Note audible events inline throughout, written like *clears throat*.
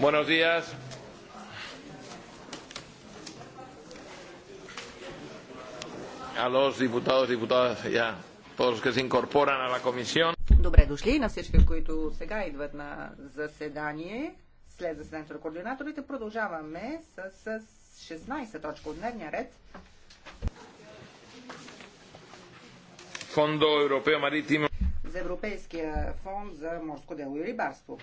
Buenos días. A los diputados, diputadas, ya, todos los que se incorporan a la comisión. Добре дошли на всички, които сега идват на заседание. След заседанието на координаторите продължаваме с, с 16 точка от дневния ред. Фондо Европео Маритимо. За Европейския фонд за морско дело и рибарство.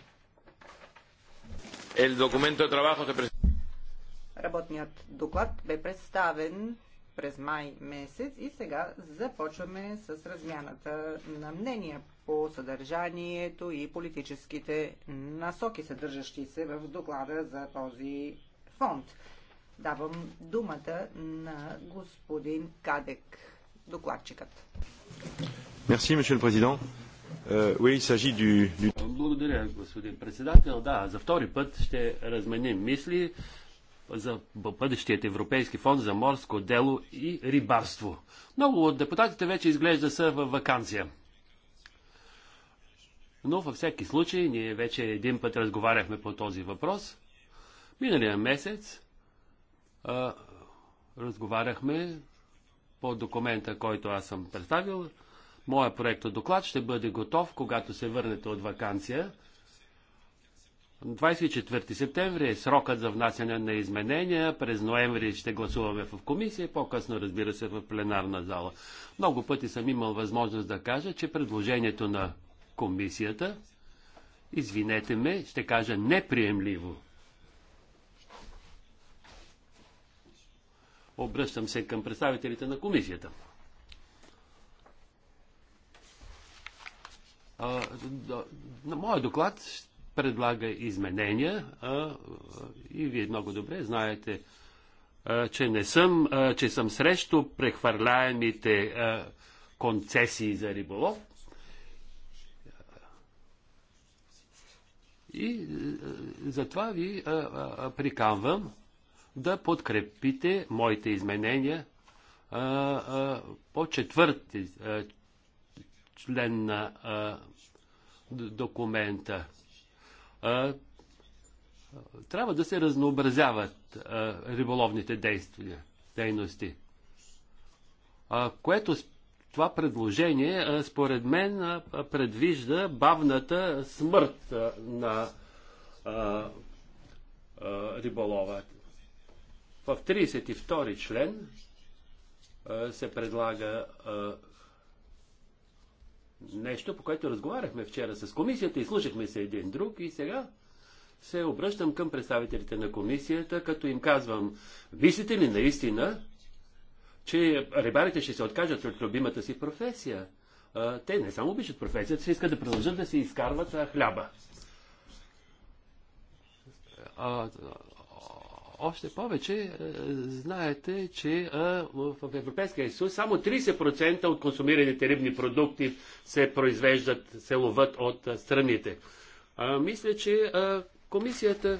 Работният доклад бе представен през май месец и сега започваме с размяната на мнения по съдържанието и политическите насоки, съдържащи се в доклада за този фонд. Давам думата на господин Кадек, докладчикът. Мерси, месье президент. Е, Благодаря, господин председател. Да, за втори път ще разменим мисли за бъдещият Европейски фонд за морско дело и рибарство. Много от депутатите вече изглежда са във вакансия. Но във всеки случай, ние вече един път разговаряхме по този въпрос. Миналия месец а, разговаряхме по документа, който аз съм представил, Моя проект доклад ще бъде готов, когато се върнете от вакансия. 24 септември е срокът за внасяне на изменения. През ноември ще гласуваме в комисия, по-късно разбира се в пленарна зала. Много пъти съм имал възможност да кажа, че предложението на комисията, извинете ме, ще кажа неприемливо. Обръщам се към представителите на комисията. Моят доклад предлага изменения и вие много добре знаете, че не съм, че съм срещу прехвърляемите концесии за риболов. И затова ви приканвам да подкрепите моите изменения по четвърти член на а, документа. А, трябва да се разнообразяват а, риболовните действия, дейности. А, което това предложение, а, според мен, а, предвижда бавната смърт а, на а, а, риболова. В 32 член се предлага нещо, по което разговаряхме вчера с комисията и слушахме се един друг и сега се обръщам към представителите на комисията, като им казвам, мислите ли наистина, че рибарите ще се откажат от любимата си професия? те не само обичат професията, се искат да продължат да си изкарват хляба. Още повече е, знаете, че е, в Европейския съюз само 30% от консумираните рибни продукти се произвеждат, се ловат от е, страните. Мисля, че комисията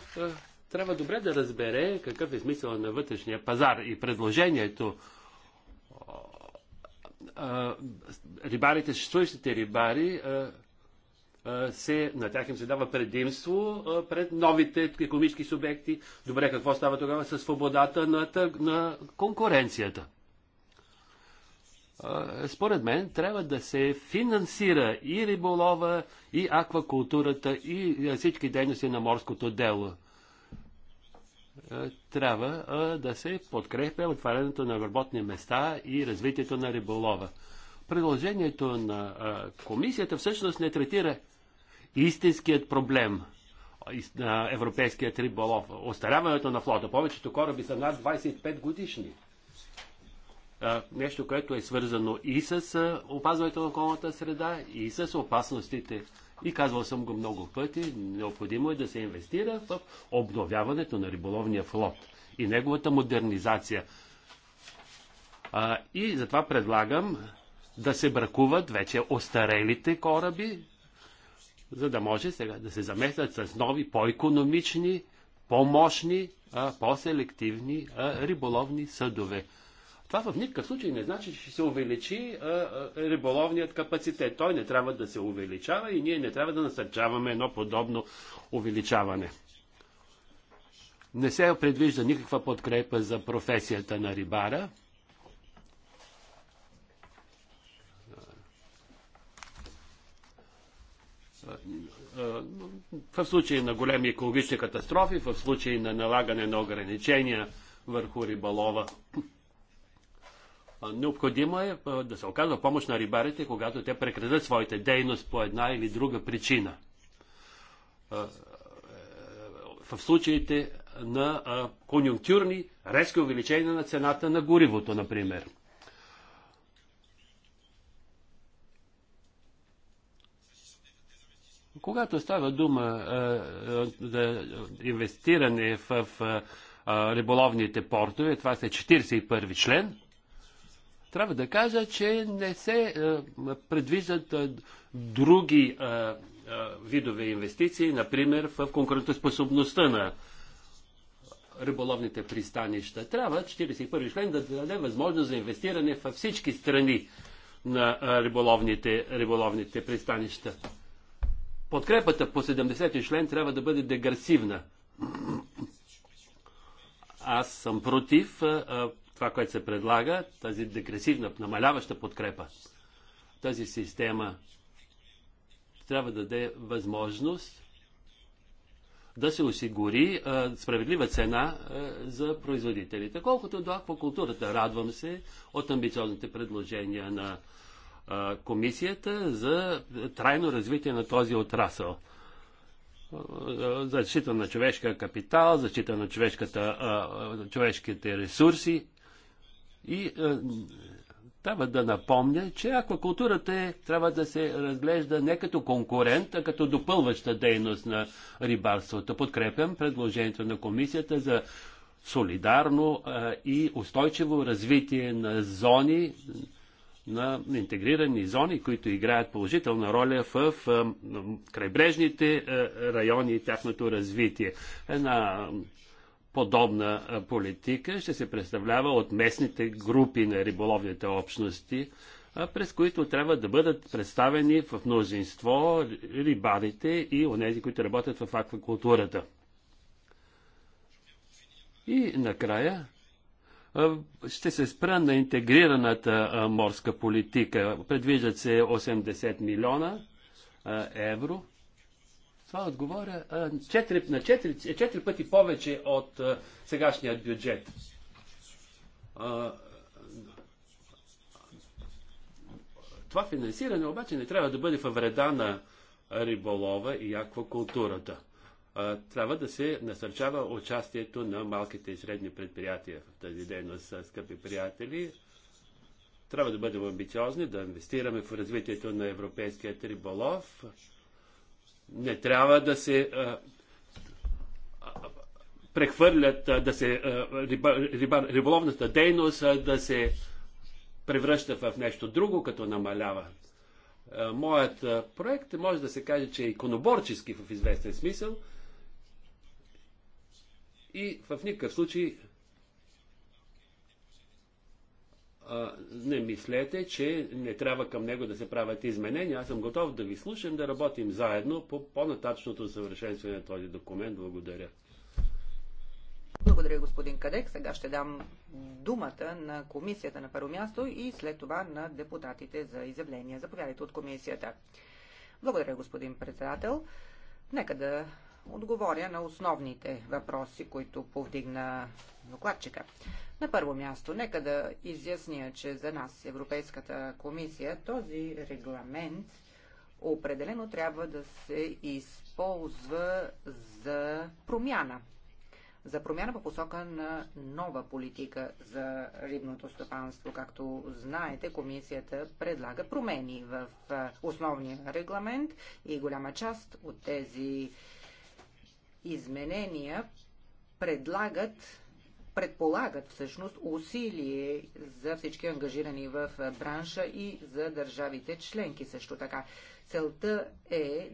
трябва добре да разбере какъв е смисъл на вътрешния пазар и предложението рибарите, съществуващите рибари се, на тях им се дава предимство пред новите економически субекти. Добре, какво става тогава с свободата на, на конкуренцията? Според мен трябва да се финансира и риболова, и аквакултурата, и всички дейности на морското дело. Трябва да се подкрепя отварянето на работни места и развитието на риболова. Предложението на комисията всъщност не третира истинският проблем на европейският риболов. Остаряването на флота. Повечето кораби са над 25 годишни. Нещо, което е свързано и с опазването на околната среда, и с опасностите. И казвал съм го много пъти, необходимо е да се инвестира в обновяването на риболовния флот и неговата модернизация. И затова предлагам да се бракуват вече остарелите кораби, за да може сега да се заместят с нови, по-економични, по-мощни, по-селективни риболовни съдове. Това в никакъв случай не значи, че ще се увеличи риболовният капацитет. Той не трябва да се увеличава и ние не трябва да насърчаваме едно подобно увеличаване. Не се предвижда никаква подкрепа за професията на рибара. Е, е, в случай на големи екологични катастрофи, в случай на налагане на ограничения върху риболова. Необходимо е, е да се оказва помощ на рибарите, когато те прекратят своите дейност по една или друга причина. В случаите на конъюнктюрни резки увеличения на цената на горивото, например. Когато става дума за инвестиране в риболовните портове, това са 41 член, трябва да кажа, че не се предвиждат други видове инвестиции, например в конкурентоспособността на риболовните пристанища. Трябва 41 член да даде възможност за инвестиране във всички страни на риболовните, риболовните пристанища подкрепата по 70-ти член трябва да бъде дегресивна. Аз съм против а, това, което се предлага, тази дегресивна, намаляваща подкрепа. Тази система трябва да даде възможност да се осигури а, справедлива цена а, за производителите. Колкото до аквакултурата, радвам се от амбициозните предложения на комисията за трайно развитие на този отрасъл. Защита на човешкия капитал, защита на човешките ресурси и трябва да напомня, че аквакултурата е, трябва да се разглежда не като конкурент, а като допълваща дейност на рибарството. Подкрепям предложението на комисията за солидарно и устойчиво развитие на зони, на интегрирани зони, които играят положителна роля в крайбрежните е, райони и тяхното развитие. Една подобна е, политика ще се представлява от местните групи на риболовните общности, е, през които трябва да бъдат представени в мнозинство рибарите и онези, които работят в аквакултурата. И накрая ще се спра на интегрираната морска политика. Предвиждат се 80 милиона евро. Това отговоря на 4, 4 пъти повече от сегашния бюджет. Това финансиране обаче не трябва да бъде във вреда на риболова и аквакултурата трябва да се насърчава участието на малките и средни предприятия в тази дейност, скъпи приятели. Трябва да бъдем амбициозни, да инвестираме в развитието на европейския риболов. Не трябва да се а, прехвърлят, а, да се риба, риба, риболовната дейност да се превръща в нещо друго, като намалява. Моят проект може да се каже, че е иконоборчески в известен смисъл – и в никакъв случай а, не мислете, че не трябва към него да се правят изменения. Аз съм готов да ви слушам, да работим заедно по по-нататъчното съвършенстване на този документ. Благодаря. Благодаря, господин Кадек. Сега ще дам думата на комисията на първо място и след това на депутатите за изявления. Заповядайте от комисията. Благодаря, господин председател. Нека да отговоря на основните въпроси, които повдигна докладчика. На първо място, нека да изясня, че за нас, Европейската комисия, този регламент определено трябва да се използва за промяна. За промяна по посока на нова политика за рибното стопанство. Както знаете, комисията предлага промени в основния регламент и голяма част от тези изменения предлагат, предполагат всъщност усилие за всички ангажирани в бранша и за държавите членки също така. Целта е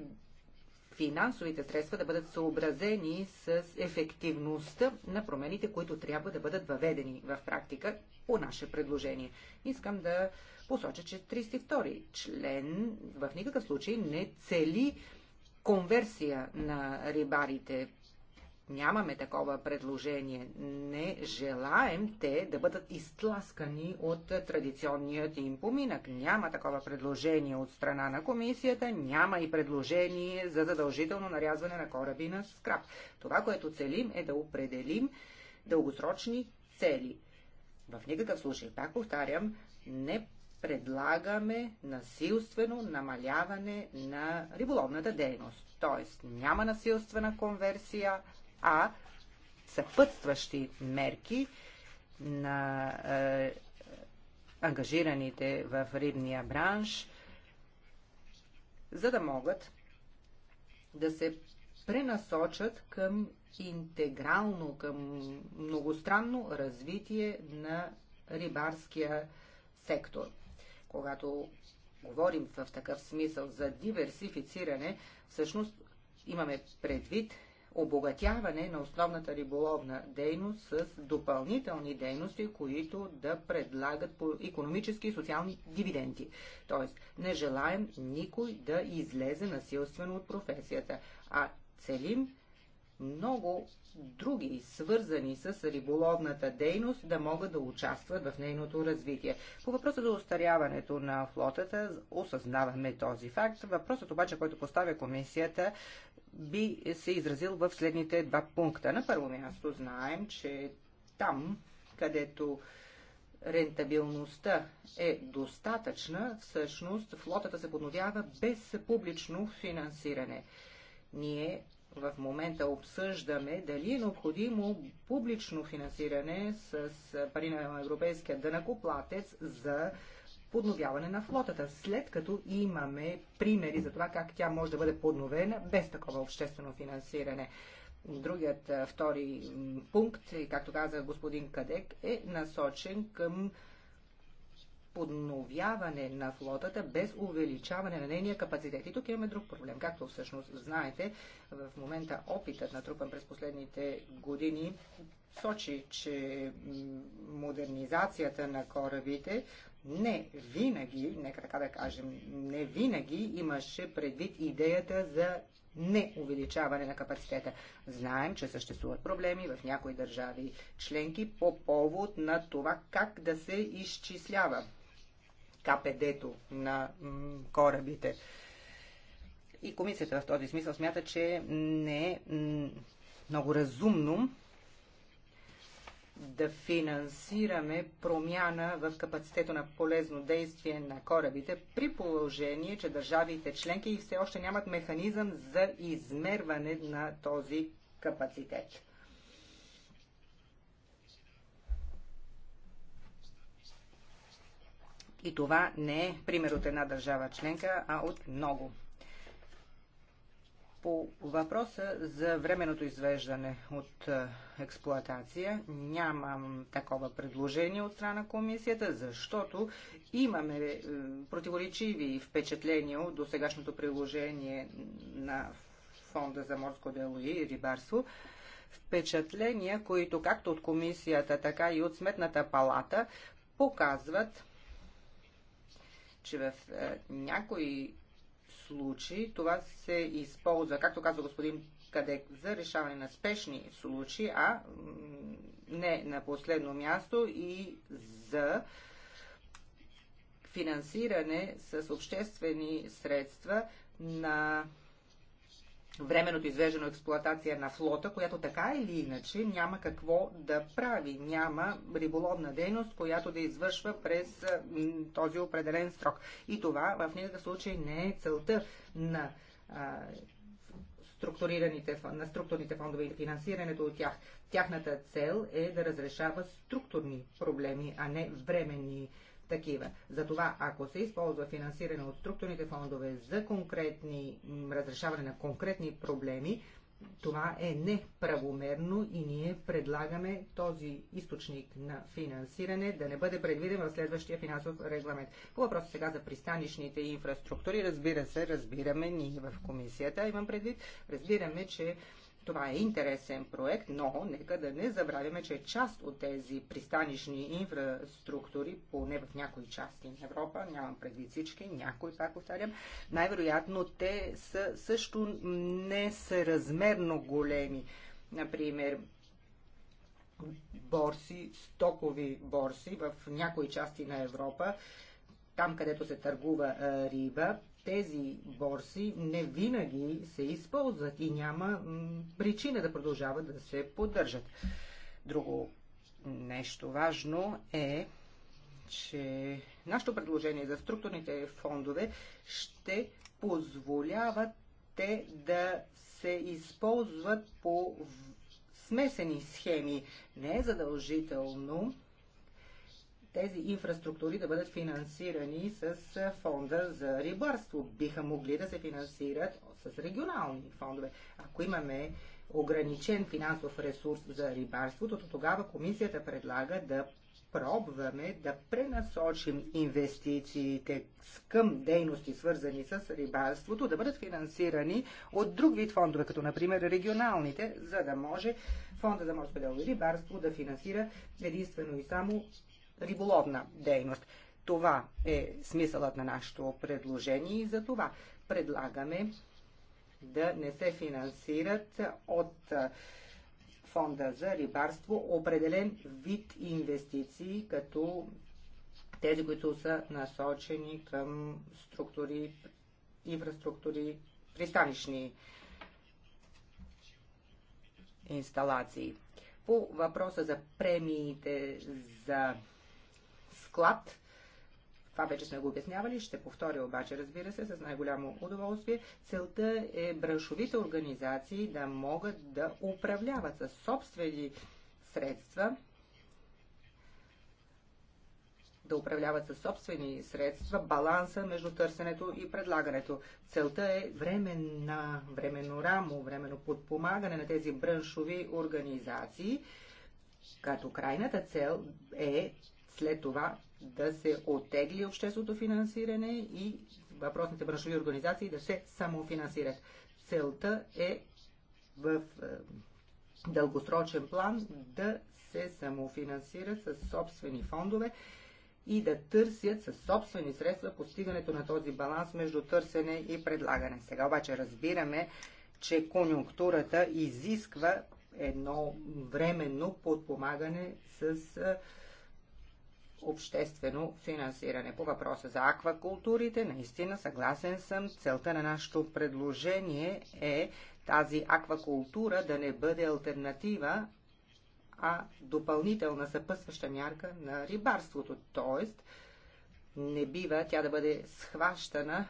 финансовите средства да бъдат съобразени с ефективността на промените, които трябва да бъдат въведени в практика по наше предложение. Искам да посоча, че 32 член в никакъв случай не цели конверсия на рибарите. Нямаме такова предложение. Не желаем те да бъдат изтласкани от традиционният им поминък. Няма такова предложение от страна на комисията, няма и предложение за задължително нарязване на кораби на скраб. Това, което целим е да определим дългосрочни цели. В никакъв случай, пак повтарям, не предлагаме насилствено намаляване на риболовната дейност. Тоест няма насилствена конверсия, а съпътстващи мерки на е, ангажираните в рибния бранш, за да могат да се пренасочат към интегрално, към многостранно развитие на рибарския сектор когато говорим в такъв смисъл за диверсифициране, всъщност имаме предвид обогатяване на основната риболовна дейност с допълнителни дейности, които да предлагат по економически и социални дивиденти. Тоест, не желаем никой да излезе насилствено от професията, а целим много други, свързани с риболовната дейност, да могат да участват в нейното развитие. По въпроса за устаряването на флотата, осъзнаваме този факт. Въпросът обаче, който поставя комисията, би се изразил в следните два пункта. На първо място знаем, че там, където рентабилността е достатъчна, всъщност флотата се подновява без публично финансиране. Ние в момента обсъждаме дали е необходимо публично финансиране с пари на европейския дънакоплатец за подновяване на флотата, след като имаме примери за това как тя може да бъде подновена без такова обществено финансиране. Другият втори пункт, както каза господин Кадек, е насочен към подновяване на флотата без увеличаване на нейния капацитет. И тук имаме друг проблем. Както всъщност знаете, в момента опитът натрупан през последните години сочи, че модернизацията на корабите не винаги, нека така да кажем, не винаги имаше предвид идеята за не увеличаване на капацитета. Знаем, че съществуват проблеми в някои държави членки по повод на това как да се изчислява КПД-то на корабите. И комисията в този смисъл смята, че не е много разумно да финансираме промяна в капацитето на полезно действие на корабите, при положение, че държавите членки и все още нямат механизъм за измерване на този капацитет. И това не е пример от една държава членка, а от много. По въпроса за временното извеждане от експлоатация нямам такова предложение от страна комисията, защото имаме е, противоречиви впечатления от досегашното приложение на Фонда за морско дело и рибарство. Впечатления, които както от комисията, така и от Сметната палата показват, че в е, някои случаи това се използва, както казва господин Кадек, за решаване на спешни случаи, а не на последно място и за финансиране с обществени средства на временното извеждане експлоатация на флота, която така или иначе няма какво да прави. Няма риболовна дейност, която да извършва през този определен срок. И това в никакъв случай не е целта на структурираните, на структурните фондове и финансирането от тях. Тяхната цел е да разрешава структурни проблеми, а не временни проблеми такива. Затова, ако се използва финансиране от структурните фондове за конкретни, разрешаване на конкретни проблеми, това е неправомерно и ние предлагаме този източник на финансиране да не бъде предвиден в следващия финансов регламент. По въпроса сега за пристанищните инфраструктури, разбира се, разбираме ние в комисията, имам предвид, разбираме, че това е интересен проект, но нека да не забравяме, че част от тези пристанищни инфраструктури, поне в някои части на Европа, нямам преди всички, някои, пак повтарям, най-вероятно те са също несъразмерно големи. Например, борси, стокови борси в някои части на Европа, там където се търгува риба, тези борси не винаги се използват и няма причина да продължават да се поддържат. Друго нещо важно е, че нашето предложение за структурните фондове ще позволяват те да се използват по смесени схеми. Не е задължително тези инфраструктури да бъдат финансирани с фонда за рибарство. Биха могли да се финансират с регионални фондове. Ако имаме ограничен финансов ресурс за рибарството, то тогава комисията предлага да пробваме да пренасочим инвестициите към дейности, свързани с рибарството, да бъдат финансирани от друг вид фондове, като например регионалните, за да може фонда за морско дело и рибарство да финансира единствено и само риболовна дейност. Това е смисълът на нашето предложение и за това предлагаме да не се финансират от фонда за рибарство определен вид инвестиции, като тези, които са насочени към структури, инфраструктури, пристанищни инсталации. По въпроса за премиите за склад. Това вече сме го обяснявали, ще повторя обаче, разбира се, с най-голямо удоволствие. Целта е браншовите организации да могат да управляват със собствени средства, да управляват със собствени средства баланса между търсенето и предлагането. Целта е временна, временно рамо, временно подпомагане на тези браншови организации, като крайната цел е след това да се отегли общественото финансиране и въпросните браншови организации да се самофинансират. Целта е в е, дългосрочен план да се самофинансират с собствени фондове и да търсят със собствени средства постигането на този баланс между търсене и предлагане. Сега обаче разбираме, че конюнктурата изисква едно временно подпомагане с е, обществено финансиране. По въпроса за аквакултурите, наистина съгласен съм. Целта на нашето предложение е тази аквакултура да не бъде альтернатива, а допълнителна съпъсваща мярка на рибарството. Тоест, не бива тя да бъде схващана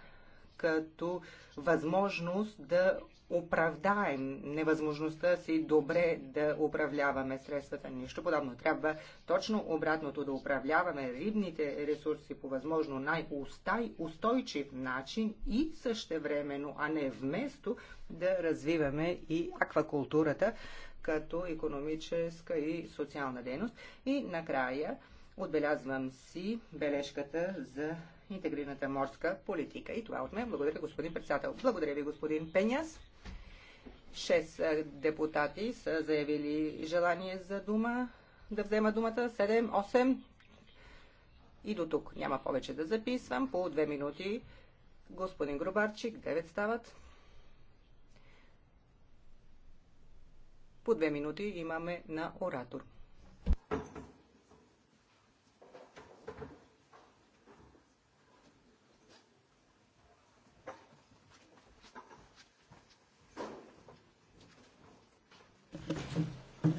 като възможност да оправдаем невъзможността си добре да управляваме средствата. Нищо подобно. Трябва точно обратното да управляваме рибните ресурси по възможно най-устойчив начин и същевременно, а не вместо да развиваме и аквакултурата като економическа и социална дейност. И накрая отбелязвам си бележката за интегрираната морска политика. И това от мен. Благодаря, господин председател. Благодаря ви, господин Пеняс. Шест е, депутати са заявили желание за дума, да взема думата. Седем-осем. и до тук. Няма повече да записвам. По 2 минути господин Грубарчик, 9 стават. По две минути имаме на оратор.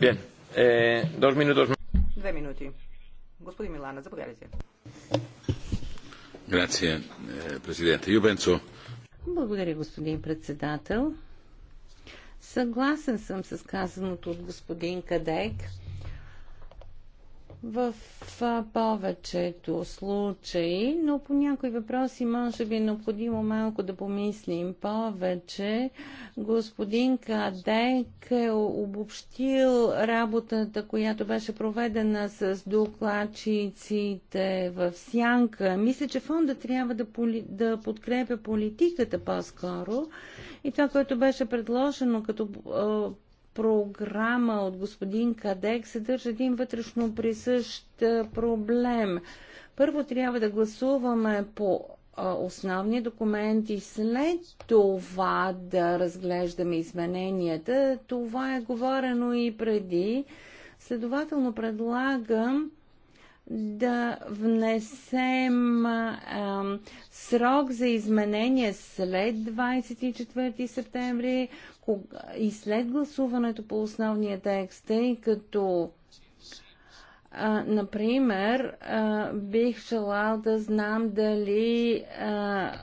Bien. Eh, dos minutos. Две минути. Господин Милана, заповядайте. Грация, е, президента. Юбенцо. Благодаря, господин председател. Съгласен съм с казаното от господин Кадек в повечето случаи, но по някои въпроси може би е необходимо малко да помислим повече. Господин Кадек е обобщил работата, която беше проведена с докладчиците в Сянка. Мисля, че фонда трябва да, поли... да подкрепя политиката по-скоро и това, което беше предложено като програма от господин Кадек съдържа един вътрешно присъщ проблем. Първо трябва да гласуваме по основни документи, след това да разглеждаме измененията. Това е говорено и преди. Следователно предлагам да внесем а, срок за изменение след 24 септември, и след гласуването по основния текст, тъй като а, например, а, бих желал да знам дали а,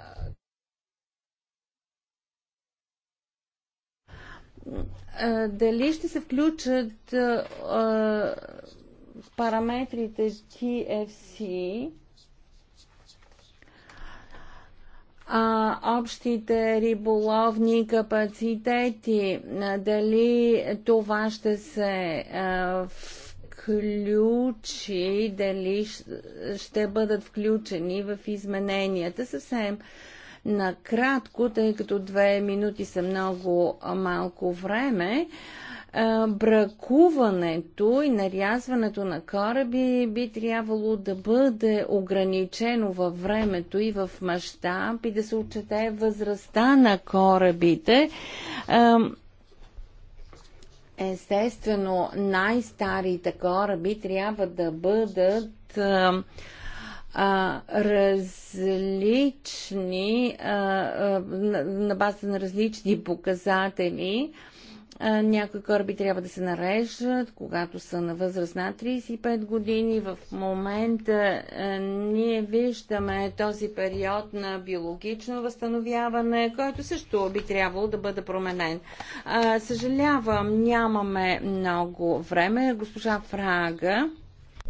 а дали ще се включат а, параметрите TFC а, общите риболовни капацитети, дали това ще се а, включи, дали ще бъдат включени в измененията съвсем накратко, тъй като две минути са много малко време. А, бракуването и нарязването на кораби би трябвало да бъде ограничено във времето и в мащаб и да се отчете възрастта на корабите. Естествено, най-старите кораби трябва да бъдат а, а, различни а, на, на база на различни показатели. А, някои кораби трябва да се нарежат, когато са на възраст на 35 години. В момента ние виждаме този период на биологично възстановяване, който също би трябвало да бъде променен. Съжалявам, нямаме много време. Госпожа Фрага.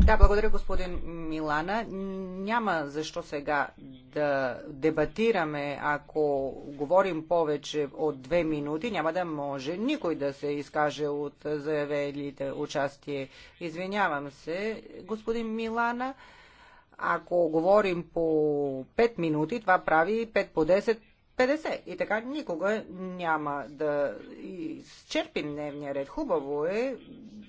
Да, благодаря господин Милана. Няма защо сега да дебатираме, ако говорим повече от две минути, няма да може никой да се изкаже от заявелите участие. Извинявам се, господин Милана. Ако говорим по 5 минути, това прави 5 по 10, 50. И така никога няма да изчерпим дневния ред. Хубаво е,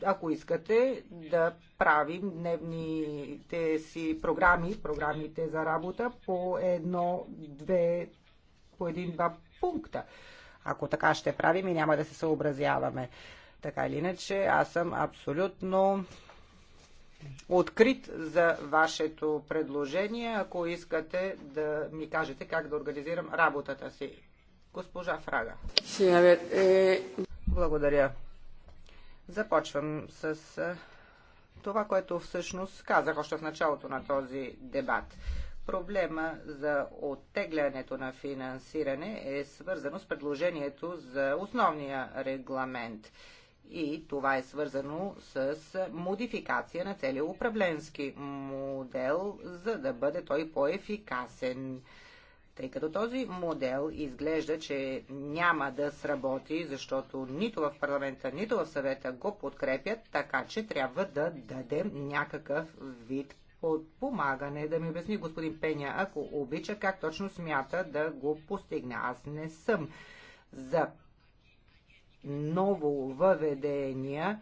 ако искате, да правим дневните си програми, програмите за работа по едно, две, по един-два пункта. Ако така ще правим и няма да се съобразяваме. Така или иначе, аз съм абсолютно открит за вашето предложение, ако искате да ми кажете как да организирам работата си. Госпожа Фрага. Eh, Благодаря. Започвам с това, което всъщност казах още в началото на този дебат. Проблема за оттеглянето на финансиране е свързано с предложението за основния регламент – и това е свързано с модификация на целия управленски модел, за да бъде той по-ефикасен. Тъй като този модел изглежда, че няма да сработи, защото нито в парламента, нито в съвета го подкрепят, така че трябва да дадем някакъв вид подпомагане. Да ми обясни господин Пеня, ако обича, как точно смята да го постигне. Аз не съм за ново въведения.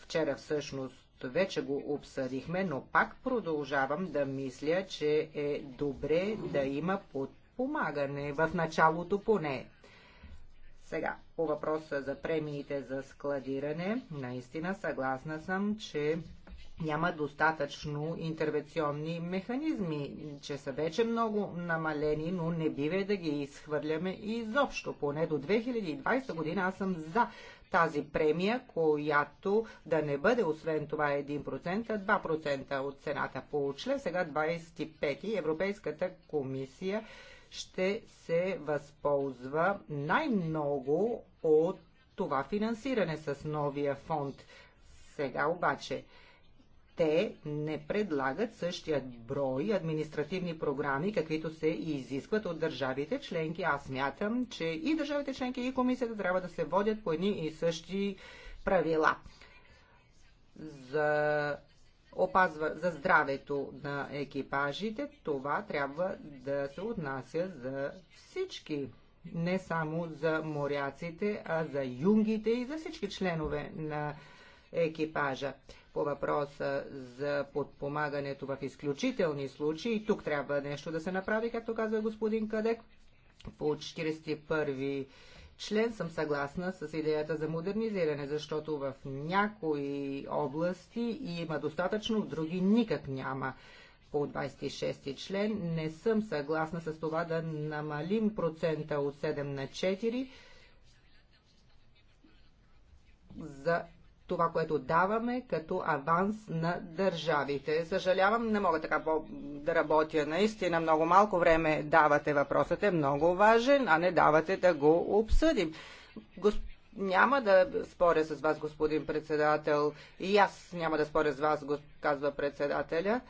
Вчера всъщност вече го обсъдихме, но пак продължавам да мисля, че е добре да има подпомагане, в началото поне. Сега, по въпроса за премиите за складиране, наистина съгласна съм, че няма достатъчно интервенционни механизми, че са вече много намалени, но не бива да ги изхвърляме изобщо. Поне до 2020 година аз съм за тази премия, която да не бъде освен това 1%, а 2% от цената по член. Сега 25 Европейската комисия ще се възползва най-много от това финансиране с новия фонд. Сега обаче те не предлагат същия брой административни програми, каквито се изискват от държавите членки. Аз мятам, че и държавите членки, и комисията трябва да се водят по едни и същи правила за, опазва, за здравето на екипажите. Това трябва да се отнася за всички не само за моряците, а за юнгите и за всички членове на екипажа. По въпроса за подпомагането в изключителни случаи, тук трябва нещо да се направи, както казва господин Кадек. По 41 член съм съгласна с идеята за модернизиране, защото в някои области има достатъчно, в други никак няма. По 26 член не съм съгласна с това да намалим процента от 7 на 4 за това, което даваме като аванс на държавите. Съжалявам, не мога така да работя. Наистина много малко време давате. Въпросът е много важен, а не давате да го обсъдим. Госп... Няма да споря с вас, господин председател. И аз няма да споря с вас, го казва председателя.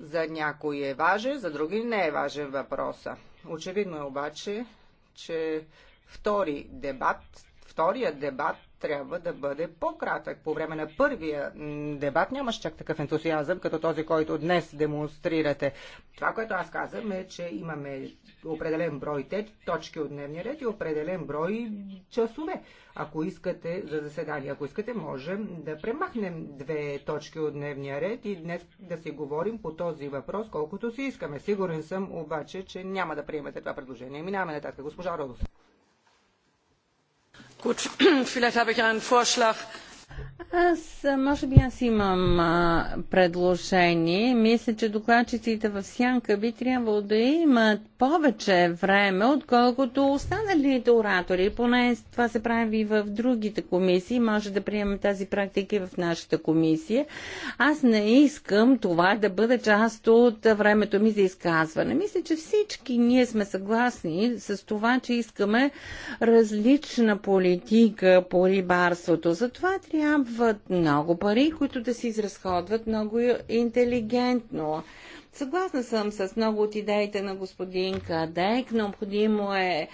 За някой е важен, за други не е важен въпроса. Очевидно е обаче, че втори дебат, вторият дебат трябва да бъде по-кратък. По време на първия дебат нямаш чак такъв ентусиазъм, като този, който днес демонстрирате. Това, което аз казвам е, че имаме определен брой те, точки от дневния ред и определен брой часове. Ако искате за заседание, ако искате, можем да премахнем две точки от дневния ред и днес да си говорим по този въпрос, колкото си искаме. Сигурен съм обаче, че няма да приемете това предложение. Минаваме нататък. Госпожа Родос gut vielleicht habe ich einen vorschlag аз, може би аз имам а, предложение. Мисля, че докладчиците в Сянка би трябвало да имат повече време, отколкото останалите оратори. Поне това се прави и в другите комисии. Може да приемем тази практика и в нашата комисия. Аз не искам това да бъде част от времето ми за изказване. Мисля, че всички ние сме съгласни с това, че искаме различна политика по рибарството. Затова трябва трябват много пари, които да се изразходват много интелигентно. Съгласна съм с много от идеите на господин Кадек. Необходимо е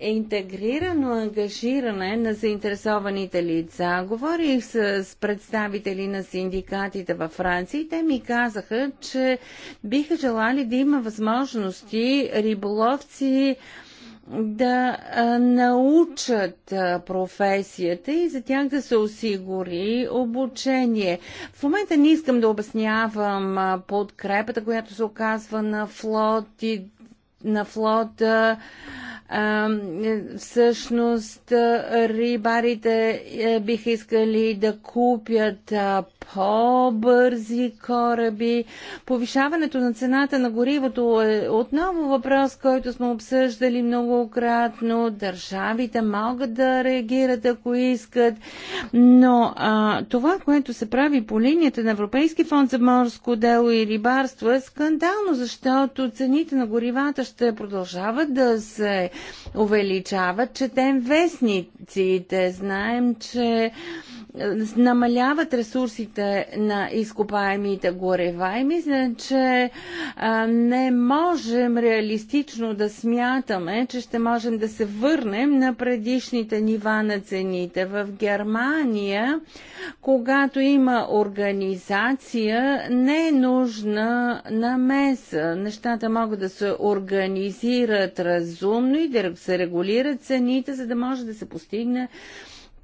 интегрирано ангажиране на заинтересованите лица. Говорих с, представители на синдикатите във Франция и те ми казаха, че биха желали да има възможности риболовци да научат професията и за тях да се осигури обучение. В момента не искам да обяснявам подкрепата, която се оказва на и на флота е, всъщност рибарите е, биха искали да купят по-бързи кораби. Повишаването на цената на горивото е отново въпрос, който сме обсъждали многократно. Държавите могат да реагират, ако искат, но а, това, което се прави по линията на Европейски фонд за морско дело и рибарство е скандално, защото цените на горивата ще продължават да се увеличават. Четем вестниците. Знаем, че намаляват ресурсите на изкопаемите горева и мисля, че а, не можем реалистично да смятаме, че ще можем да се върнем на предишните нива на цените. В Германия, когато има организация, не е нужна намеса. Нещата могат да се организират разумно и да се регулират цените, за да може да се постигне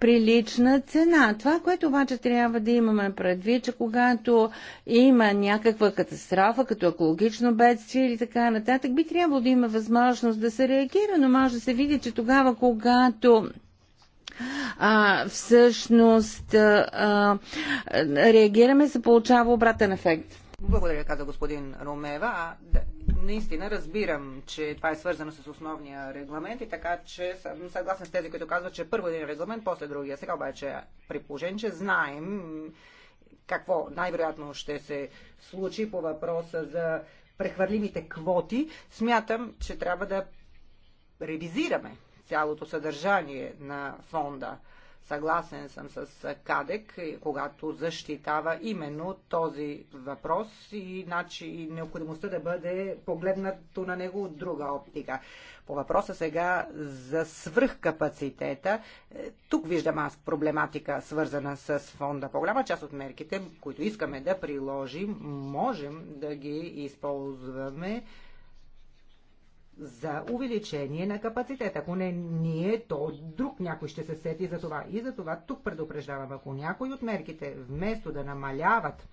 прилична цена. Това, което обаче трябва да имаме предвид, че когато има някаква катастрофа, като екологично бедствие или така нататък, би трябвало да има възможност да се реагира, но може да се види, че тогава, когато а, всъщност а, а, реагираме, се получава обратен ефект. Благодаря, каза господин Ромева. А, наистина разбирам, че това е свързано с основния регламент и така, че съм съгласна с тези, които казват, че първо един регламент, после другия. Сега обаче, при положение, че знаем какво най-вероятно ще се случи по въпроса за прехвърлимите квоти, смятам, че трябва да ревизираме цялото съдържание на фонда. Съгласен съм с Кадек, когато защитава именно този въпрос и, и необходимостта да бъде погледнато на него от друга оптика. По въпроса сега за свръхкапацитета, е, тук виждам аз проблематика, свързана с фонда. По-голяма част от мерките, които искаме да приложим, можем да ги използваме за увеличение на капацитет. Ако не ние, то друг някой ще се сети за това. И за това тук предупреждавам, ако някой от мерките, вместо да намаляват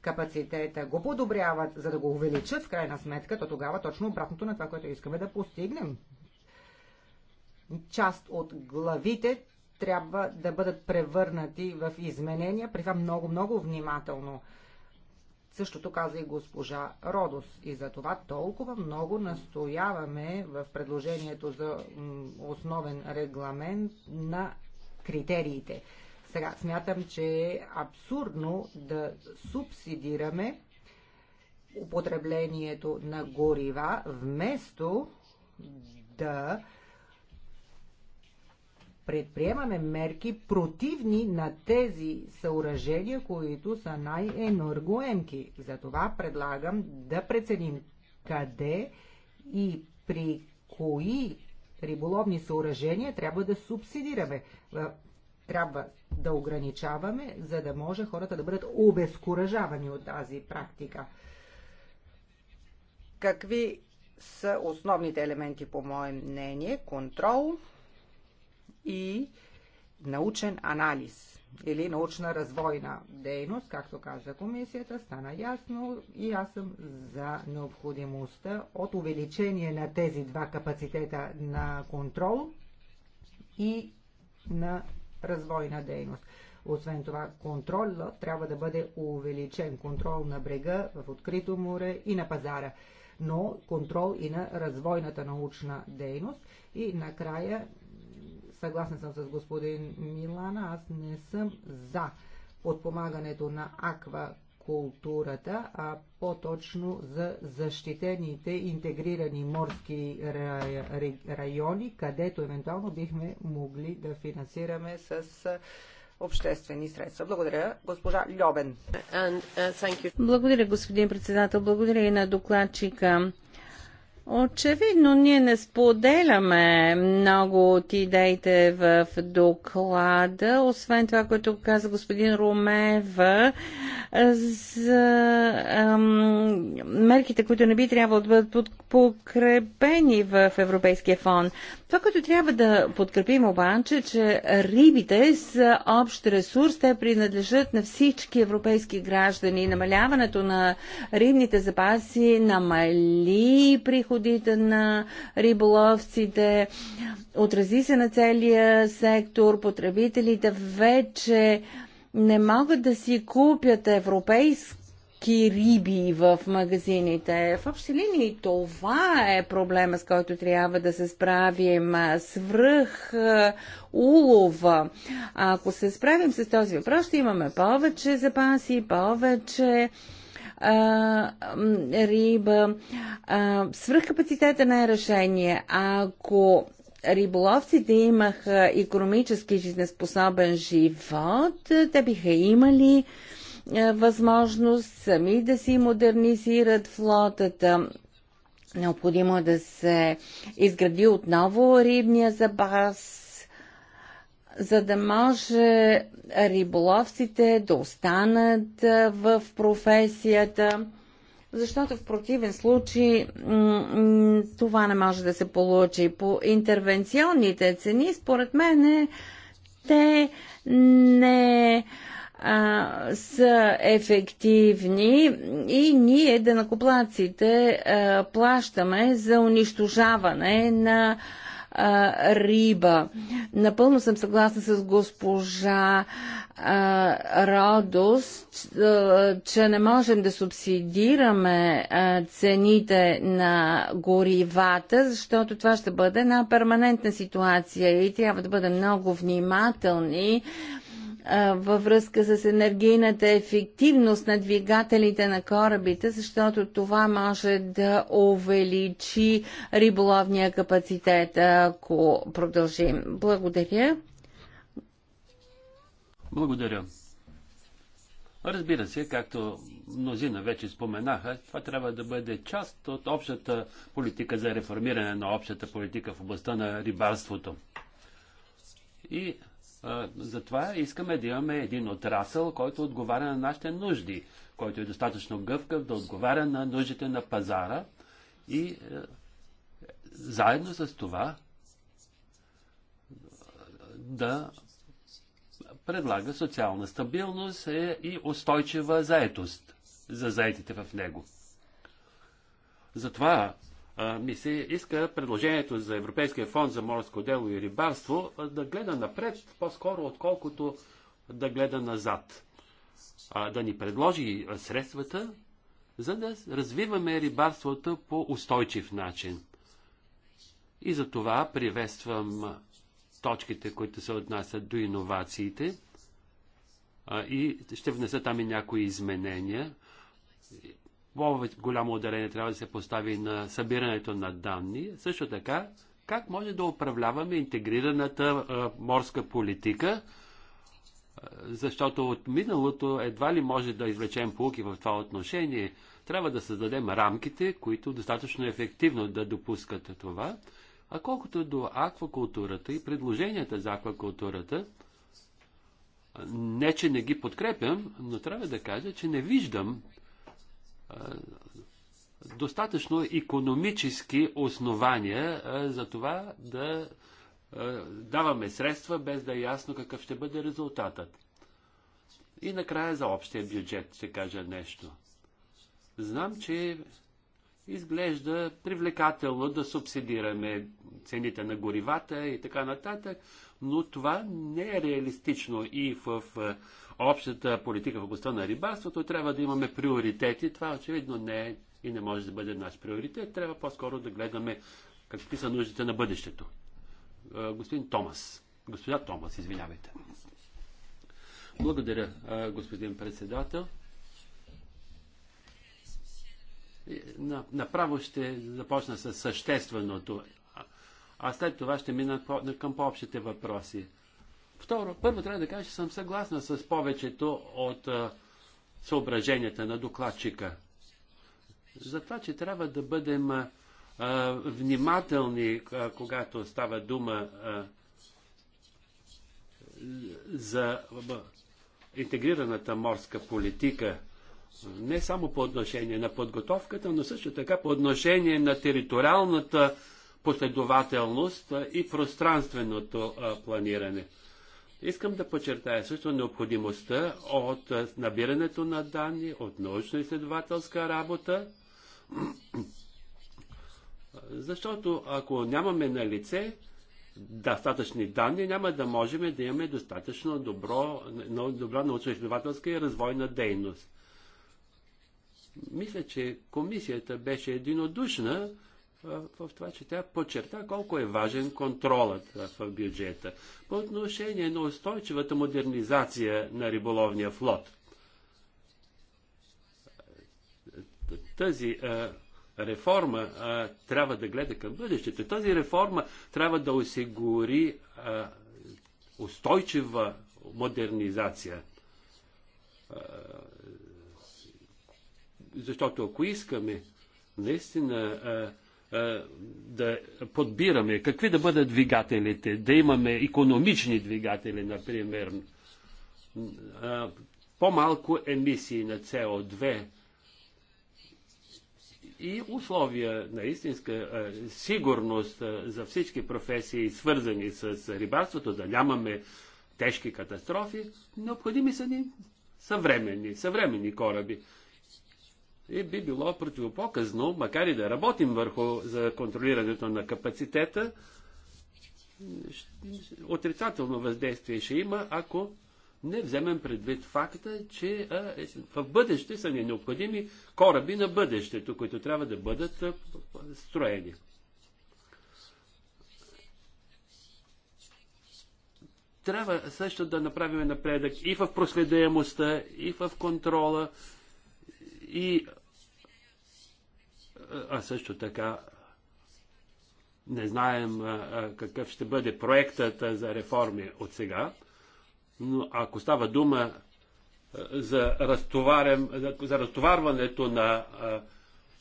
капацитета, го подобряват, за да го увеличат в крайна сметка, то тогава точно обратното на това, което искаме да постигнем. Част от главите трябва да бъдат превърнати в изменения, при това много-много внимателно. Същото каза и госпожа Родос. И за това толкова много настояваме в предложението за основен регламент на критериите. Сега смятам, че е абсурдно да субсидираме употреблението на горива, вместо да предприемаме мерки противни на тези съоръжения, които са най-енергоемки. Затова предлагам да преценим къде и при кои риболовни съоръжения трябва да субсидираме. Е, трябва да ограничаваме, за да може хората да бъдат обезкуражавани от тази практика. Какви са основните елементи, по мое мнение? Контрол, и научен анализ или научна развойна дейност, както каза комисията, стана ясно и аз съм за необходимостта от увеличение на тези два капацитета на контрол и на развойна дейност. Освен това, контролът трябва да бъде увеличен. Контрол на брега, в открито море и на пазара но контрол и на развойната научна дейност и накрая съгласен съм с господин Милана, аз не съм за подпомагането на аква културата, а по-точно за защитените интегрирани морски райони, където евентуално бихме могли да финансираме с обществени средства. Благодаря, госпожа Льобен. And, uh, Благодаря, господин председател. Благодаря и на докладчика. Очевидно, ние не споделяме много от идеите в доклада, освен това, което каза господин Ромева. за ам, мерките, които не би трябвало да бъдат подкрепени в Европейския фонд. Това, което трябва да подкрепим обаче, че рибите са общ ресурс, те принадлежат на всички европейски граждани. Намаляването на рибните запаси намали приходите доходите на риболовците, отрази се на целия сектор, потребителите вече не могат да си купят европейски риби в магазините. В общи линии това е проблема, с който трябва да се справим. Свръх е, улова. Ако се справим с този въпрос, ще имаме повече запаси, повече а, риба. А, свръхкапацитета не е решение. Ако риболовците имаха економически жизнеспособен живот, те биха имали възможност сами да си модернизират флотата. Необходимо е да се изгради отново рибния запас, за да може риболовците да останат в професията, защото в противен случай това не може да се получи. По интервенционните цени, според мен, те не а, са ефективни и ние, денакоплаците, плащаме за унищожаване на а, а, риба. Напълно съм съгласна с госпожа а, че не можем да субсидираме а, цените на горивата, защото това ще бъде една перманентна ситуация и трябва да бъдем много внимателни във връзка с енергийната ефективност на двигателите на корабите, защото това може да увеличи риболовния капацитет, ако продължим. Благодаря. Благодаря. Разбира се, както мнозина вече споменаха, това трябва да бъде част от общата политика за реформиране на общата политика в областта на рибарството. И затова искаме да имаме един отрасъл, който отговаря на нашите нужди, който е достатъчно гъвкав да отговаря на нуждите на пазара и е, заедно с това е, да предлага социална стабилност е, и устойчива заетост за заетите в него. Затова ми се иска предложението за Европейския фонд за морско дело и рибарство да гледа напред по-скоро, отколкото да гледа назад. А, да ни предложи средствата, за да развиваме рибарството по устойчив начин. И за това приветствам точките, които се отнасят до иновациите. И ще внеса там и някои изменения. По-голямо ударение трябва да се постави на събирането на данни. Също така, как може да управляваме интегрираната а, морска политика, защото от миналото едва ли може да извлечем полуки в това отношение. Трябва да създадем рамките, които достатъчно ефективно да допускат това. А колкото до аквакултурата и предложенията за аквакултурата, не, че не ги подкрепям, но трябва да кажа, че не виждам е, достатъчно економически основания е, за това да е, даваме средства, без да е ясно какъв ще бъде резултатът. И накрая за общия бюджет ще кажа нещо. Знам, че изглежда привлекателно да субсидираме цените на горивата и така нататък, но това не е реалистично и в общата политика в областта на рибарството, трябва да имаме приоритети. Това очевидно не е и не може да бъде наш приоритет. Трябва по-скоро да гледаме какви са нуждите на бъдещето. Господин Томас. господа Томас, извинявайте. Благодаря, господин председател. Направо ще започна с същественото, а след това ще мина към по-общите въпроси. Второ, първо трябва да кажа, че съм съгласна с повечето от а, съображенията на докладчика. За това, че трябва да бъдем а, внимателни, а, когато става дума за интегрираната морска политика, не само по отношение на подготовката, но също така по отношение на териториалната последователност и пространственото планиране. Искам да подчертая също необходимостта от набирането на данни, от научно-изследователска работа, *clears throat* защото ако нямаме на лице достатъчни данни, няма да можем да имаме достатъчно добро, добра научно-изследователска и развойна дейност. Мисля, че комисията беше единодушна в, в това, че тя подчерта колко е важен контролът в бюджета по отношение на устойчивата модернизация на риболовния флот. Тази а, реформа а, трябва да гледа към бъдещето. Тази реформа трябва да осигури а, устойчива модернизация. А, защото ако искаме наистина а, е, да подбираме какви да бъдат двигателите, да имаме економични двигатели, например, е, по-малко емисии на CO2 и условия на истинска е, сигурност за всички професии, свързани с рибарството, да нямаме тежки катастрофи, необходими са ни съвременни, съвременни кораби. И би било противопоказно, макар и да работим върху за контролирането на капацитета, отрицателно въздействие ще има, ако не вземем предвид факта, че а, е, в бъдеще са ни необходими кораби на бъдещето, които трябва да бъдат строени. Трябва също да направим напредък и в проследяемостта, и в контрола, и, а също така, не знаем какъв ще бъде проектът за реформи от сега, но ако става дума за, за разтоварването на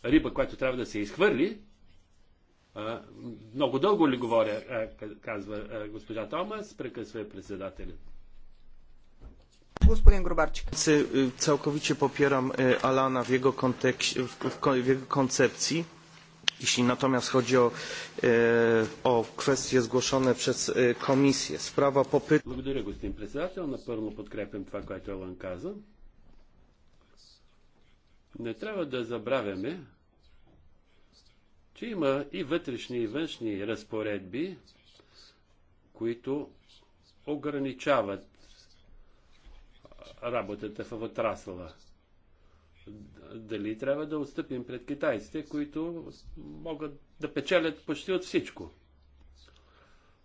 риба, която трябва да се изхвърли, много дълго ли говоря, казва госпожа Томас, прекъсва председателят. Господин Грубарчик. Е, całkowicie popieram e, Alana w jego, kontekście, w jego koncepcji. Jeśli natomiast chodzi o, e, kwestie zgłoszone przez e, komisję, sprawa popytu... Благодаря, господин председател. Напълно подкрепям това, което Алан каза. Не трябва да забравяме, че има и вътрешни и външни разпоредби, които ограничават работата в отрасъла. Дали трябва да отстъпим пред китайците, които могат да печелят почти от всичко?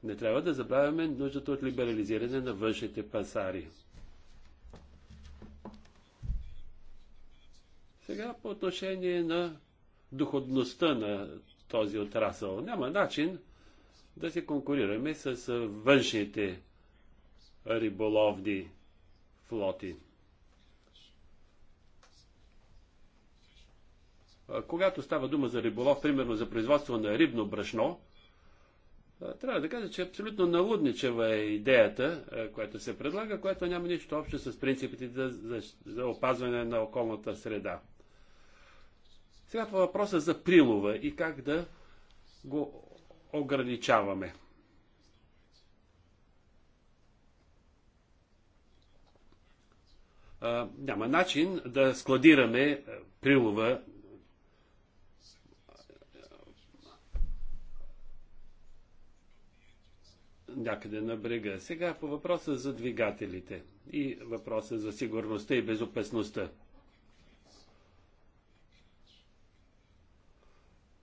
Не трябва да забравяме нуждата от либерализиране на външните пазари. Сега по отношение на доходността на този отрасъл. Няма начин да се конкурираме с външните риболовни флоти. Когато става дума за риболов, примерно за производство на рибно брашно, трябва да кажа, че абсолютно налудничева е идеята, която се предлага, която няма нищо общо с принципите за, за опазване на околната среда. Сега по въпроса за прилова и как да го ограничаваме. а, няма начин да складираме е, прилова. Е, някъде на брега. Сега по въпроса за двигателите и въпроса за сигурността и безопасността.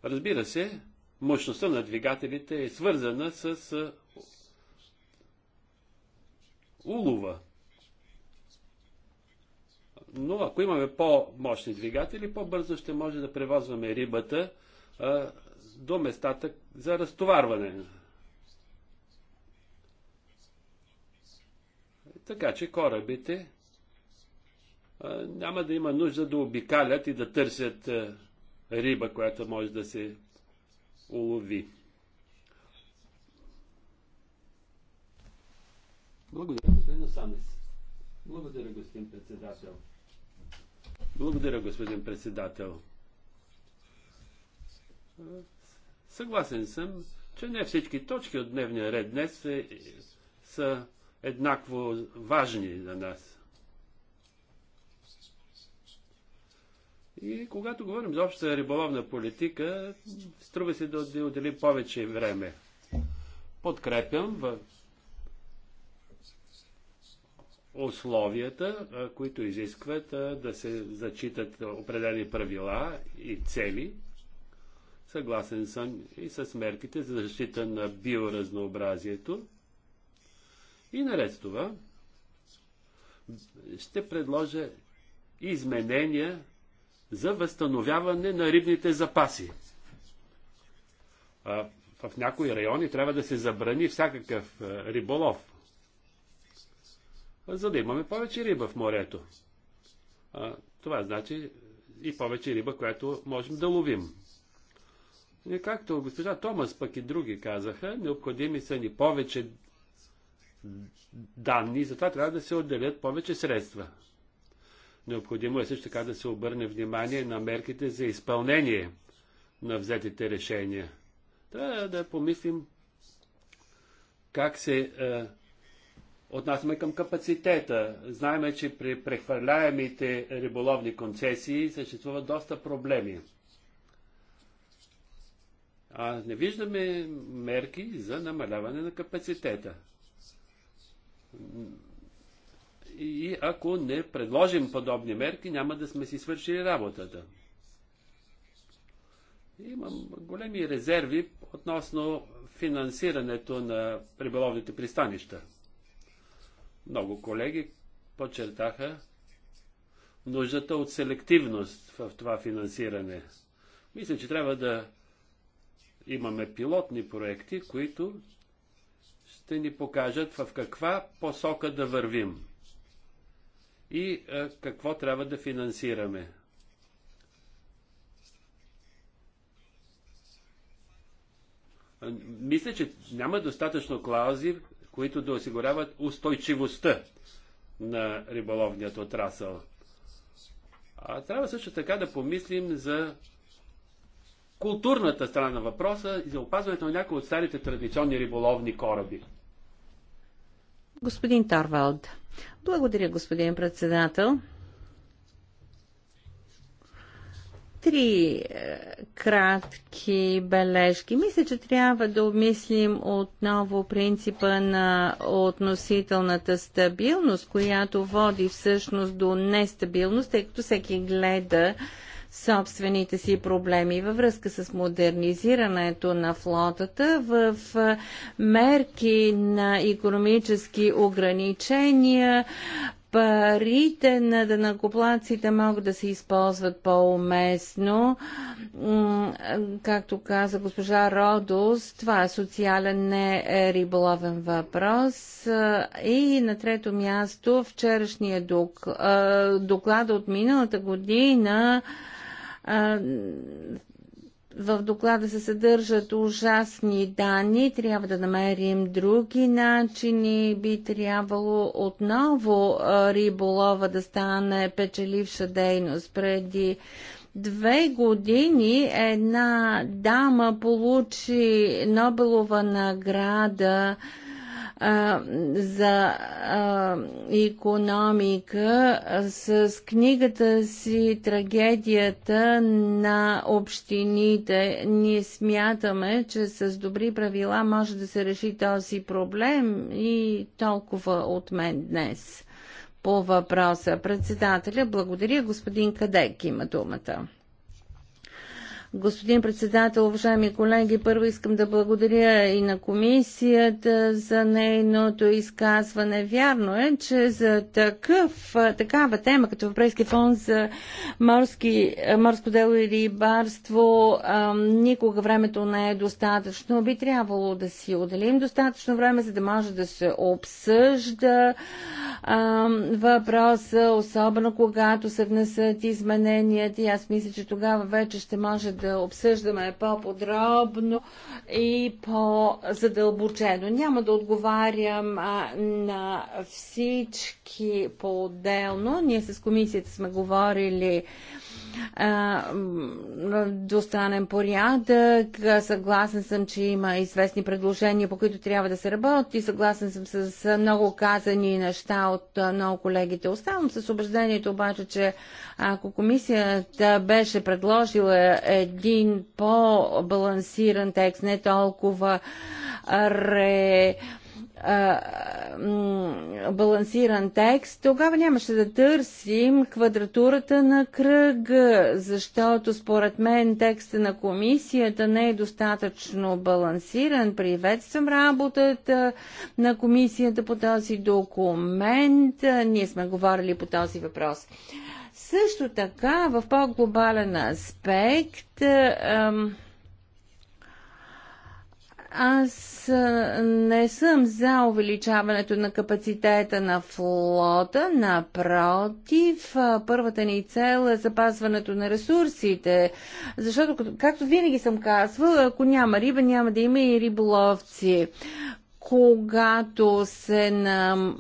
Разбира се, мощността на двигателите е свързана с е, улова но ако имаме по-мощни двигатели, по-бързо ще може да превозваме рибата а, до местата за разтоварване. Така че корабите а, няма да има нужда да обикалят и да търсят а, риба, която може да се улови. Благодаря, господин Осанес. Благодаря, господин председател. Благодаря, господин председател. Съгласен съм, че не всички точки от дневния ред днес е, са еднакво важни за нас. И когато говорим за обща риболовна политика, струва се да отделим повече време. Подкрепям в условията, които изискват да се зачитат определени правила и цели. Съгласен съм и с мерките за защита на биоразнообразието. И наред с това ще предложа изменения за възстановяване на рибните запаси. в някои райони трябва да се забрани всякакъв риболов за да имаме повече риба в морето. А, това значи и повече риба, която можем да ловим. И както госпожа Томас, пък и други казаха, необходими са ни повече данни, затова трябва да се отделят повече средства. Необходимо е също така да се обърне внимание на мерките за изпълнение на взетите решения. Трябва да помислим как се е, отнасяме към капацитета. Знаеме, че при прехвърляемите риболовни концесии съществуват доста проблеми. А не виждаме мерки за намаляване на капацитета. И ако не предложим подобни мерки, няма да сме си свършили работата. Имам големи резерви относно финансирането на риболовните пристанища. Много колеги подчертаха нуждата от селективност в това финансиране. Мисля, че трябва да имаме пилотни проекти, които ще ни покажат в каква посока да вървим и какво трябва да финансираме. Мисля, че няма достатъчно клаузи които да осигуряват устойчивостта на риболовният отрасъл. А трябва също така да помислим за културната страна на въпроса и за опазването на някои от старите традиционни риболовни кораби. Господин Тарвалд. Благодаря, господин председател. Три е, кратки бележки. Мисля, че трябва да обмислим отново принципа на относителната стабилност, която води всъщност до нестабилност, тъй като всеки гледа собствените си проблеми във връзка с модернизирането на флотата в е, мерки на економически ограничения, парите на данакоплаците могат да се използват по-уместно. Както каза госпожа Родос, това е социален, не е риболовен въпрос. И на трето място, вчерашния доклад от миналата година в доклада се съдържат ужасни данни, трябва да намерим други начини, би трябвало отново риболова да стане печеливша дейност. Преди две години една дама получи Нобелова награда за а, економика с книгата си Трагедията на общините. Ние смятаме, че с добри правила може да се реши този проблем и толкова от мен днес по въпроса. Председателя, благодаря. Господин Кадек има думата. Господин председател, уважаеми колеги, първо искам да благодаря и на комисията за нейното изказване. Вярно е, че за такъв, такава тема, като Европейски фонд за морски, морско дело и рибарство, никога времето не е достатъчно. Би трябвало да си отделим достатъчно време, за да може да се обсъжда въпроса, особено когато се внесат измененията. И аз мисля, че тогава вече ще може да обсъждаме по-подробно и по-задълбочено. Няма да отговарям а, на всички по-отделно. Ние с комисията сме говорили а, двустранен порядък. Съгласен съм, че има известни предложения, по които трябва да се работи. Съгласен съм с много казани неща от много колегите. Оставам с убеждението обаче, че ако комисията беше предложила един по-балансиран текст, не толкова ре балансиран текст, тогава нямаше да търсим квадратурата на кръга, защото според мен текста на комисията не е достатъчно балансиран. Приветствам работата на комисията по този документ. Ние сме говорили по този въпрос. Също така, в по-глобален аспект, аз не съм за увеличаването на капацитета на флота, напротив, първата ни цел е запазването на ресурсите, защото, както винаги съм казвала, ако няма риба, няма да има и риболовци когато се нам,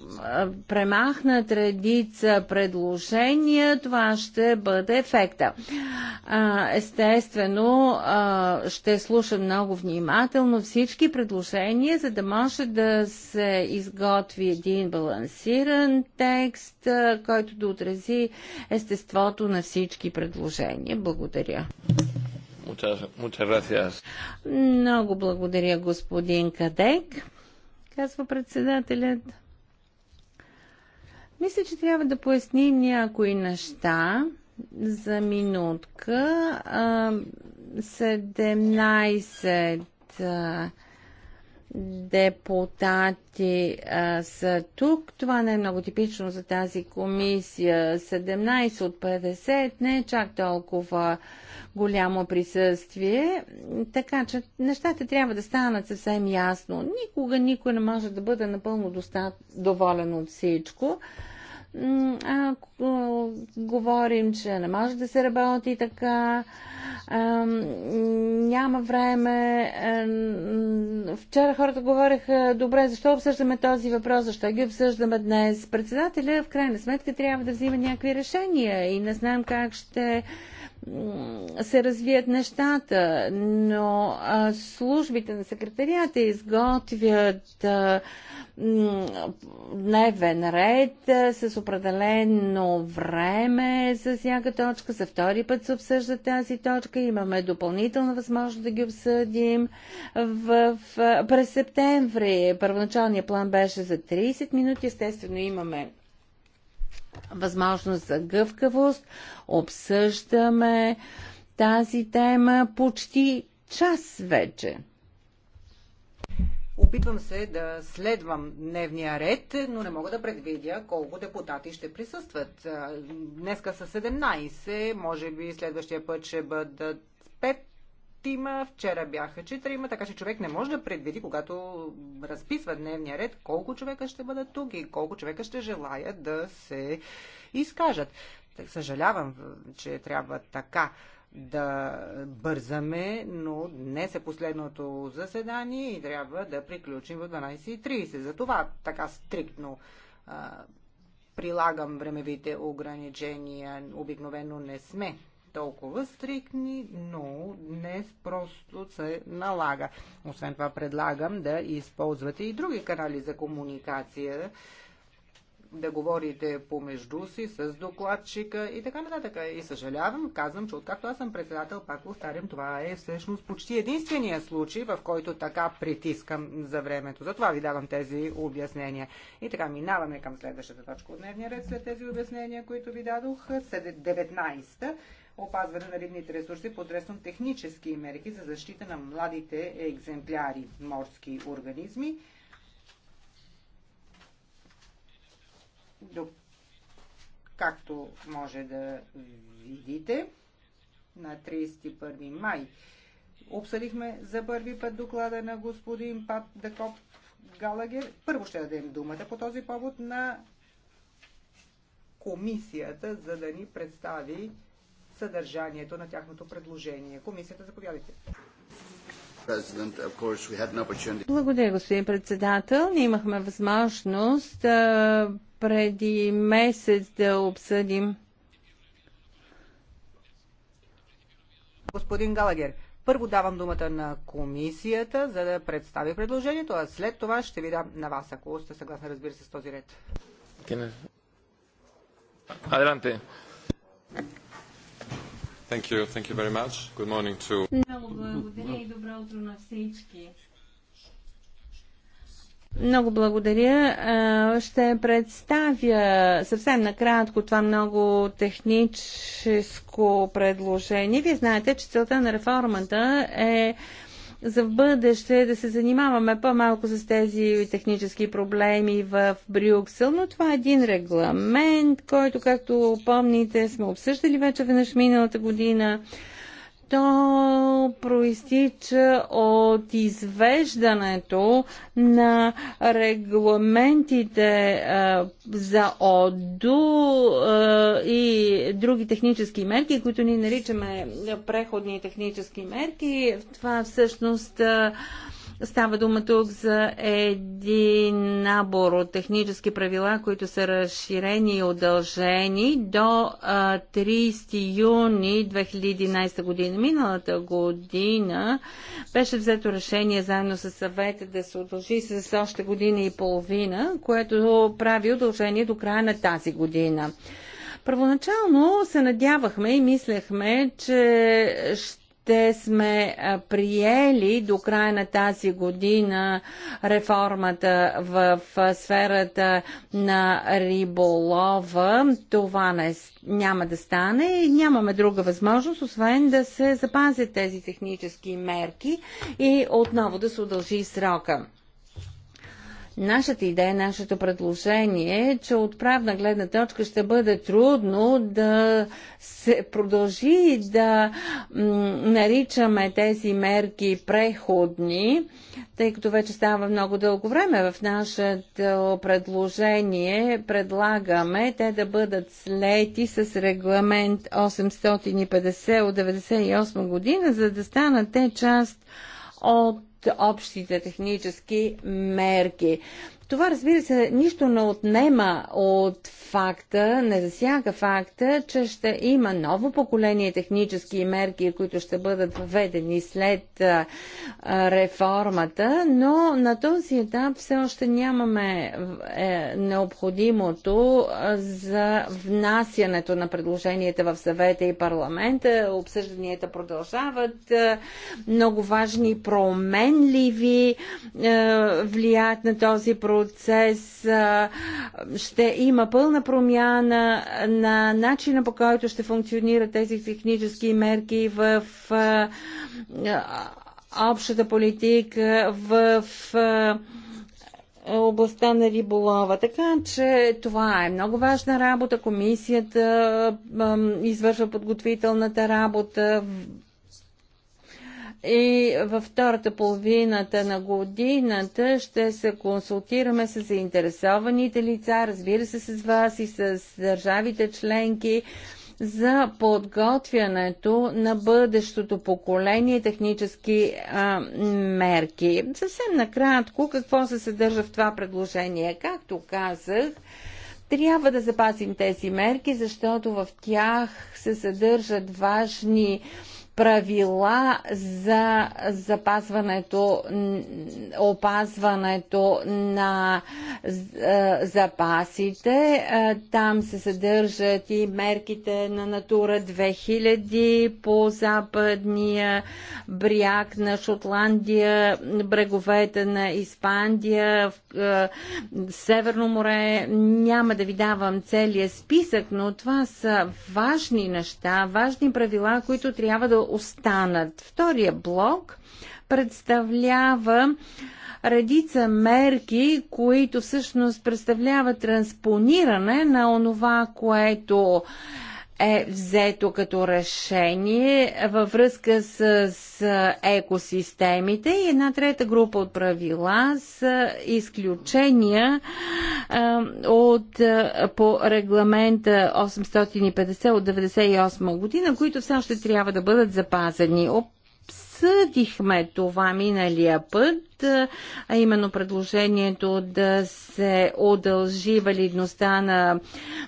премахнат редица предложения, това ще бъде ефекта. Естествено, ще слушам много внимателно всички предложения, за да може да се изготви един балансиран текст, който да отрази естеството на всички предложения. Благодаря. Много благодаря, господин Кадек казва председателят. Мисля, че трябва да поясним някои неща за минутка. 17 депутати а, са тук. Това не е много типично за тази комисия. 17 от 50 не е чак толкова голямо присъствие. Така че нещата трябва да станат съвсем ясно. Никога никой не може да бъде напълно доста... доволен от всичко ако говорим, че не може да се работи така, няма време. Вчера хората говореха, добре, защо обсъждаме този въпрос, защо ги обсъждаме днес. Председателя в крайна сметка трябва да взима някакви решения и не знам как ще се развият нещата, но а, службите на секретарията изготвят а, дневен ред а, с определено време за всяка точка. За втори път се обсъжда тази точка. Имаме допълнителна възможност да ги обсъдим в, в, през септември. Първоначалният план беше за 30 минути. Естествено имаме възможност за гъвкавост. Обсъждаме тази тема почти час вече. Опитвам се да следвам дневния ред, но не мога да предвидя колко депутати ще присъстват. Днеска са 17, може би следващия път ще бъдат 5 петима, вчера бяха четирима, така че човек не може да предвиди, когато разписва дневния ред, колко човека ще бъдат тук и колко човека ще желаят да се изкажат. Так, съжалявам, че трябва така да бързаме, но днес е последното заседание и трябва да приключим в 12.30. Затова така стриктно а, прилагам времевите ограничения. Обикновено не сме толкова стрикни, но днес просто се налага. Освен това предлагам да използвате и други канали за комуникация, да говорите помежду си с докладчика и така нататък. И съжалявам, казвам, че откакто аз съм председател, пак повтарям, това е всъщност почти единствения случай, в който така притискам за времето. Затова ви давам тези обяснения. И така минаваме към следващата точка от дневния ред след тези обяснения, които ви дадох, 19-та опазване на рибните ресурси посредством технически мерки за защита на младите екземпляри морски организми. До, както може да видите, на 31 май обсъдихме за първи път доклада на господин Пат Декоп Галагер. Първо ще дадем думата по този повод на комисията, за да ни представи съдържанието на тяхното предложение. Комисията, заповядайте. Благодаря, господин председател. Ние имахме възможност а, преди месец да обсъдим. Господин Галагер, първо давам думата на комисията, за да представи предложението, а след това ще ви дам на вас, ако сте съгласни, разбира се, с този ред. Аделанте. Thank you. Thank you very much. Good morning to... Много благодаря и добро утро на всички. Много благодаря. Ще представя съвсем накратко това много техническо предложение. Вие знаете, че целта на реформата е за в бъдеще да се занимаваме по-малко с тези технически проблеми в Брюксел, но това е един регламент, който, както помните, сме обсъждали вече веднъж миналата година то проистича от извеждането на регламентите а, за ОДУ а, и други технически мерки, които ние наричаме преходни технически мерки. Това всъщност а, Става дума тук за един набор от технически правила, които са разширени и удължени до 30 юни 2011 година. Миналата година беше взето решение заедно с съвета да се удължи с още година и половина, което прави удължение до края на тази година. Първоначално се надявахме и мислехме, че ще ще сме приели до края на тази година реформата в сферата на риболова. Това не, няма да стане и нямаме друга възможност, освен да се запазят тези технически мерки и отново да се удължи срока. Нашата идея, нашето предложение е, че от правна гледна точка ще бъде трудно да се продължи да наричаме тези мерки преходни, тъй като вече става много дълго време. В нашето предложение предлагаме те да бъдат слети с регламент 850 от 1998 година, за да станат те част от общите технически мерки. Това, разбира се, нищо не отнема от факта, не засяга факта, че ще има ново поколение технически мерки, които ще бъдат введени след реформата, но на този етап все още нямаме е, необходимото за внасянето на предложенията в съвета и парламента. Обсъжданията продължават. много важни променливи влияят на този проблем процес ще има пълна промяна на начина по който ще функционират тези технически мерки в общата политика, в областта на риболова. Така че това е много важна работа. Комисията извършва подготвителната работа и във втората половината на годината ще се консултираме с заинтересованите лица, разбира се с вас и с държавите членки за подготвянето на бъдещото поколение технически а, мерки. Съвсем накратко, какво се съдържа в това предложение? Както казах, трябва да запазим тези мерки, защото в тях се съдържат важни а, правила за запазването, опазването на е, запасите. Е, там се съдържат и мерките на Натура 2000 по западния бряг на Шотландия, бреговете на Испандия, в е, Северно море. Няма да ви давам целият списък, но това са важни неща, важни правила, които трябва да останат. Втория блок представлява редица мерки, които всъщност представляват транспониране на онова, което е взето като решение във връзка с, с екосистемите и една трета група от правила с изключения от, по регламента 850 от 1998 година, които все още трябва да бъдат запазени обсъдихме това миналия път, а именно предложението да се удължи валидността на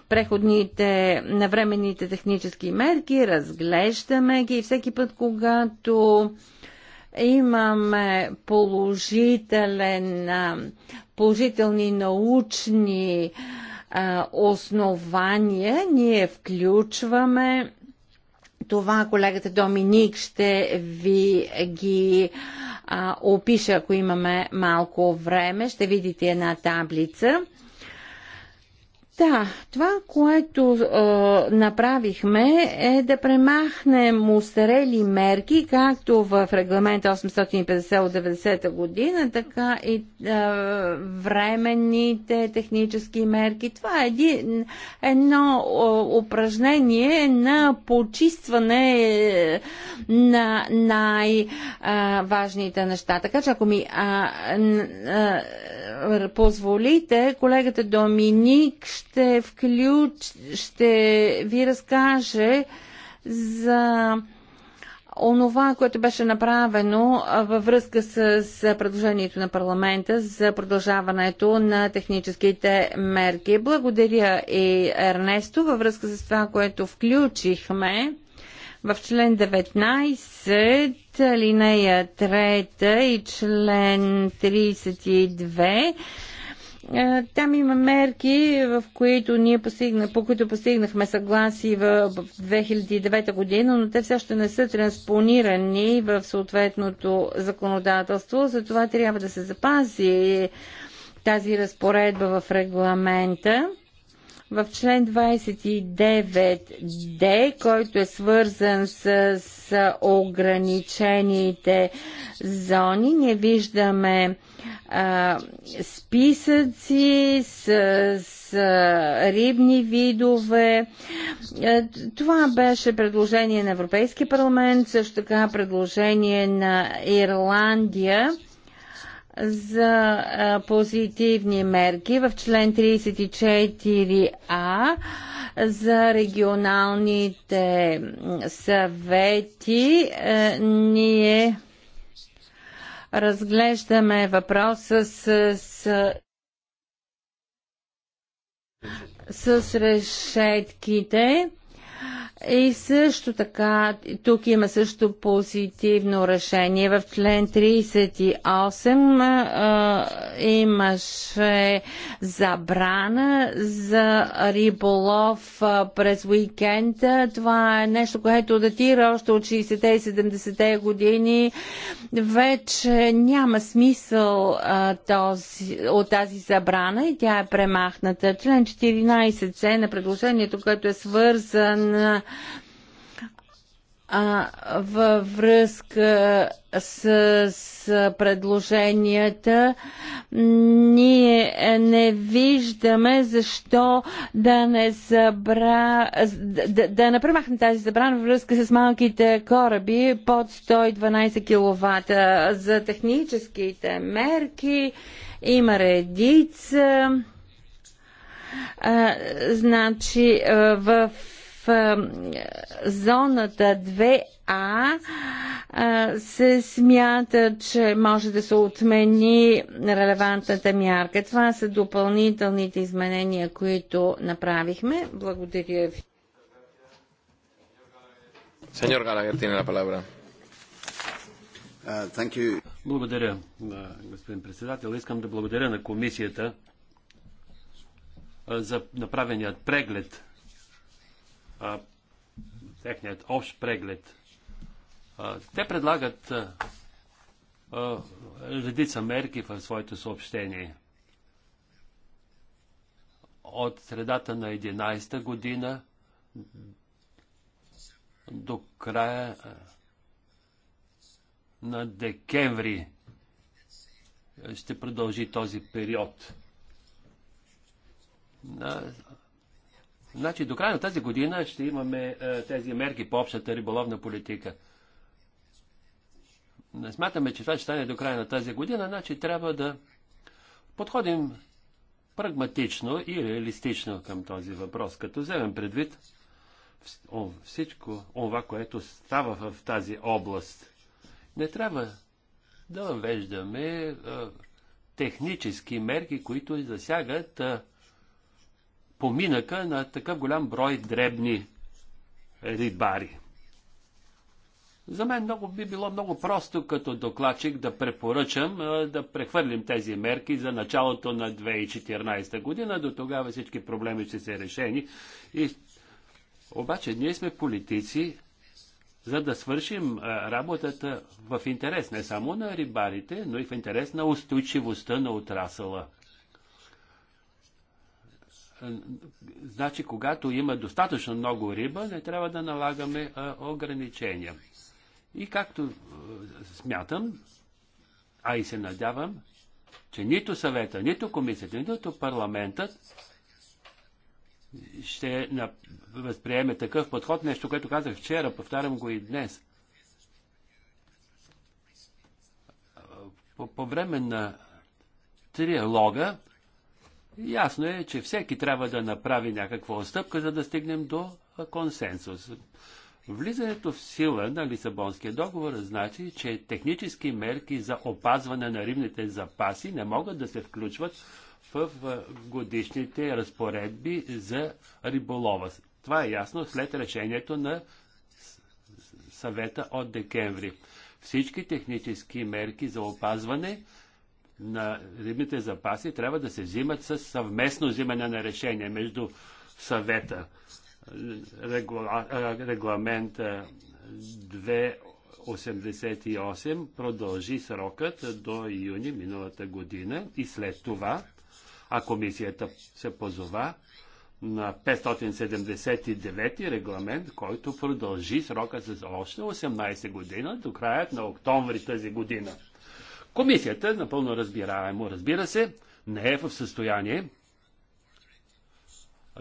преходните, на временните технически мерки, разглеждаме ги и всеки път, когато имаме положителен, положителни научни основания, ние включваме това колегата Доминик ще ви ги а, опиша, ако имаме малко време. Ще видите една таблица. Да, това, което е, направихме е да премахнем устарели мерки, както в регламент 850 от 90-та година, така и е, временните технически мерки. Това е един, едно е, упражнение на почистване е, на най-важните неща. Така че ако ми е, е, позволите, колегата Доминик ще ще, включ, ще ви разкаже за онова, което беше направено във връзка с предложението на парламента за продължаването на техническите мерки. Благодаря и Ернесто във връзка с това, което включихме в член 19, линея 3 и член 32 е, там има мерки, в които ние постигна, по които постигнахме съгласие в 2009 година, но те все още не са транспонирани в съответното законодателство. Затова трябва да се запази тази разпоредба в регламента. В член 29д, който е свързан с, с ограничените зони, не виждаме а, списъци с, с рибни видове. Това беше предложение на Европейския парламент, също така предложение на Ирландия за позитивни мерки в член 34а за регионалните съвети. Ние разглеждаме въпроса с, с, с решетките и също така, тук има също позитивно решение. В член 38 а, имаше забрана за риболов а, през уикенда. Това е нещо, което датира още от 60-те и 70-те години. Вече няма смисъл а, този, от тази забрана и тя е премахната. Член 14 се на предложението, което е свързан а, във връзка с, с предложенията, ние не виждаме защо да не забра, да, да не тази забрана във връзка с малките кораби под 112 кВт. За техническите мерки има редица. А, значи, в зоната 2А се смята, че може да се отмени релевантната мярка. Това са допълнителните изменения, които направихме. Благодаря ви. Сеньор Галагер, тине на палавра. Благодаря, господин председател. Искам да благодаря на комисията за направеният преглед а, техният общ преглед. А, те предлагат а, редица мерки в своето съобщение. От средата на 11-та година до края на декември ще продължи този период. Значи до края на тази година ще имаме е, тези мерки по общата риболовна политика. Не смятаме, че това ще стане до края на тази година, значи трябва да подходим прагматично и реалистично към този въпрос, като вземем предвид всичко това, което става в тази област. Не трябва да въвеждаме е, технически мерки, които засягат е, поминъка на такъв голям брой дребни рибари. За мен много би било много просто като докладчик да препоръчам да прехвърлим тези мерки за началото на 2014 година. До тогава всички проблеми ще се решени. И... Обаче ние сме политици, за да свършим работата в интерес не само на рибарите, но и в интерес на устойчивостта на отрасъла. Значи, когато има достатъчно много риба, не трябва да налагаме а, ограничения. И както а, смятам, а и се надявам, че нито съвета, нито комисията, нито парламентът ще възприеме такъв подход, нещо, което казах вчера, повтарям го и днес. По, по време на триалога Ясно е, че всеки трябва да направи някаква отстъпка, за да стигнем до консенсус. Влизането в сила на Лисабонския договор значи, че технически мерки за опазване на рибните запаси не могат да се включват в годишните разпоредби за риболова. Това е ясно след решението на съвета от декември. Всички технически мерки за опазване на рибните запаси трябва да се взимат с съвместно взимане на решение между съвета, регула, регламент 288 продължи срокът до юни миналата година и след това, а комисията се позова на 579 регламент, който продължи срока с още 18 година до краят на октомври тази година. Комисията, напълно разбираемо, разбира се, не е в състояние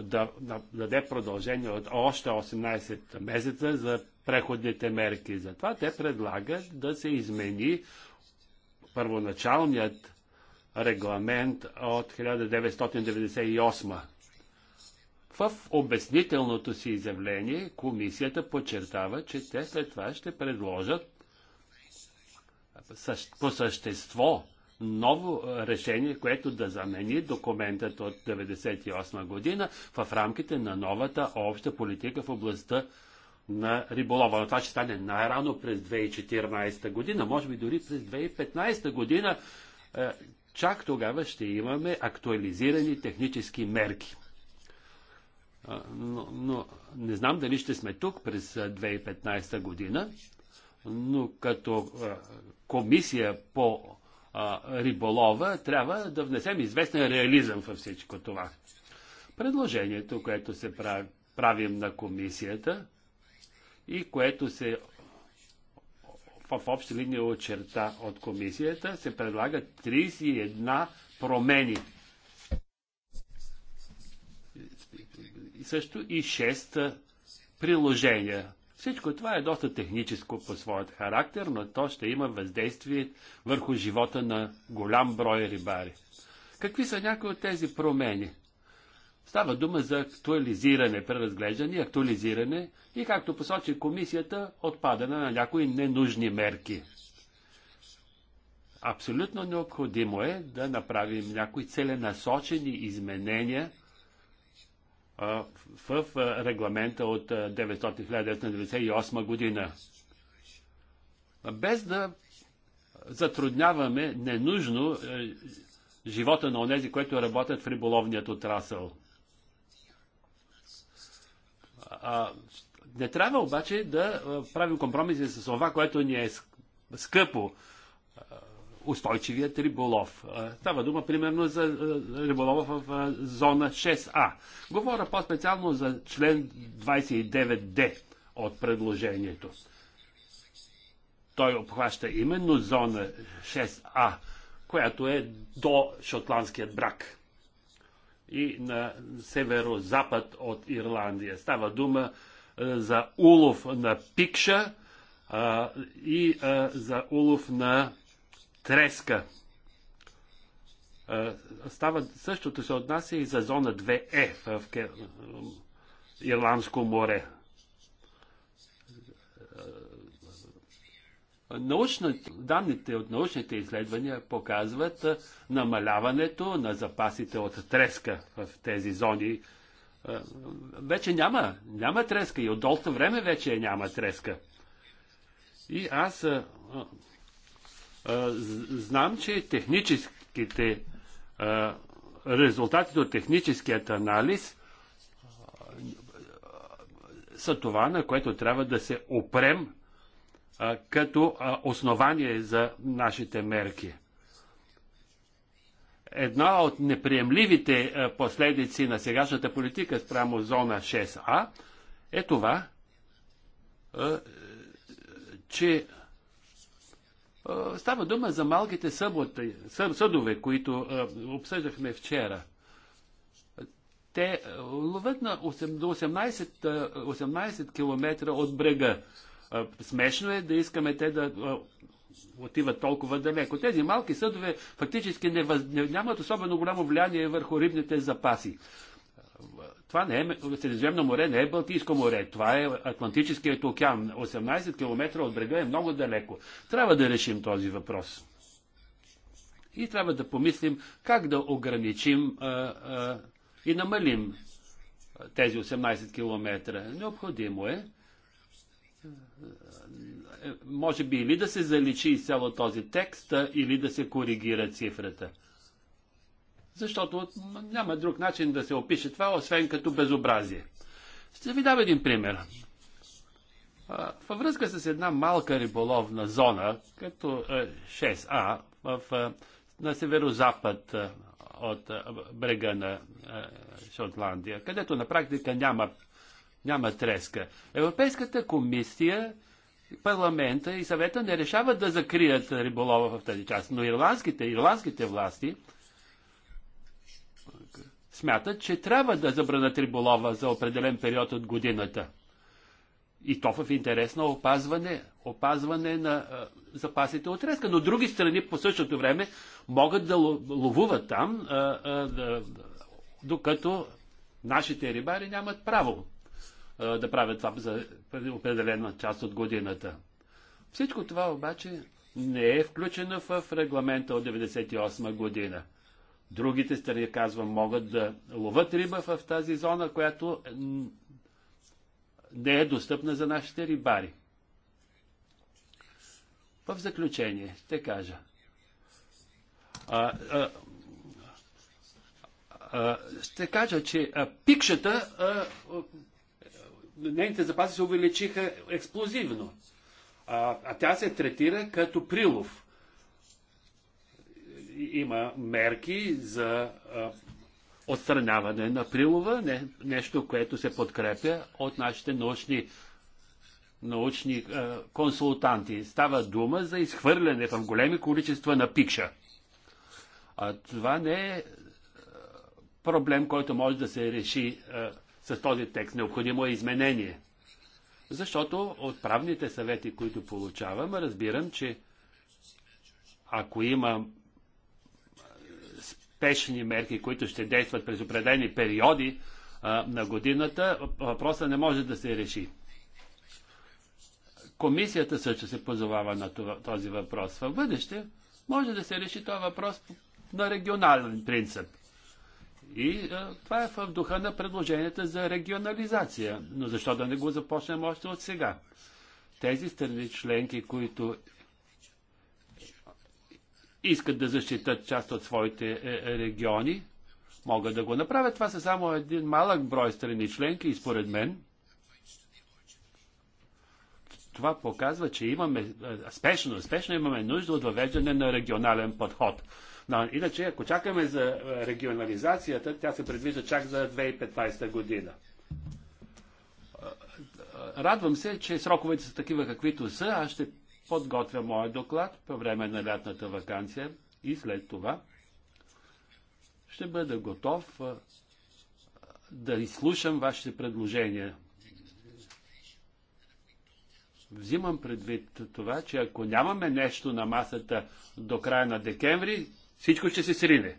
да даде продължение от още 18 месеца за преходните мерки. Затова те предлагат да се измени първоначалният регламент от 1998. В обяснителното си изявление комисията подчертава, че те след това ще предложат по същество ново решение, което да замени документът от 1998 година в рамките на новата обща политика в областта на риболова. Но това ще стане най-рано през 2014 година, може би дори през 2015 година. Е, чак тогава ще имаме актуализирани технически мерки. Е, но, но не знам дали ще сме тук през 2015 година, но като комисия по риболова трябва да внесем известен реализъм във всичко това. Предложението, което се правим на комисията и което се в общи линии очерта от комисията, се предлага 31 промени. И също и 6 приложения. Всичко това е доста техническо по своят характер, но то ще има въздействие върху живота на голям брой рибари. Какви са някои от тези промени? Става дума за актуализиране, преразглеждане, актуализиране и, както посочи комисията, отпадане на някои ненужни мерки. Абсолютно необходимо е да направим някои целенасочени изменения – в регламента от 1998 година. Без да затрудняваме ненужно е, живота на онези, които работят в риболовният отрасъл. Не трябва обаче да правим компромиси с това, което ни е скъпо, устойчивият риболов. Става дума примерно за риболова в зона 6А. Говоря по-специално за член 29D от предложението. Той обхваща именно зона 6А, която е до шотландският брак и на северо-запад от Ирландия. Става дума за улов на пикша а, и а, за улов на треска. Става, същото се отнася и за зона 2Е е в Ирландско море. Научните, данните от научните изследвания показват намаляването на запасите от треска в тези зони. Вече няма, няма треска и от доста време вече няма треска. И аз Знам, че техническите резултатите от техническият анализ са това, на което трябва да се опрем като основание за нашите мерки. Една от неприемливите последици на сегашната политика спрямо зона 6А е това, че Става дума за малките съботи, съдове, които обсъждахме вчера. Те ловят на 8, до 18, 18 км от брега. Смешно е да искаме те да отиват толкова далеко. Тези малки съдове фактически не въз... нямат особено голямо влияние върху рибните запаси. Това не е, Средиземно море не е Балтийско море, това е Атлантическият океан. 18 км от брега е много далеко. Трябва да решим този въпрос. И трябва да помислим как да ограничим а, а, и намалим тези 18 км. Необходимо е, е, може би, или да се заличи изцяло този текст, или да се коригира цифрата. Защото няма друг начин да се опише това, освен като безобразие. Ще ви дам един пример. Във връзка с една малка риболовна зона, като 6А, е, в, е, на северо-запад е, от брега на Шотландия, където на практика няма, няма треска. Европейската комисия, парламента и съвета не решават да закрият риболова в тази част, но ирландските, ирландските власти смятат, че трябва да забранат риболова за определен период от годината. И то в интерес на опазване, опазване на а, запасите от резка. Но други страни по същото време могат да ловуват там, а, а, да, докато нашите рибари нямат право а, да правят това за определена част от годината. Всичко това обаче не е включено в регламента от 1998 година. Другите страни, казвам, могат да ловат риба в тази зона, която не е достъпна за нашите рибари. В заключение ще кажа. А, а, а, ще кажа, че а, пикшата, а, а, нейните запаси се увеличиха експлозивно. А, а тя се третира като прилов има мерки за отстраняване на прилова, не, нещо, което се подкрепя от нашите научни, научни консултанти. Става дума за изхвърляне в големи количества на пикша. А това не е проблем, който може да се реши а, с този текст. Необходимо е изменение. Защото от правните съвети, които получавам, разбирам, че ако има спешни мерки, които ще действат през определени периоди а, на годината, въпросът не може да се реши. Комисията също се позовава на това, този въпрос. В бъдеще може да се реши този въпрос на регионален принцип. И а, това е в духа на предложенията за регионализация. Но защо да не го започнем още от сега? Тези страни членки, които искат да защитат част от своите е, е, региони, могат да го направят. Това са само един малък брой страни членки и според мен това показва, че имаме е, спешно, спешно имаме нужда от въвеждане на регионален подход. Но иначе, ако чакаме за регионализацията, тя се предвижда чак за 2015 година. Радвам се, че сроковете са такива каквито са. Аз ще подготвя моя доклад по време на лятната вакансия и след това ще бъда готов да изслушам вашите предложения. Взимам предвид това, че ако нямаме нещо на масата до края на декември, всичко ще се срине.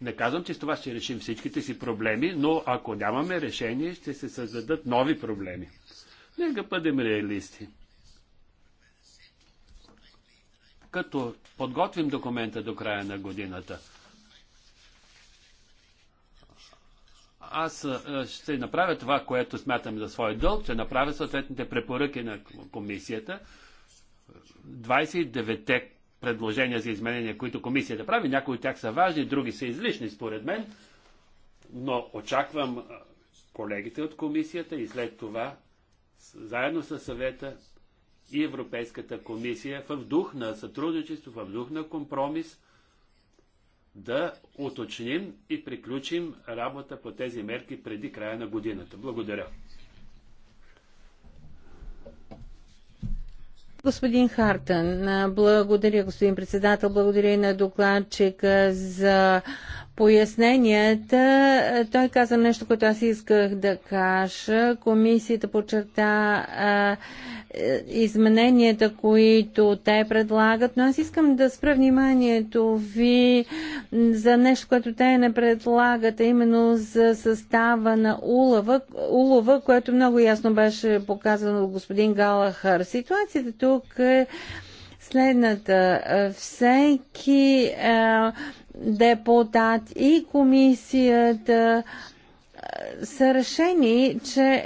Не казвам, че с това ще решим всичките си проблеми, но ако нямаме решение, ще се създадат нови проблеми. Нека бъдем реалисти. като подготвим документа до края на годината. Аз ще направя това, което смятам за свой дълг, ще направя съответните препоръки на комисията. 29-те предложения за изменения, които комисията прави, някои от тях са важни, други са излишни според мен, но очаквам колегите от комисията и след това заедно с съвета и Европейската комисия в дух на сътрудничество, в дух на компромис да уточним и приключим работа по тези мерки преди края на годината. Благодаря. Господин Хартън, благодаря господин председател, благодаря и на докладчика за поясненията. Той каза нещо, което аз исках да кажа. Комисията почерта а, е, измененията, които те предлагат, но аз искам да спра вниманието ви за нещо, което те не предлагат, а именно за състава на улова, улова което много ясно беше показано от господин Галахър. Ситуацията тук е следната. Всеки а, депутат и комисията са решени, че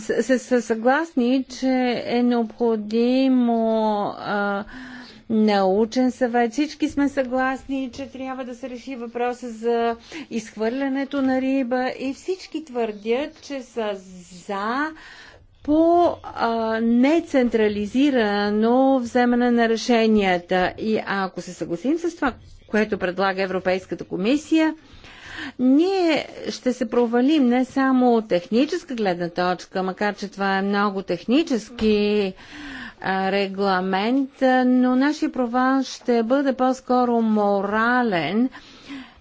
са, са съгласни, че е необходимо научен съвет. Всички сме съгласни, че трябва да се реши въпроса за изхвърлянето на риба и всички твърдят, че са за по нецентрализирано вземане на решенията. И ако се съгласим с това, което предлага Европейската комисия, ние ще се провалим не само от техническа гледна точка, макар че това е много технически регламент, но нашия провал ще бъде по-скоро морален.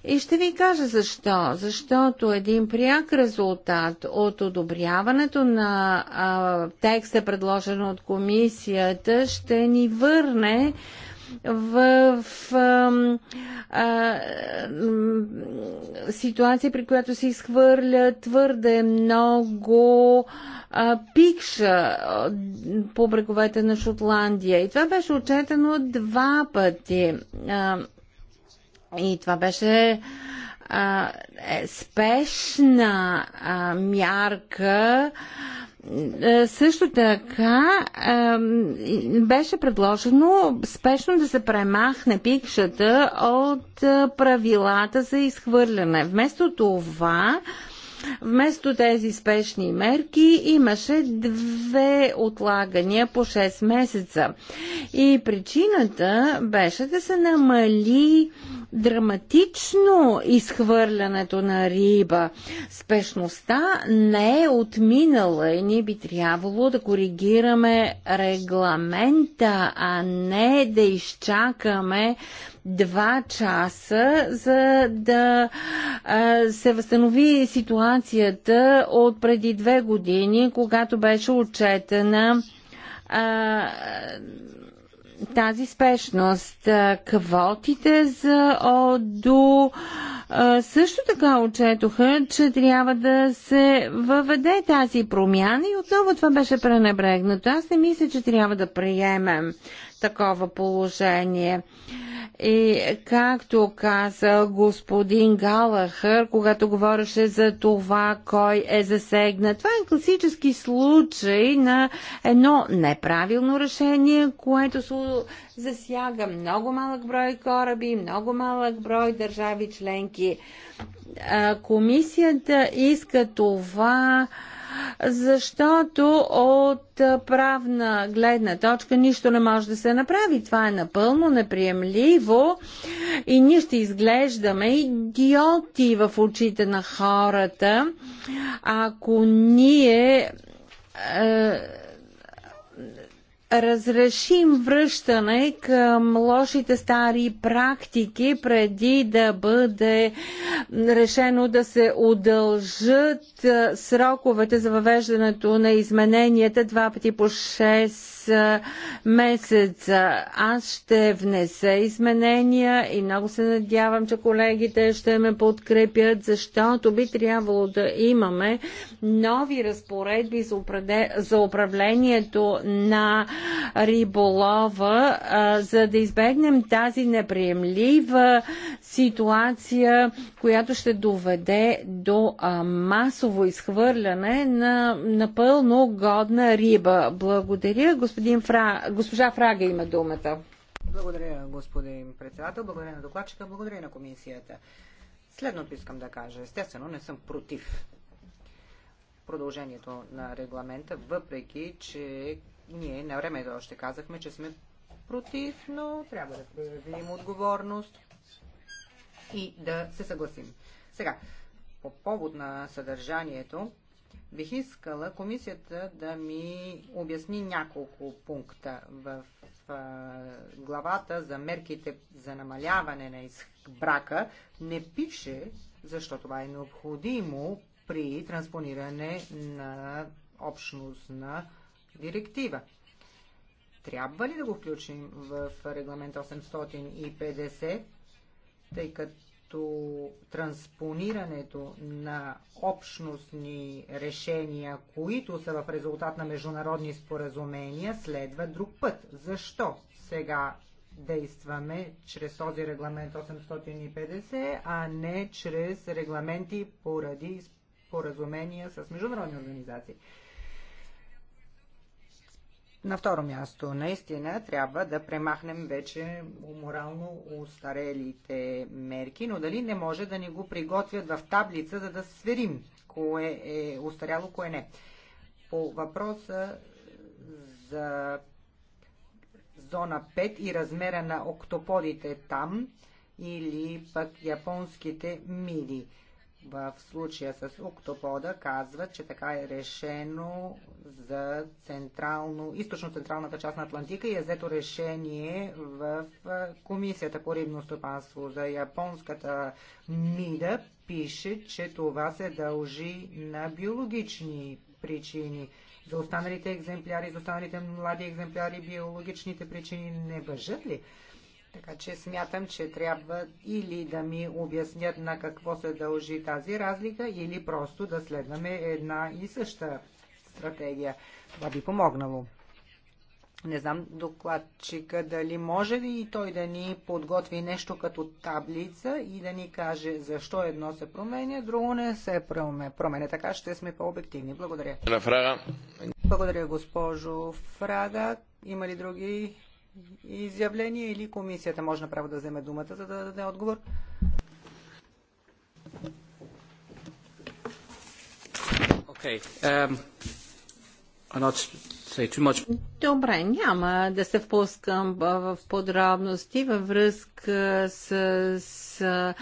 И ще ви кажа защо. Защото един пряк резултат от одобряването на а, текста, предложен от комисията, ще ни върне в а, а, ситуация, при която се изхвърля твърде много а, пикша по бреговете на Шотландия. И това беше отчетено два пъти. А, и това беше а, е, спешна а, мярка. А, е, също така беше предложено спешно да се премахне пикшата от е, правилата за изхвърляне. Вместо това, вместо тези спешни мерки имаше две отлагания по 6 месеца. И причината беше да се намали драматично изхвърлянето на риба. Спешността не е отминала и ние би трябвало да коригираме регламента, а не да изчакаме два часа, за да а, се възстанови ситуацията от преди две години, когато беше отчетена а, тази спешност. Квотите за ОДО също така отчетоха, че трябва да се въведе тази промяна и отново това беше пренебрегнато. Аз не мисля, че трябва да приемем такова положение. И както каза господин Галахър, когато говореше за това, кой е засегнат, това е класически случай на едно неправилно решение, което се засяга много малък брой кораби, много малък брой държави членки. Комисията иска това защото от правна гледна точка нищо не може да се направи. Това е напълно неприемливо и ние ще изглеждаме идиоти в очите на хората, ако ние е, разрешим връщане към лошите стари практики преди да бъде решено да се удължат сроковете за въвеждането на измененията два пъти по 6 месеца. Аз ще внеса изменения и много се надявам, че колегите ще ме подкрепят, защото би трябвало да имаме нови разпоредби за управлението на риболова, а, за да избегнем тази неприемлива ситуация, която ще доведе до а, масово изхвърляне на напълно годна риба. Благодаря. Господин Фра... Госпожа Фрага има думата. Благодаря, господин председател. Благодаря на докладчика. Благодаря на комисията. Следното искам да кажа. Естествено, не съм против продължението на регламента, въпреки че ние на времето е още казахме, че сме против, но трябва да проявим отговорност и да се съгласим. Сега, по повод на съдържанието, бих искала комисията да ми обясни няколко пункта в главата за мерките за намаляване на брака. Не пише, защо това е необходимо при транспониране на общност на директива. Трябва ли да го включим в регламент 850, тъй като транспонирането на общностни решения, които са в резултат на международни споразумения, следва друг път? Защо сега действаме чрез този регламент 850, а не чрез регламенти поради споразумения с международни организации. На второ място, наистина трябва да премахнем вече морално устарелите мерки, но дали не може да ни го приготвят в таблица, за да сверим кое е устаряло, кое не. По въпроса за зона 5 и размера на октоподите там или пък японските мили. В случая с октопода казват, че така е решено за централно, източно-централната част на Атлантика и е взето решение в Комисията по рибно стопанство за японската МИДА пише, че това се дължи на биологични причини. За останалите екземпляри, за останалите млади екземпляри, биологичните причини не въжат ли? Така че смятам, че трябва или да ми обяснят на какво се дължи тази разлика, или просто да следваме една и съща стратегия. Това би помогнало. Не знам докладчика дали може ли и той да ни подготви нещо като таблица и да ни каже защо едно се променя, друго не се променя. Така ще сме по-обективни. Благодаря. Благодаря, госпожо Фрага. Има ли други изявления или комисията може направо да вземе думата, за да даде отговор? Okay. Um... Добре, няма да се впускам в подробности във връзка с, с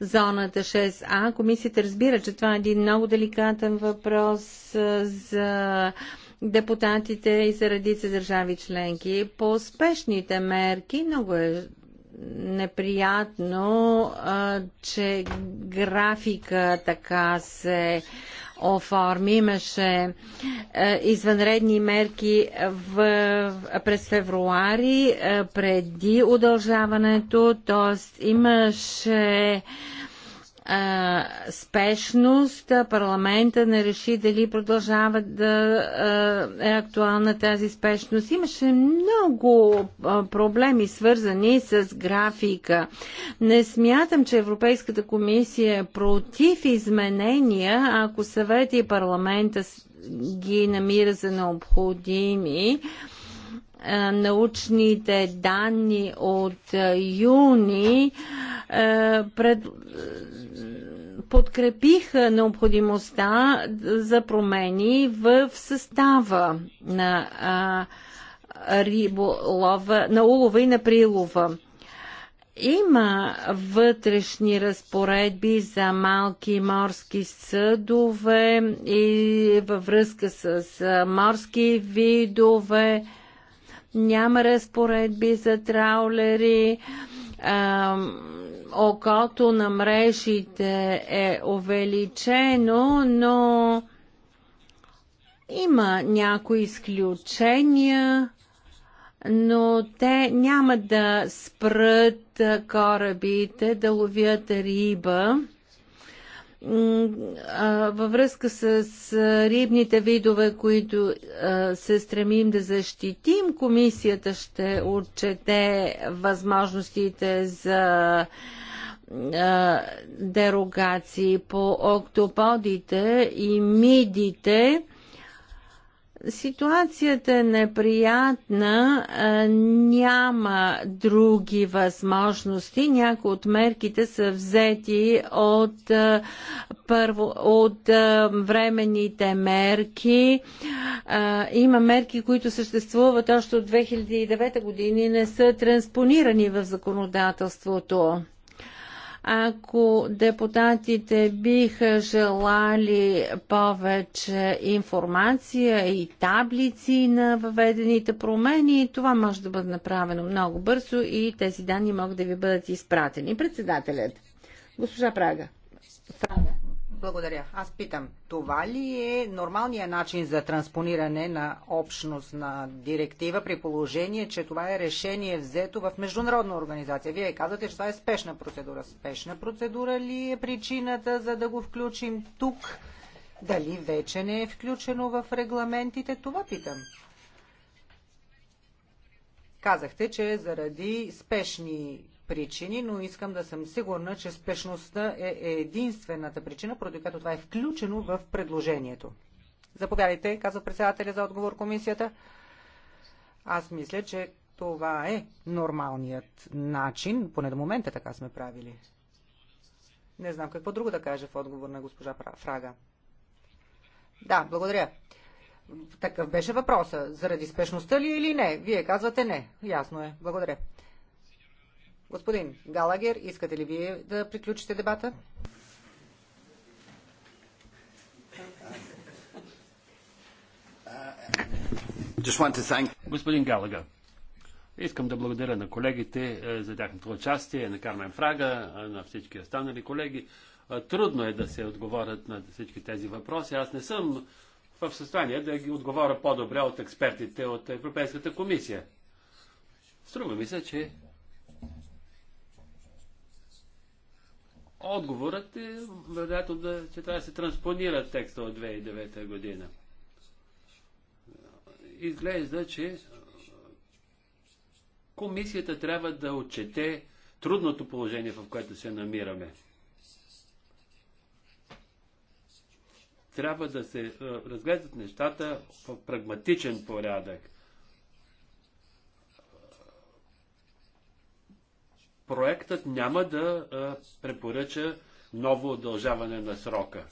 зоната 6А. Комисията разбира, че това е един много деликатен въпрос за депутатите и за редица държави членки. По спешните мерки много е неприятно, че графика така се оформи. Имаше е, извънредни мерки в, през февруари е, преди удължаването, т.е. имаше а, спешност парламента не реши дали продължава да а, е актуална тази спешност. Имаше много а, проблеми свързани с графика. Не смятам, че Европейската комисия е против изменения, ако съвет и парламента ги намира за необходими научните данни от юни е, пред, е, подкрепиха необходимостта за промени в състава на е, риболова, на улова и на прилова. Има вътрешни разпоредби за малки морски съдове и във връзка с морски видове. Няма разпоредби за траулери окото на мрежите е увеличено, но има някои изключения, но те няма да спрат корабите да ловят риба във връзка с рибните видове, които се стремим да защитим, комисията ще отчете възможностите за а, дерогации по октоподите и мидите. Ситуацията е неприятна, а, няма други възможности. Някои от мерките са взети от, а, първо, от а, временните мерки. Има мерки, които съществуват още от 2009 години и не са транспонирани в законодателството. Ако депутатите биха желали повече информация и таблици на въведените промени, това може да бъде направено много бързо и тези данни могат да ви бъдат изпратени. Председателят, госпожа Прага. Прага. Благодаря. Аз питам, това ли е нормалният начин за транспониране на общност на директива при положение, че това е решение взето в международна организация? Вие казвате, че това е спешна процедура. Спешна процедура ли е причината за да го включим тук? Дали вече не е включено в регламентите? Това питам. Казахте, че заради спешни причини, но искам да съм сигурна, че спешността е единствената причина, поради която това е включено в предложението. Заповядайте, казва председателя за отговор комисията. Аз мисля, че това е нормалният начин, поне до момента така сме правили. Не знам какво друго да кажа в отговор на госпожа Фрага. Да, благодаря. Такъв беше въпроса. Заради спешността ли или не? Вие казвате не. Ясно е. Благодаря. Господин Галагер, искате ли вие да приключите дебата? Господин Галагер, искам да благодаря на колегите е, за тяхното участие, на Кармен Фрага, е, на всички останали колеги. Е, трудно е да се отговорят на всички тези въпроси. Аз не съм в състояние да ги отговоря по-добре от експертите от Европейската комисия. Струва ми се, че Отговорът е, вероятно, да, че трябва да се транспонира текста от 2009 година. Изглежда, че комисията трябва да отчете трудното положение, в което се намираме. Трябва да се разглеждат нещата в прагматичен порядък. проектът няма да препоръча ново удължаване на срока.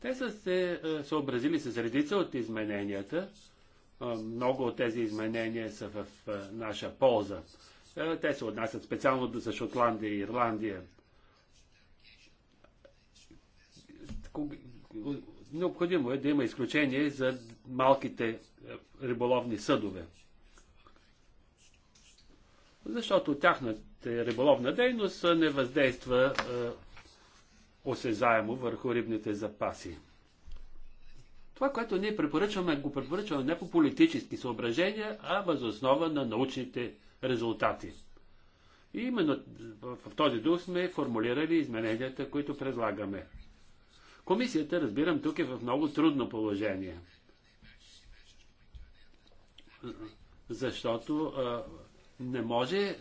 Те са се съобразили с редица от измененията. Много от тези изменения са в наша полза. Те се отнасят специално за Шотландия и Ирландия. Необходимо е да има изключение за малките риболовни съдове. Защото тяхната е риболовна дейност не въздейства е, осезаемо върху рибните запаси. Това, което ние препоръчваме, го препоръчваме не по политически съображения, а възоснова на научните резултати. И именно в този дух сме формулирали измененията, които предлагаме. Комисията, разбирам, тук е в много трудно положение. Защото а, е, не може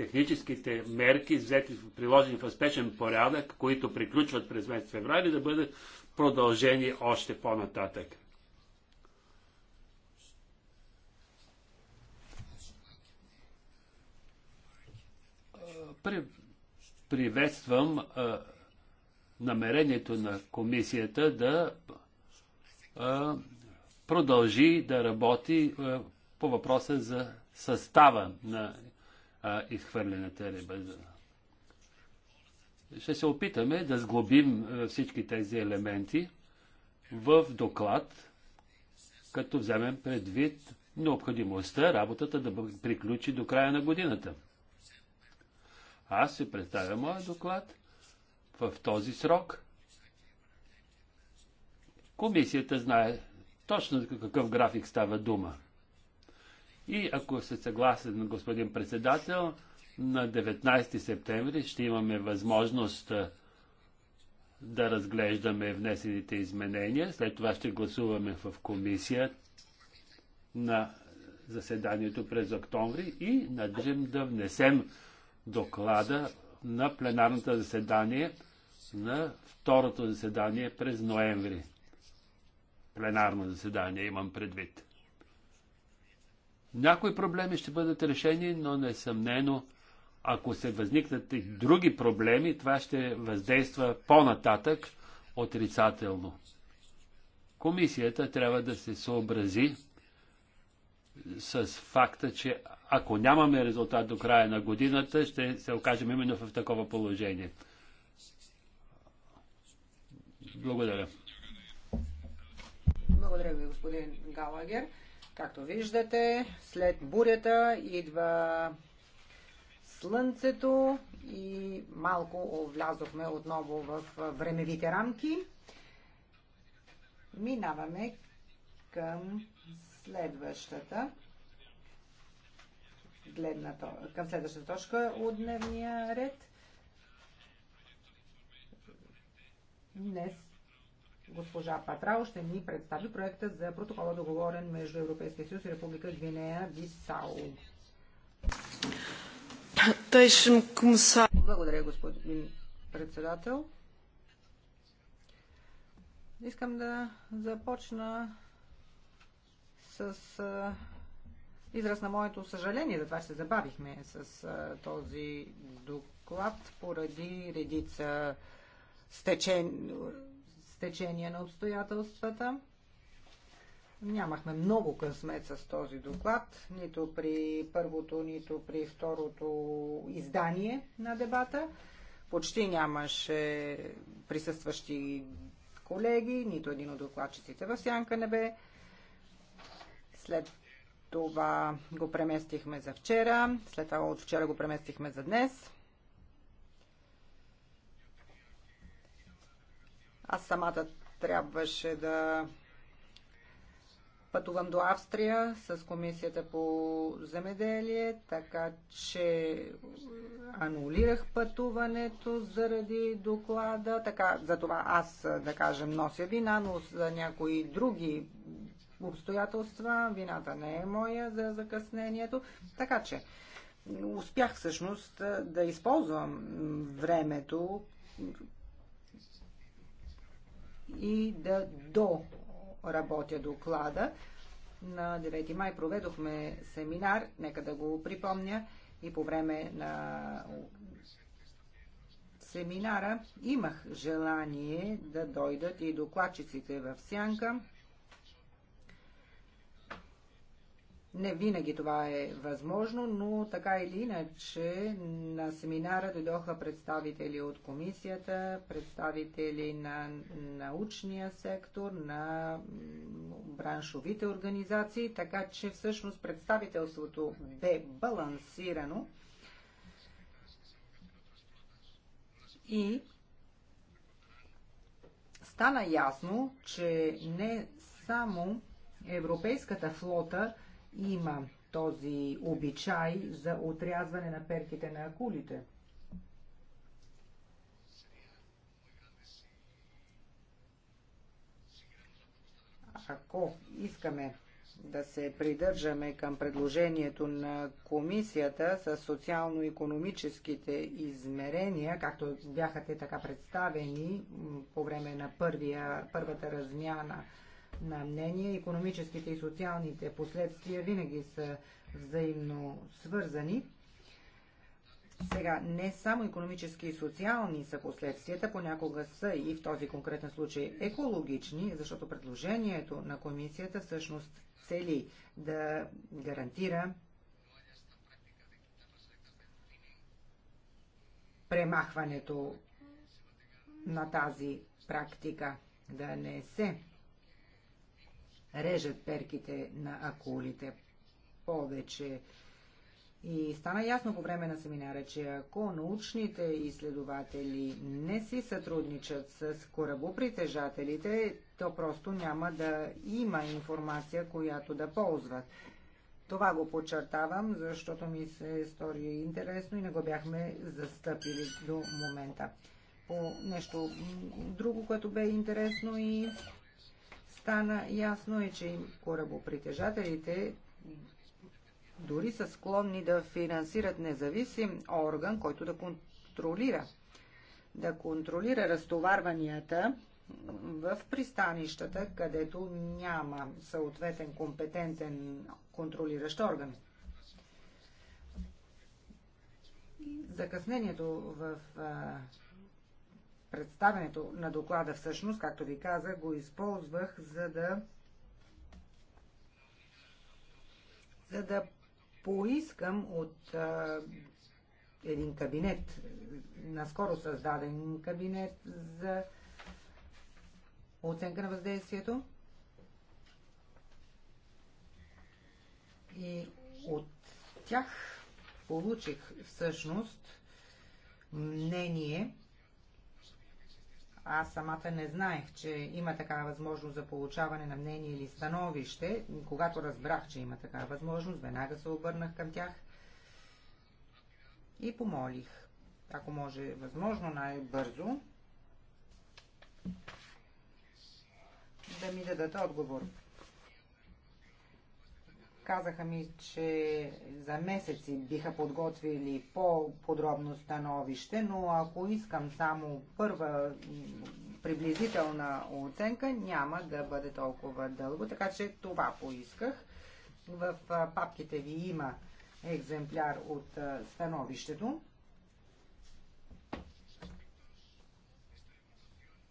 техническите мерки, взети, приложени в спешен порядък, които приключват през месец феврари, да бъдат продължени още по-нататък. При, приветствам а, намерението на комисията да а, продължи да работи а, по въпроса за състава на а, изхвърлената риба. Ще се опитаме да сглобим всички тези елементи в доклад, като вземем предвид необходимостта работата да приключи до края на годината. Аз се представя моя доклад в този срок. Комисията знае точно какъв график става дума. И ако се съгласен, господин председател, на 19 септември ще имаме възможност да разглеждаме внесените изменения. След това ще гласуваме в комисия на заседанието през октомври и надържим да внесем доклада на пленарното заседание на второто заседание през ноември. Пленарно заседание имам предвид. Някои проблеми ще бъдат решени, но несъмнено, ако се възникнат и други проблеми, това ще въздейства по-нататък отрицателно. Комисията трябва да се съобрази с факта, че ако нямаме резултат до края на годината, ще се окажем именно в такова положение. Благодаря. Благодаря ви, господин Галагер. Както виждате, след бурята идва слънцето и малко влязохме отново в времевите рамки. Минаваме към следващата гледна, към следващата точка от дневния ред. Днес Госпожа Патрао ще ни представи проекта за протокола договорен между Европейския съюз и Република Гвинея Бисао. Благодаря, господин председател. Искам да започна с израз на моето съжаление за това, че се забавихме с този доклад поради редица стечения стечение на обстоятелствата. Нямахме много късмет с този доклад, нито при първото, нито при второто издание на дебата. Почти нямаше присъстващи колеги, нито един от докладчиците в сянка не бе. След това го преместихме за вчера, след това от вчера го преместихме за днес. Аз самата трябваше да пътувам до Австрия с комисията по земеделие, така че анулирах пътуването заради доклада. Така, за това аз, да кажем, нося вина, но за някои други обстоятелства вината не е моя за закъснението. Така че успях всъщност да използвам времето, и да доработя доклада. На 9 май проведохме семинар, нека да го припомня, и по време на семинара имах желание да дойдат и докладчиците в Сянка Не винаги това е възможно, но така или иначе на семинара дойдоха представители от комисията, представители на научния сектор, на браншовите организации, така че всъщност представителството бе балансирано и стана ясно, че не само европейската флота има този обичай за отрязване на перките на акулите. Ако искаме да се придържаме към предложението на комисията с социално-економическите измерения, както бяха те така представени по време на първия, първата размяна на мнение. Економическите и социалните последствия винаги са взаимно свързани. Сега, не само економически и социални са последствията, понякога са и в този конкретен случай екологични, защото предложението на комисията всъщност цели да гарантира премахването на тази практика, да не се режат перките на акулите повече. И стана ясно по време на семинара, че ако научните изследователи не си сътрудничат с корабопритежателите, то просто няма да има информация, която да ползват. Това го подчертавам, защото ми се стори интересно и не го бяхме застъпили до момента. По нещо друго, което бе интересно и стана ясно е, че корабопритежателите дори са склонни да финансират независим орган, който да контролира да контролира разтоварванията в пристанищата, където няма съответен компетентен контролиращ орган. Закъснението в представенето на доклада всъщност, както ви казах, го използвах за да за да поискам от а, един кабинет, наскоро създаден кабинет за оценка на въздействието и от тях получих всъщност мнение аз самата не знаех, че има такава възможност за получаване на мнение или становище. Когато разбрах, че има такава възможност, веднага се обърнах към тях и помолих, ако може, възможно най-бързо, да ми дадат отговор. Казаха ми, че за месеци биха подготвили по-подробно становище, но ако искам само първа приблизителна оценка, няма да бъде толкова дълго. Така че това поисках. В папките ви има екземпляр от становището.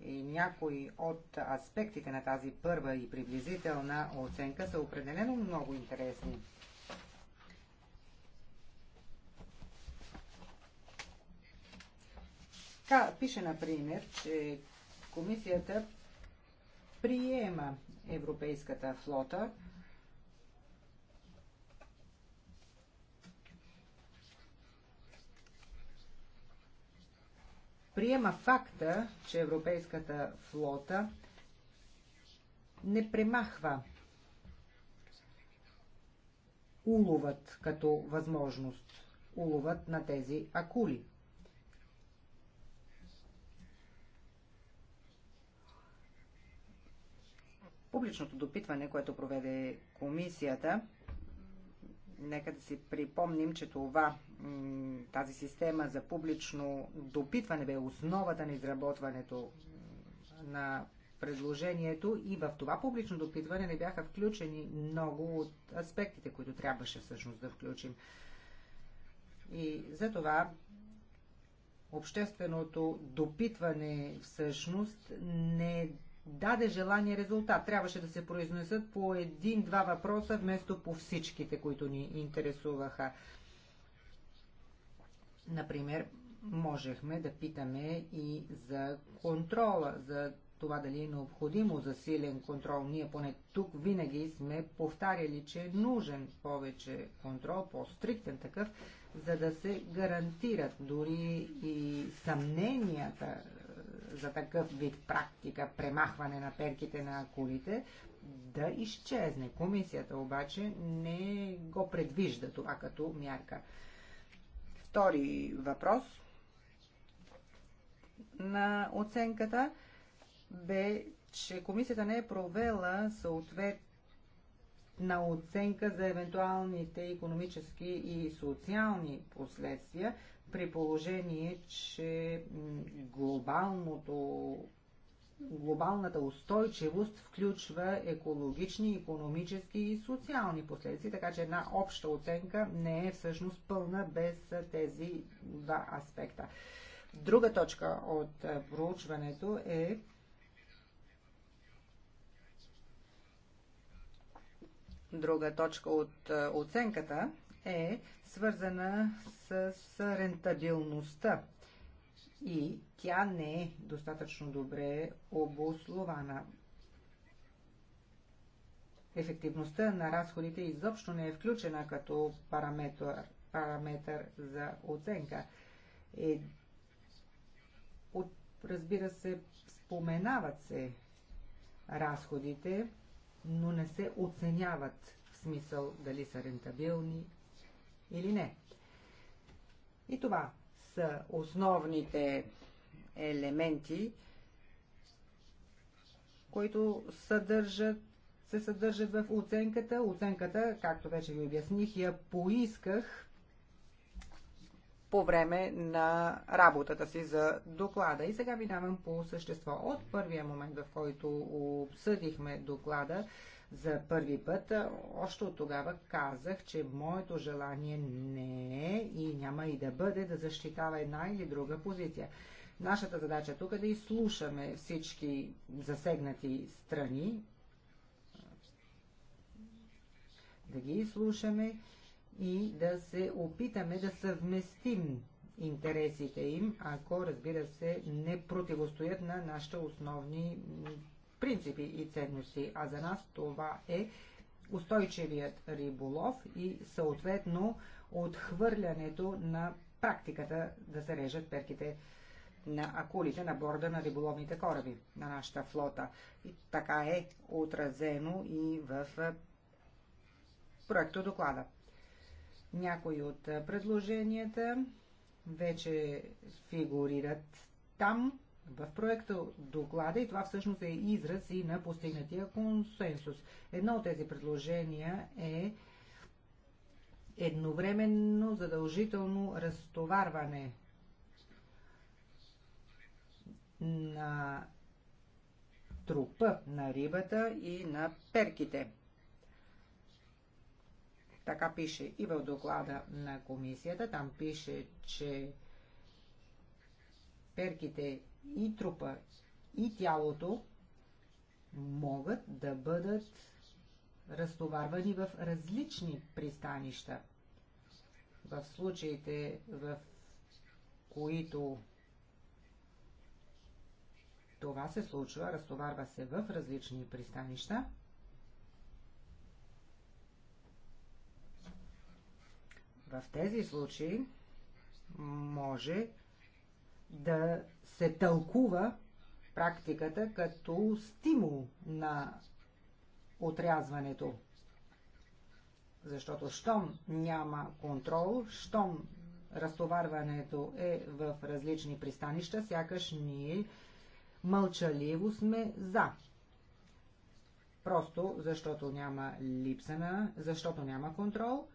И някои от аспектите на тази първа и приблизителна оценка са определено много интересни. Така, пише, например, че комисията приема европейската флота приема факта, че европейската флота не премахва уловът като възможност, уловът на тези акули. Публичното допитване, което проведе комисията, нека да си припомним, че това, тази система за публично допитване бе основата на изработването на предложението и в това публично допитване не бяха включени много от аспектите, които трябваше всъщност да включим. И за това общественото допитване всъщност не даде желания резултат. Трябваше да се произнесат по един-два въпроса, вместо по всичките, които ни интересуваха. Например, можехме да питаме и за контрола, за това дали е необходимо за силен контрол. Ние поне тук винаги сме повтаряли, че е нужен повече контрол, по-стриктен такъв, за да се гарантират дори и съмненията за такъв вид практика, премахване на перките на колите, да изчезне. Комисията обаче не го предвижда това като мярка. Втори въпрос на оценката бе, че комисията не е провела съответ на оценка за евентуалните економически и социални последствия при положение, че глобалното, глобалната устойчивост включва екологични, економически и социални последици, така че една обща оценка не е всъщност пълна без тези два аспекта. Друга точка от проучването е друга точка от е, оценката е свързана с рентабилността и тя не е достатъчно добре обослована. Ефективността на разходите изобщо не е включена като параметър, параметър за оценка. Е, от, разбира се, споменават се разходите, но не се оценяват в смисъл дали са рентабилни или не. И това са основните елементи, които съдържат, се съдържат в оценката. Оценката, както вече ви обясних, я поисках по време на работата си за доклада. И сега ви давам по същество. От първия момент, в който обсъдихме доклада, за първи път, още от тогава казах, че моето желание не е и няма и да бъде да защитава една или друга позиция. Нашата задача тук е да изслушаме всички засегнати страни, да ги изслушаме и да се опитаме да съвместим интересите им, ако, разбира се, не противостоят на нашите основни принципи и ценности, а за нас това е устойчивият риболов и съответно отхвърлянето на практиката да се режат перките на акулите на борда на риболовните кораби на нашата флота. И така е отразено и в проекто доклада. Някои от предложенията вече фигурират там в проекта доклада и това всъщност е израз и на постигнатия консенсус. Едно от тези предложения е едновременно задължително разтоварване на трупа на рибата и на перките. Така пише и в доклада на комисията. Там пише, че перките и трупа, и тялото могат да бъдат разтоварвани в различни пристанища. В случаите, в които това се случва, разтоварва се в различни пристанища, в тези случаи може да се тълкува практиката като стимул на отрязването. Защото щом няма контрол, щом разтоварването е в различни пристанища, сякаш ние мълчаливо сме за. Просто защото няма липса на, защото няма контрол,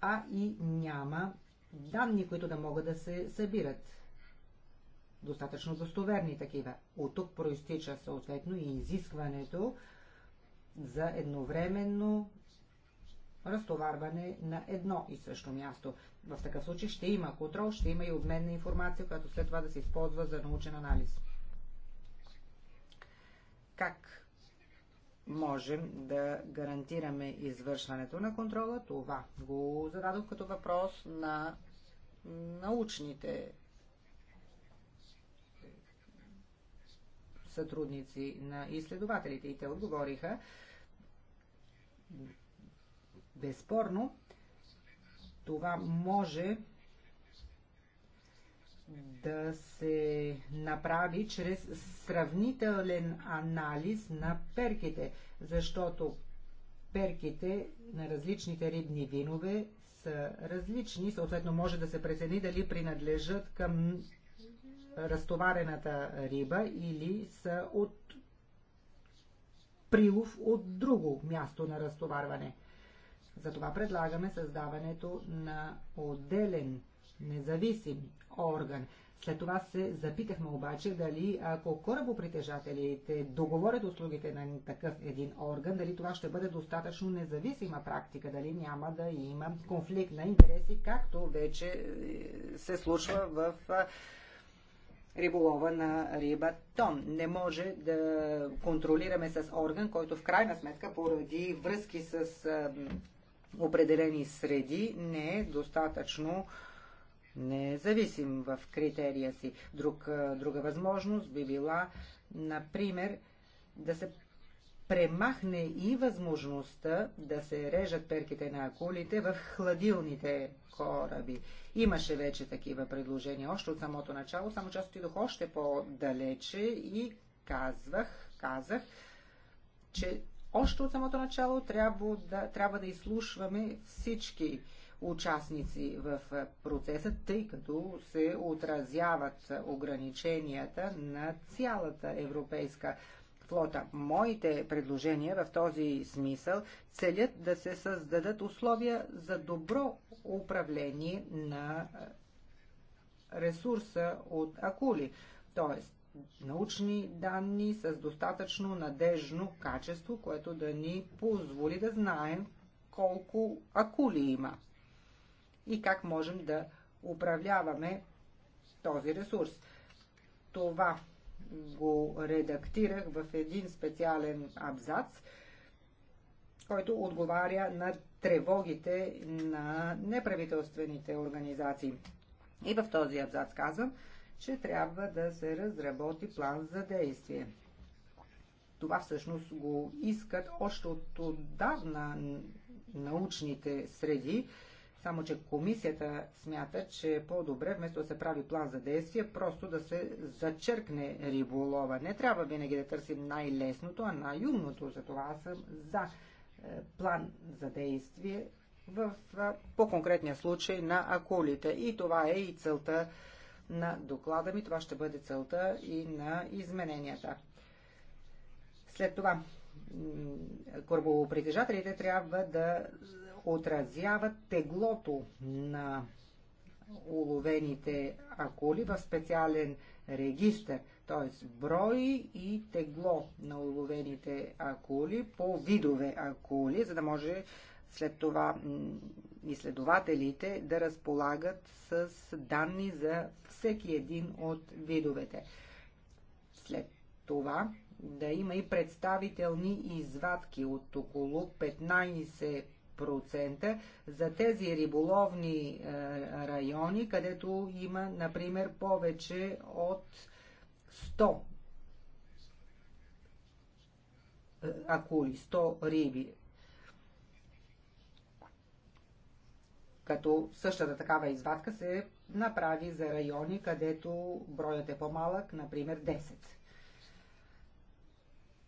а и няма данни, които да могат да се събират достатъчно достоверни такива. От тук проистича съответно и изискването за едновременно разтоварване на едно и също място. В такъв случай ще има контрол, ще има и обмен на информация, която след това да се използва за научен анализ. Как можем да гарантираме извършването на контрола? Това го зададох като въпрос на научните сътрудници на изследователите и те отговориха безспорно това може да се направи чрез сравнителен анализ на перките, защото перките на различните рибни винове са различни, съответно може да се прецени дали принадлежат към разтоварената риба или са от прилов от друго място на разтоварване. Затова предлагаме създаването на отделен независим орган. След това се запитахме обаче дали ако корабопритежателите договорят услугите на такъв един орган, дали това ще бъде достатъчно независима практика, дали няма да има конфликт на интереси, както вече е, се случва в риболова на риба тон. Не може да контролираме с орган, който в крайна сметка поради връзки с определени среди не е достатъчно независим в критерия си. Друг, друга възможност би била, например, да се премахне и възможността да се режат перките на акулите в хладилните кораби. Имаше вече такива предложения още от самото начало, само че аз отидох още по-далече и казвах, казах, че още от самото начало трябва да, трябва да изслушваме всички участници в процеса, тъй като се отразяват ограниченията на цялата европейска флота. Моите предложения в този смисъл целят да се създадат условия за добро управление на ресурса от акули, т.е. научни данни с достатъчно надежно качество, което да ни позволи да знаем колко акули има и как можем да управляваме този ресурс. Това го редактирах в един специален абзац, който отговаря на тревогите на неправителствените организации. И в този абзац казвам, че трябва да се разработи план за действие. Това всъщност го искат още от отдавна научните среди само, че комисията смята, че е по-добре, вместо да се прави план за действие, просто да се зачеркне риболова. Не трябва винаги да търсим най-лесното, а най-умното. Затова аз съм за е, план за действие в е, по-конкретния случай на акулите. И това е и целта на доклада ми, това ще бъде целта и на измененията. След това корабопритежателите трябва да отразяват теглото на уловените акули в специален регистр, т.е. брой и тегло на уловените акули по видове акули, за да може след това изследователите да разполагат с данни за всеки един от видовете. След това да има и представителни извадки от около 15 10% за тези риболовни е, райони, където има, например, повече от 100 акули, 100 риби. Като същата такава извадка се направи за райони, където броят е по-малък, например 10.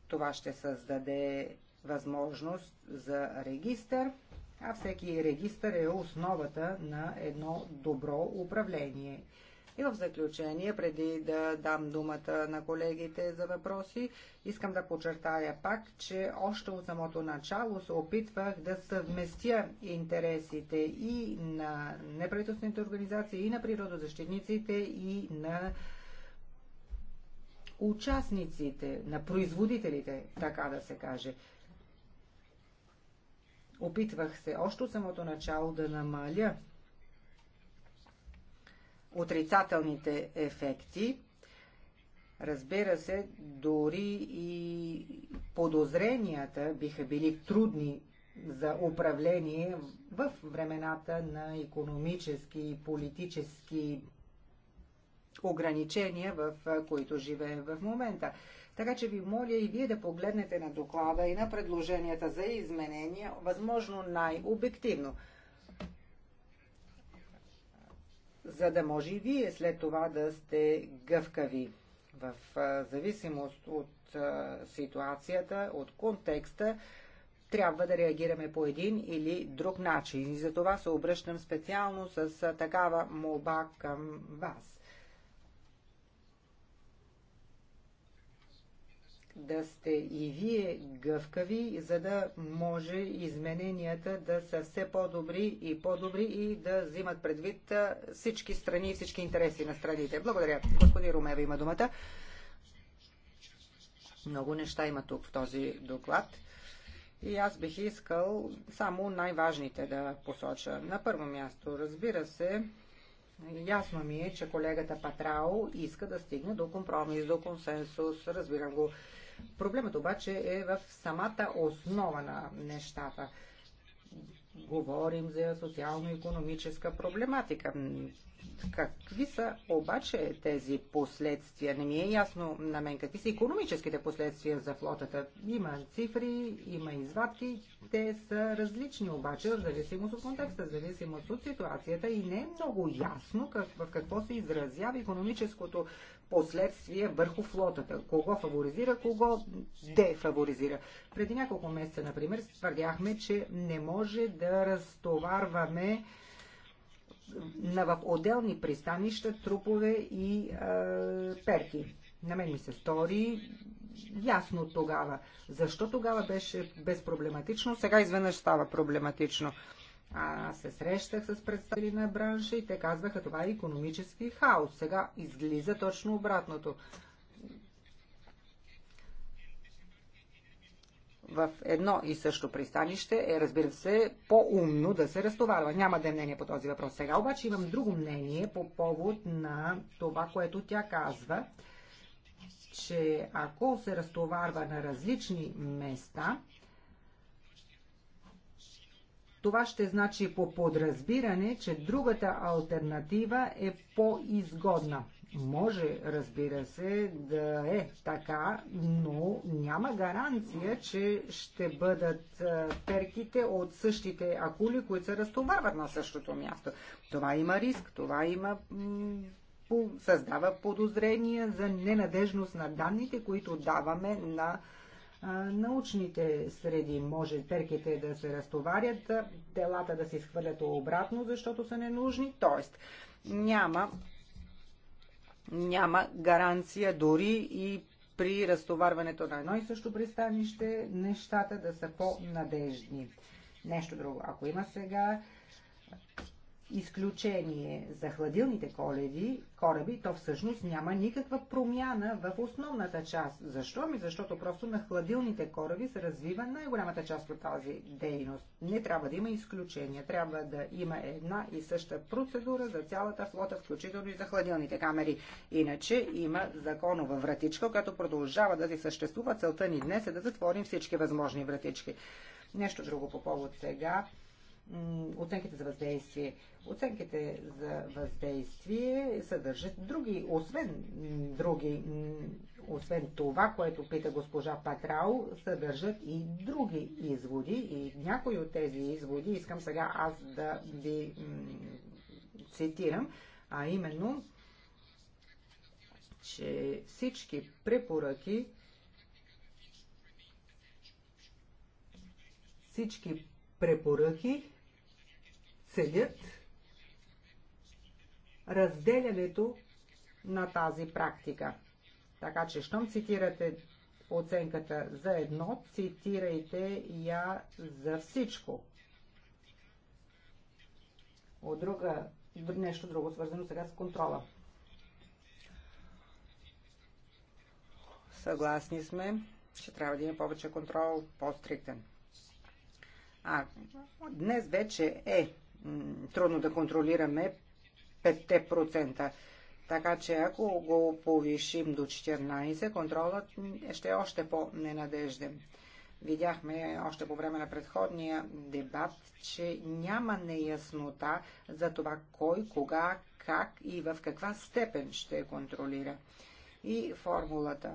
Това ще създаде възможност за регистър, а всеки регистър е основата на едно добро управление. И в заключение, преди да дам думата на колегите за въпроси, искам да подчертая пак, че още от самото начало се опитвах да съвместя интересите и на неправителствените организации, и на природозащитниците, и на участниците, на производителите, така да се каже. Опитвах се още от самото начало да намаля отрицателните ефекти. Разбира се, дори и подозренията биха били трудни за управление в времената на економически и политически ограничения, в които живеем в момента. Така че ви моля и вие да погледнете на доклада и на предложенията за изменения, възможно най-обективно. За да може и вие след това да сте гъвкави в зависимост от ситуацията, от контекста, трябва да реагираме по един или друг начин. И за това се обръщам специално с такава молба към вас. да сте и вие гъвкави, за да може измененията да са все по-добри и по-добри и да взимат предвид всички страни и всички интереси на страните. Благодаря. Господин Румева има думата. Много неща има тук в този доклад. И аз бих искал само най-важните да посоча. На първо място, разбира се, Ясно ми е, че колегата Патрао иска да стигне до компромис, до консенсус. Разбирам го. Проблемът обаче е в самата основа на нещата. Говорим за социално-економическа проблематика. Какви са обаче тези последствия? Не ми е ясно на мен какви са економическите последствия за флотата. Има цифри, има извадки. Те са различни обаче, в зависимост от контекста, в зависимост от ситуацията и не е много ясно как, в какво се изразява економическото последствия върху флотата. Кого фаворизира, кого дефаворизира. Преди няколко месеца, например, твърдяхме, че не може да разтоварваме на, в отделни пристанища трупове и е, перки. На мен ми се стори ясно тогава. Защо тогава беше безпроблематично, сега изведнъж става проблематично. А се срещах с представители на бранша и те казваха, това е економически хаос. Сега излиза точно обратното. в едно и също пристанище е, разбира се, по-умно да се разтоварва. Няма да е мнение по този въпрос сега, обаче имам друго мнение по повод на това, което тя казва, че ако се разтоварва на различни места, това ще значи по подразбиране, че другата альтернатива е по-изгодна. Може, разбира се, да е така, но няма гаранция, че ще бъдат перките от същите акули, които се разтоварват на същото място. Това има риск, това има създава подозрения за ненадежност на данните, които даваме на научните среди. Може перките да се разтоварят, телата да се изхвърлят обратно, защото са ненужни. Тоест, няма, няма гаранция дори и при разтоварването на едно и също пристанище, нещата да са по-надежни. Нещо друго. Ако има сега изключение за хладилните колеви, кораби, то всъщност няма никаква промяна в основната част. Защо? Ми защото просто на хладилните кораби се развива най-голямата част от тази дейност. Не трябва да има изключения. Трябва да има една и съща процедура за цялата флота, включително и за хладилните камери. Иначе има законова вратичка, която продължава да си съществува. Целта ни днес е да затворим всички възможни вратички. Нещо друго по повод сега оценките за въздействие. Оценките за въздействие съдържат други, освен други, освен това, което пита госпожа Патрао, съдържат и други изводи и някои от тези изводи искам сега аз да ви цитирам, а именно, че всички препоръки всички препоръки целят разделянето на тази практика. Така че, щом цитирате оценката за едно, цитирайте я за всичко. От друга, нещо друго свързано сега с контрола. Съгласни сме, че трябва да има повече контрол, по-стриктен. А, днес вече е трудно да контролираме 5%. Така че ако го повишим до 14, контролът ще е още по-ненадежден. Видяхме още по време на предходния дебат, че няма неяснота за това кой, кога, как и в каква степен ще контролира. И формулата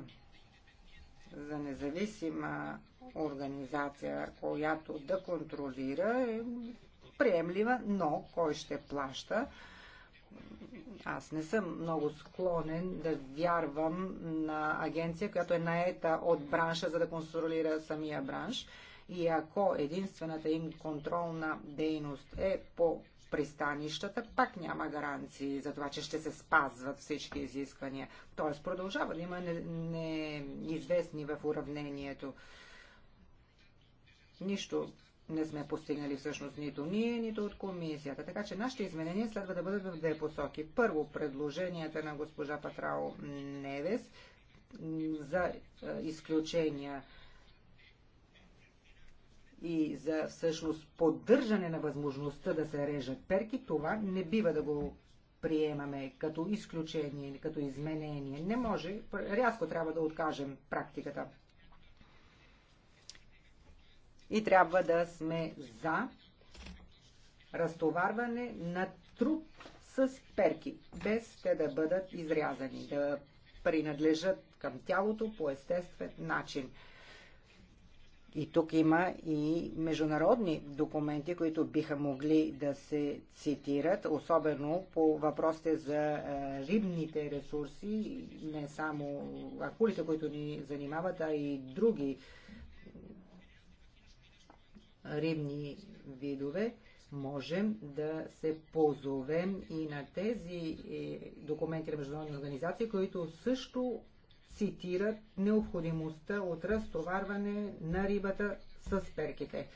за независима организация, която да контролира, е приемлива, но кой ще плаща? Аз не съм много склонен да вярвам на агенция, която е наета от бранша, за да контролира самия бранш. И ако единствената им контролна дейност е по пристанищата, пак няма гаранции за това, че ще се спазват всички изисквания. Тоест продължава да има неизвестни в уравнението. Нищо не сме постигнали всъщност нито ние, нито от комисията. Така че нашите изменения следва да бъдат в две посоки. Първо, предложенията на госпожа Патрао Невес за е, изключения и за всъщност поддържане на възможността да се режат перки, това не бива да го приемаме като изключение или като изменение. Не може, рязко трябва да откажем практиката. И трябва да сме за разтоварване на труп с перки, без те да бъдат изрязани, да принадлежат към тялото по естествен начин. И тук има и международни документи, които биха могли да се цитират, особено по въпросите за е, рибните ресурси, не само акулите, които ни занимават, а и други рибни видове, можем да се позовем и на тези е, документи на международни организации, които също цитират необходимостта от разтоварване на рибата с перките.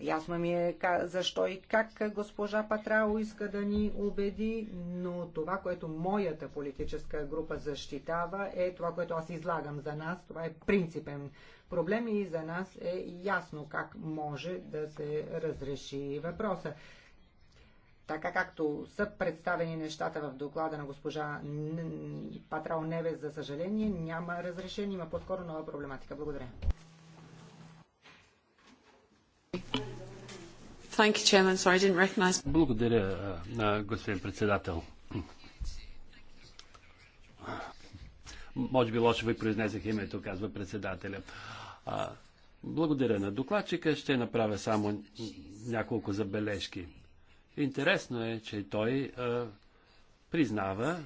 Ясно ми е защо и как госпожа Патрао иска да ни убеди, но това, което моята политическа група защитава, е това, което аз излагам за нас. Това е принципен Проблеми и за нас е ясно как може да се разреши въпроса. Така както са представени нещата в доклада на госпожа Патрал Невес, за съжаление, няма разрешение, има по-скоро нова проблематика. Благодаря. Благодаря, господин председател. Може би лошо ви произнесех името, казва председателя. А, благодаря на докладчика. Ще направя само няколко забележки. Интересно е, че той а, признава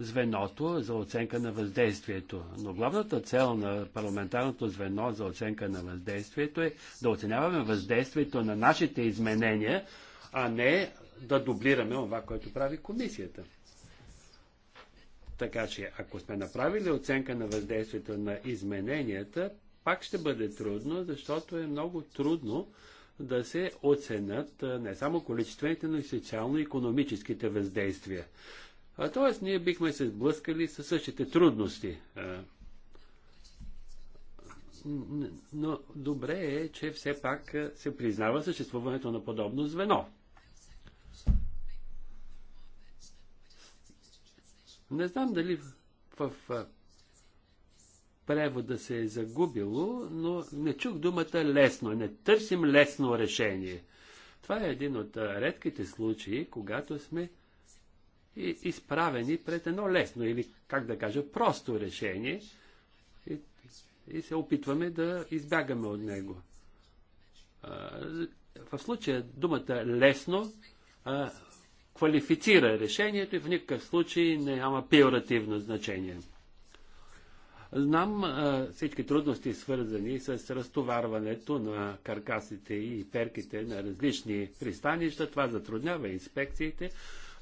звеното за оценка на въздействието. Но главната цел на парламентарното звено за оценка на въздействието е да оценяваме въздействието на нашите изменения, а не да дублираме това, което прави комисията. Така че, ако сме направили оценка на въздействието на измененията, пак ще бъде трудно, защото е много трудно да се оценят не само количествените, но и социално-економическите въздействия. тоест, ние бихме се сблъскали със същите трудности. Но добре е, че все пак се признава съществуването на подобно звено Не знам дали в, в, в превода се е загубило, но не чух думата лесно. Не търсим лесно решение. Това е един от редките случаи, когато сме изправени пред едно лесно или, как да кажа, просто решение и, и се опитваме да избягаме от него. в случая думата лесно квалифицира решението и в никакъв случай няма пиоративно значение. Знам всички трудности, свързани с разтоварването на каркасите и перките на различни пристанища. Това затруднява инспекциите.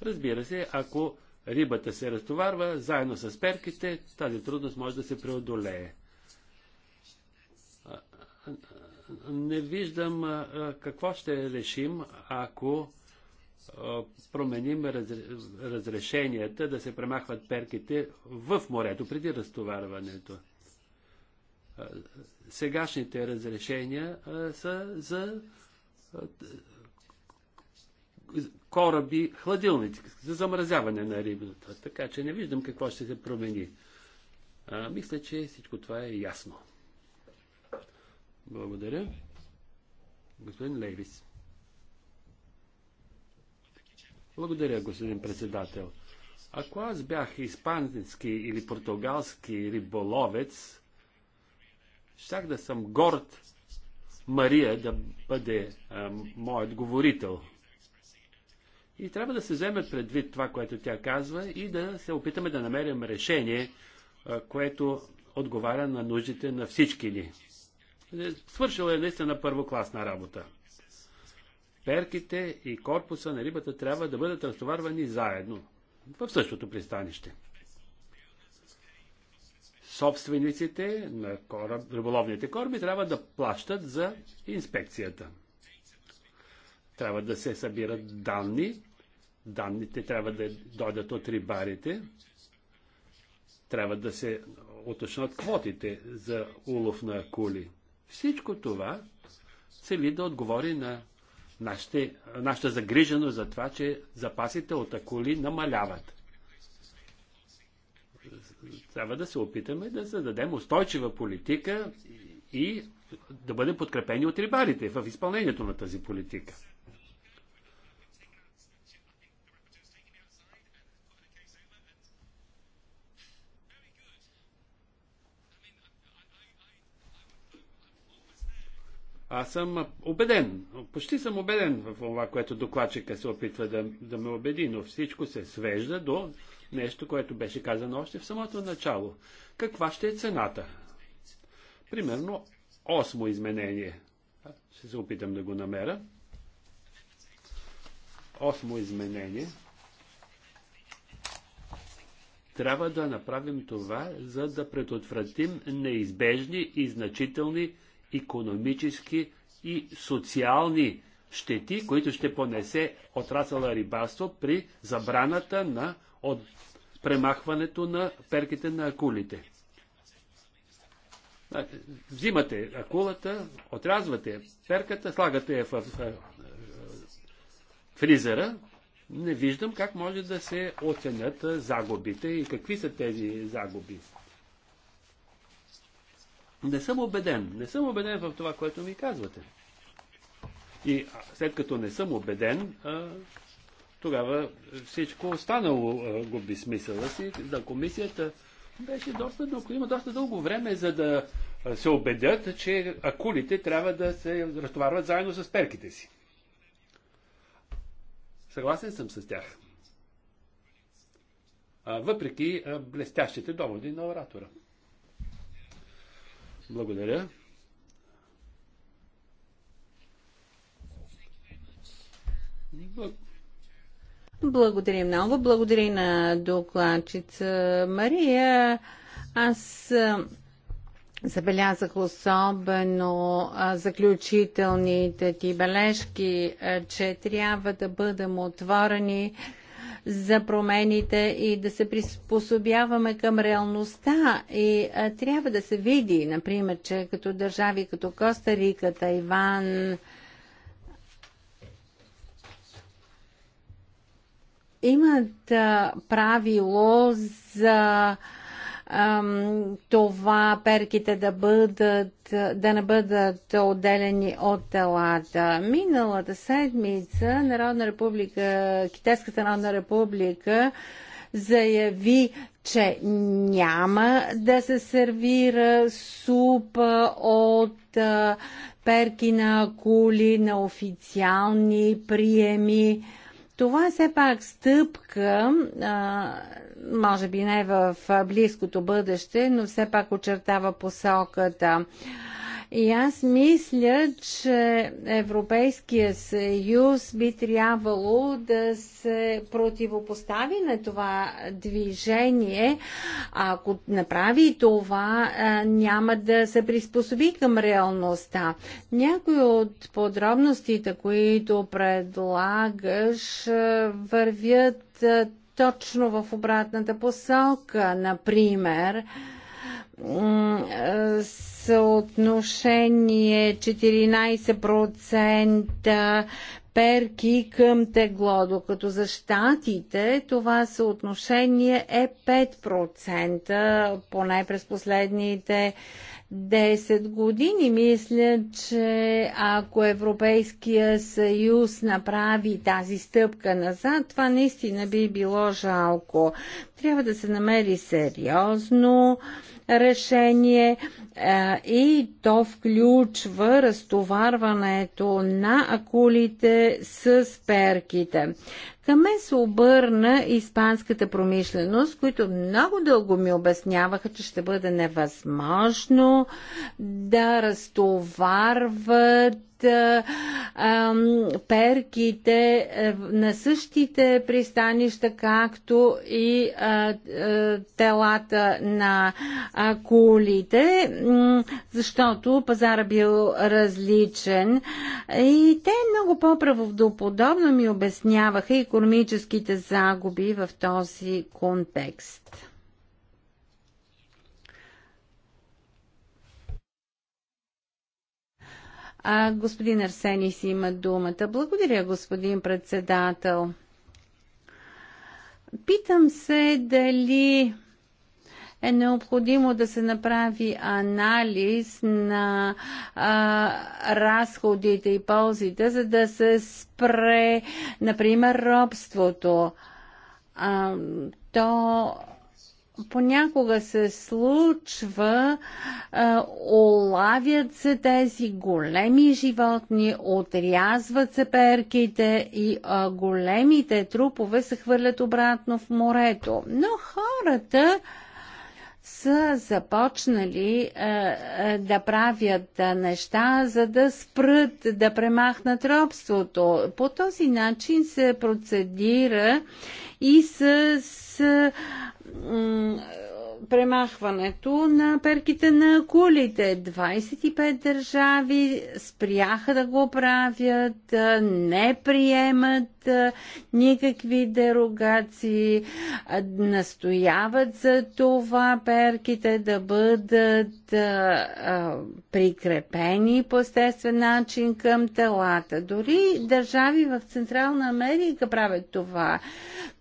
Разбира се, ако рибата се разтоварва заедно с перките, тази трудност може да се преодолее. Не виждам какво ще решим, ако променим разрешенията да се премахват перките в морето, преди разтоварването. Сегашните разрешения са за кораби, хладилници, за замразяване на рибата. Така че не виждам какво ще се промени. А, мисля, че всичко това е ясно. Благодаря. Господин Лейвис. Благодаря, господин председател. Ако аз бях испански или португалски риболовец, щях да съм горд Мария да бъде а, моят говорител. И трябва да се вземе предвид това, което тя казва и да се опитаме да намерим решение, а, което отговаря на нуждите на всички ни. Свършила е наистина първокласна работа перките и корпуса на рибата трябва да бъдат разтоварвани заедно в същото пристанище. Собствениците на кораб, риболовните кораби трябва да плащат за инспекцията. Трябва да се събират данни. Данните трябва да дойдат от рибарите. Трябва да се уточнат квотите за улов на кули. Всичко това цели да отговори на нашите, нашата загриженост за това, че запасите от акули намаляват. Трябва да се опитаме да създадем устойчива политика и да бъдем подкрепени от рибарите в изпълнението на тази политика. Аз съм убеден, почти съм убеден в това, което докладчика се опитва да, да ме убеди, но всичко се свежда до нещо, което беше казано още в самото начало. Каква ще е цената? Примерно, осмо изменение. Ще се опитам да го намеря. Осмо изменение. Трябва да направим това, за да предотвратим неизбежни и значителни економически и социални щети, които ще понесе отрасъла рибарство при забраната на от премахването на перките на акулите. Взимате акулата, отрязвате перката, слагате я в, в фризера. Не виждам как може да се оценят загубите и какви са тези загуби. Не съм убеден. Не съм убеден в това, което ми казвате. И след като не съм убеден, тогава всичко останало губи смисъла си. За комисията беше доста има доста дълго време, за да се убедят, че акулите трябва да се разтоварват заедно с перките си. Съгласен съм с тях. въпреки блестящите доводи на оратора. Благодаря. Благодаря много. Благодаря на докладчица Мария. Аз забелязах особено заключителните ти бележки, че трябва да бъдем отворени за промените и да се приспособяваме към реалността. И а, трябва да се види, например, че като държави като Коста Рика, Тайван, имат а, правило за това перките да бъдат, да не бъдат отделени от телата. Миналата седмица Народна република, Китайската Народна република заяви, че няма да се сервира суп от перки на кули на официални приеми това е все пак стъпка, а, може би не в близкото бъдеще, но все пак очертава посоката. И аз мисля, че Европейския съюз би трябвало да се противопостави на това движение. Ако направи това, няма да се приспособи към реалността. Някои от подробностите, които предлагаш, вървят точно в обратната посока. Например, съотношение 14% перки към тегло, докато за щатите това съотношение е 5%, поне през последните 10 години. Мисля, че ако Европейския съюз направи тази стъпка назад, това наистина би било жалко. Трябва да се намери сериозно решение и то включва разтоварването на акулите с перките. Към мен се обърна испанската промишленост, които много дълго ми обясняваха, че ще бъде невъзможно да разтоварват перките е, на същите пристанища, както и телата на кулите, защото пазара бил различен. И те много по-правдоподобно ми обясняваха и економическите загуби в този контекст. А, господин Арсений си има думата. Благодаря, господин председател. Питам се дали е необходимо да се направи анализ на а, разходите и ползите, за да се спре, например, робството. А, то понякога се случва, а, олавят се тези големи животни, отрязват се перките и а, големите трупове се хвърлят обратно в морето. Но хората са започнали а, е, е, да правят а, е, неща, за да спрат, да премахнат робството. По този начин се процедира и с, с премахването на перките на кулите. 25 държави спряха да го правят, не приемат никакви дерогации, настояват за това перките да бъдат прикрепени по естествен начин към телата. Дори държави в Централна Америка правят това.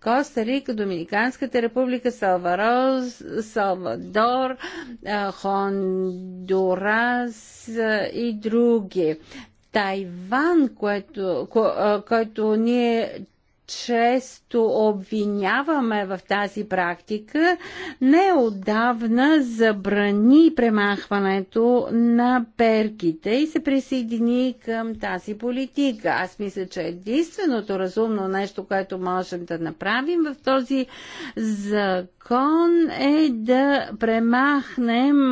Коста Рика, Доминиканската република, Салварос, Салвадор, Хондурас и други. Тайван, което, който ние често обвиняваме в тази практика, не отдавна забрани премахването на перките и се присъедини към тази политика. Аз мисля, че единственото разумно нещо, което можем да направим в този закон е да премахнем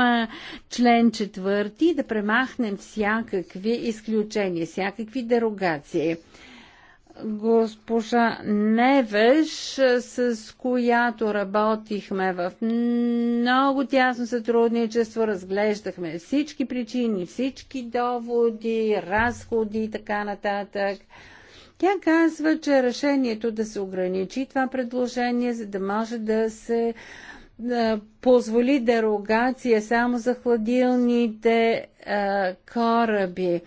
член четвърти, да премахнем всякакви изключения, всякакви дерогации госпожа Невеш, с която работихме в много тясно сътрудничество, разглеждахме всички причини, всички доводи, разходи и така нататък. Тя казва, че решението да се ограничи това предложение, за да може да се позволи дерогация само за хладилните а, кораби.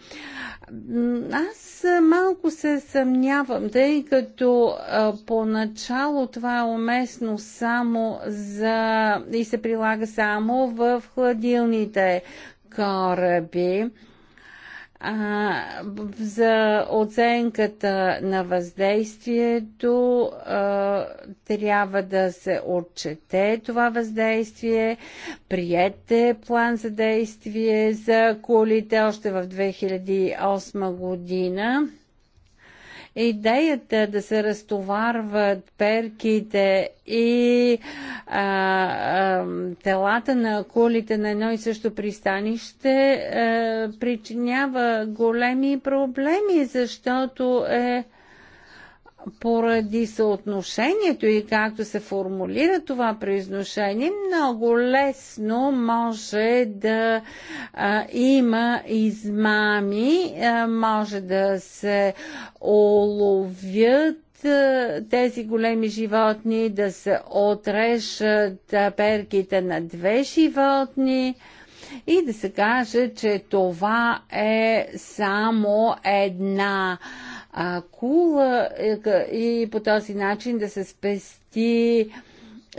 Аз малко се съмнявам, тъй като а, поначало това е уместно само за и се прилага само в хладилните кораби а, за оценката на въздействието а, трябва да се отчете това въздействие. Приете план за действие за колите още в 2008 година. Идеята да се разтоварват перките и а, а, телата на кулите на едно и също пристанище а, причинява големи проблеми, защото е поради съотношението и както се формулира това произношение, много лесно може да а, има измами, а, може да се оловят тези големи животни, да се отрешат перките на две животни и да се каже, че това е само една а, акула е, и по този начин да се спести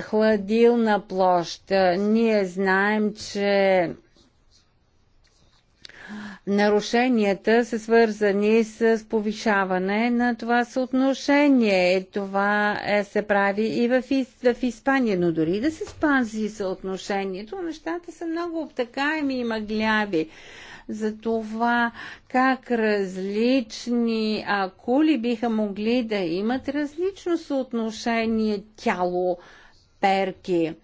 хладилна площа. Ние знаем, че нарушенията са свързани с повишаване на това съотношение. Това е, се прави и в, в Испания, но дори да се спази съотношението, нещата са много обтакаеми и мъгляви за това как различни акули биха могли да имат различно съотношение тяло-перки.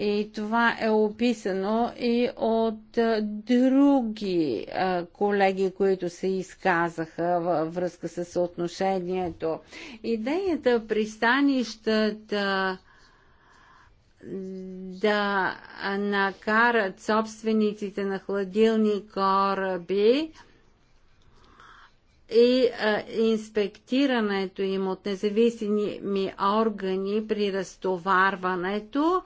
И това е описано и от други колеги, които се изказаха във връзка с съотношението. Идеята пристанищата да накарат собствениците на хладилни кораби и а, инспектирането им от независими органи при разтоварването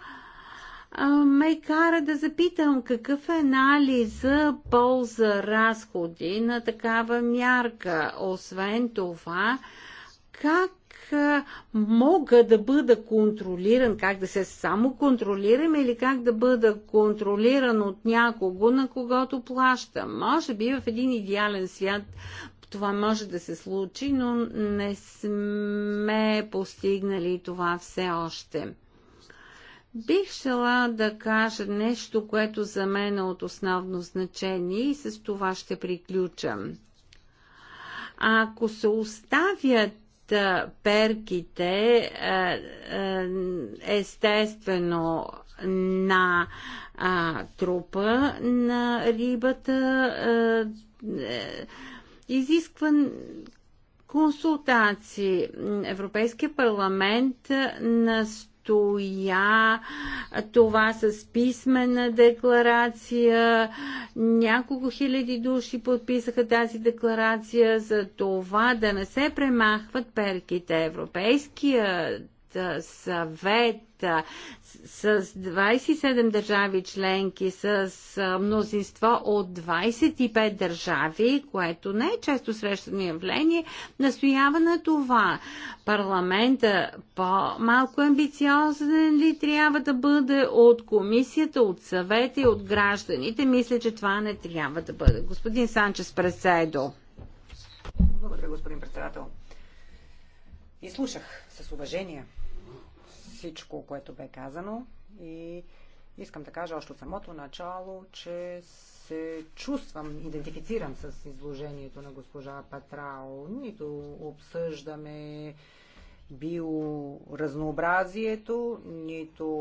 а, ме кара да запитам какъв е анализа полза разходи на такава мярка. Освен това, как мога да бъда контролиран, как да се само контролирам или как да бъда контролиран от някого, на когото плащам. Може би в един идеален свят това може да се случи, но не сме постигнали това все още. Бих шела да кажа нещо, което за мен е от основно значение и с това ще приключам. Ако се оставят перките е, е, естествено на трупа на рибата е, изисква консултации. Европейския парламент на стоя, това с писмена декларация. Няколко хиляди души подписаха тази декларация за това да не се премахват перките. Европейския съвет с 27 държави членки, с мнозинство от 25 държави, което не е често срещано явление, настоява на това. Парламента по-малко амбициозен ли трябва да бъде от комисията, от съвета и от гражданите? Мисля, че това не трябва да бъде. Господин Санчес Преседо. Благодаря, господин председател. И слушах с уважение всичко, което бе казано и искам да кажа още от самото начало, че се чувствам идентифициран с изложението на госпожа Патрао. Нито обсъждаме биоразнообразието, нито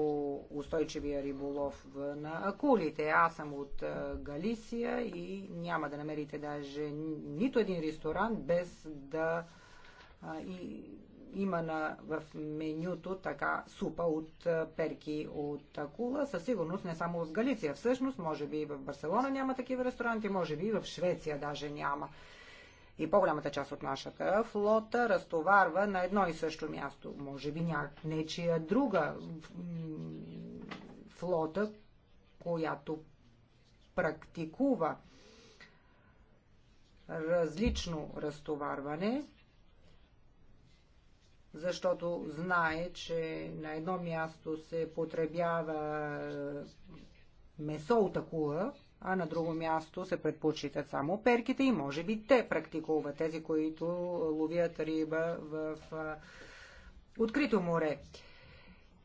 устойчивия риболов на акулите. Аз съм от Галисия и няма да намерите даже нито един ресторант без да и има на, в менюто така супа от перки от акула, със сигурност не само в Галиция. Всъщност, може би и в Барселона няма такива ресторанти, може би и в Швеция даже няма. И по-голямата част от нашата флота разтоварва на едно и също място. Може би нечия е друга флота, която практикува различно разтоварване, защото знае, че на едно място се потребява е, месо от акула, а на друго място се предпочитат само перките и може би те практикуват, тези, които ловят риба в е, открито море.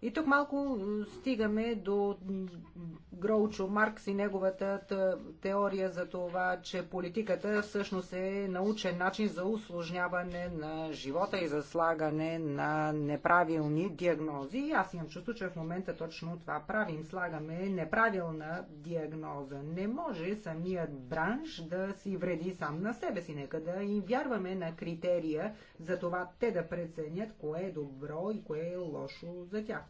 И тук малко стигаме до Гроучо Маркс и неговата теория за това, че политиката всъщност е научен начин за усложняване на живота и за слагане на неправилни диагнози. И аз имам чувство, че в момента точно това правим. Слагаме неправилна диагноза. Не може самият бранш да си вреди сам на себе си. Нека да им вярваме на критерия за това те да преценят кое е добро и кое е лошо за тях.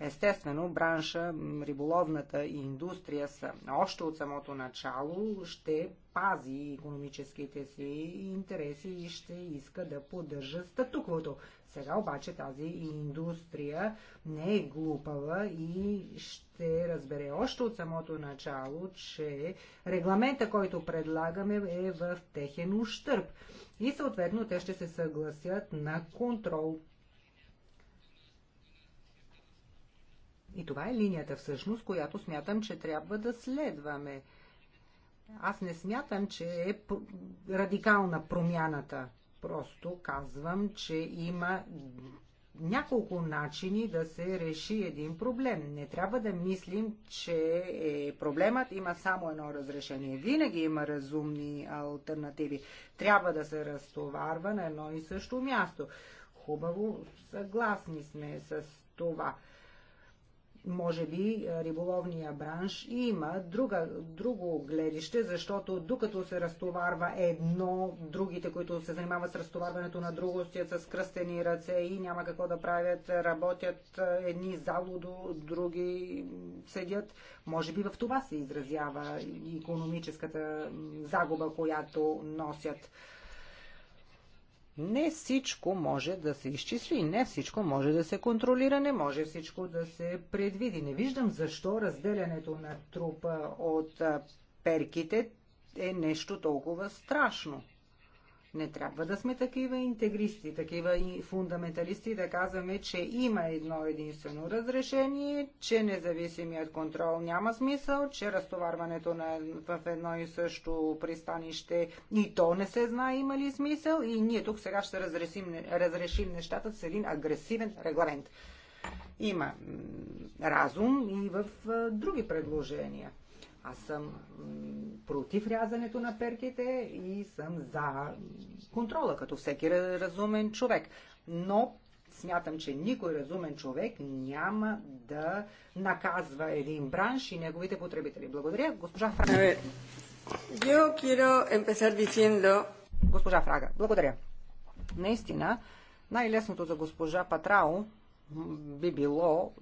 Естествено, бранша, риболовната и индустрия са още от самото начало ще пази економическите си интереси и ще иска да поддържа статуквото. Сега обаче тази индустрия не е глупава и ще разбере още от самото начало, че регламента, който предлагаме е в техен ущърп и съответно те ще се съгласят на контрол. И това е линията всъщност, която смятам, че трябва да следваме. Аз не смятам, че е радикална промяната. Просто казвам, че има няколко начини да се реши един проблем. Не трябва да мислим, че е, проблемът има само едно разрешение. Винаги има разумни альтернативи. Трябва да се разтоварва на едно и също място. Хубаво, съгласни сме с това може би риболовния бранш има друга, друго гледище, защото докато се разтоварва едно, другите, които се занимават с разтоварването на друго, стоят с кръстени ръце и няма какво да правят, работят едни залудо, други седят. Може би в това се изразява и економическата загуба, която носят. Не всичко може да се изчисли, не всичко може да се контролира, не може всичко да се предвиди. Не виждам защо разделянето на трупа от перките е нещо толкова страшно. Не трябва да сме такива интегристи, такива и фундаменталисти да казваме, че има едно единствено разрешение, че независимият контрол няма смисъл, че разтоварването на, в едно и също пристанище и то не се знае има ли смисъл и ние тук сега ще разрешим, разрешим нещата с един агресивен регламент. Има разум и в други предложения. Аз съм против рязането на перките и съм за контрола, като всеки разумен човек. Но смятам, че никой разумен човек няма да наказва един бранш и неговите потребители. Благодаря. Госпожа Фрага. Е, госпожа Фрага, благодаря. Наистина, най-лесното за госпожа Патрао би било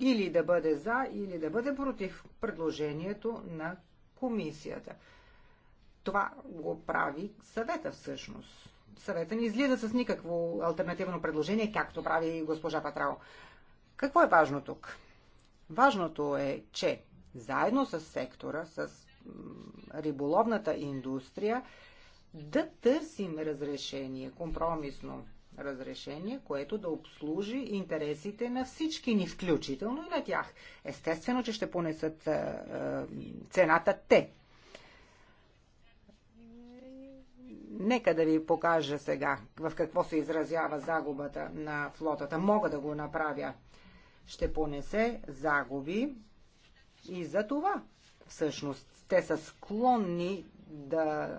или да бъде за, или да бъде против предложението на комисията. Това го прави съвета всъщност. Съвета не излиза с никакво альтернативно предложение, както прави госпожа Патрао. Какво е важно тук? Важното е, че заедно с сектора, с риболовната индустрия, да търсим разрешение компромисно разрешение, което да обслужи интересите на всички ни, включително и на тях. Естествено, че ще понесат а, е, а, е, цената те. Нека да ви покажа сега в какво се изразява загубата на флотата. Мога да го направя. Ще понесе загуби и за това. Всъщност, те са склонни да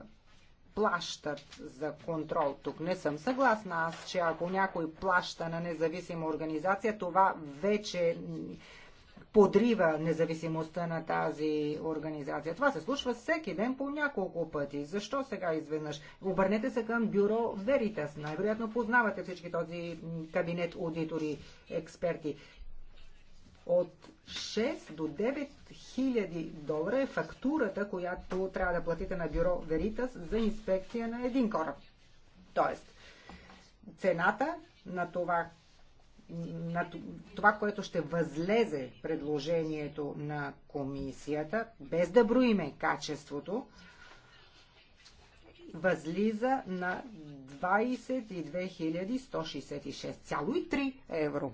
плащат за контрол. Тук не съм съгласна аз, че ако някой плаща на независима организация, това вече подрива независимостта на тази организация. Това се случва всеки ден по няколко пъти. Защо сега изведнъж? Обърнете се към бюро Veritas. Най-вероятно познавате всички този кабинет аудитори, експерти. От 6 до 9 000 долара е фактурата, която трябва да платите на бюро Веритас за инспекция на един кораб. Тоест, цената на това, на това, което ще възлезе предложението на комисията, без да броиме качеството, възлиза на 22 166,3 евро.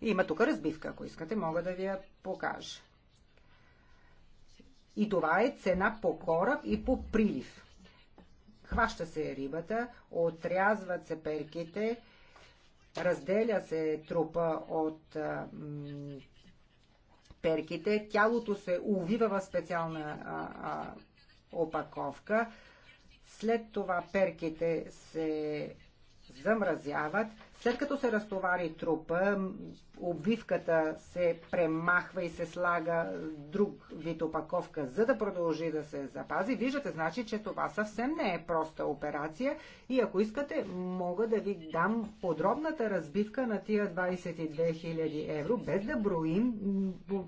Има тук разбивка, ако искате, мога да ви я покажа. И това е цена по кораб и по прилив. Хваща се рибата, отрязват се перките, разделя се трупа от перките, тялото се увива в специална опаковка, след това перките се замразяват след като се разтовари трупа, обвивката се премахва и се слага друг вид опаковка, за да продължи да се запази. Виждате, значи, че това съвсем не е проста операция и ако искате, мога да ви дам подробната разбивка на тия 22 000 евро, без да броим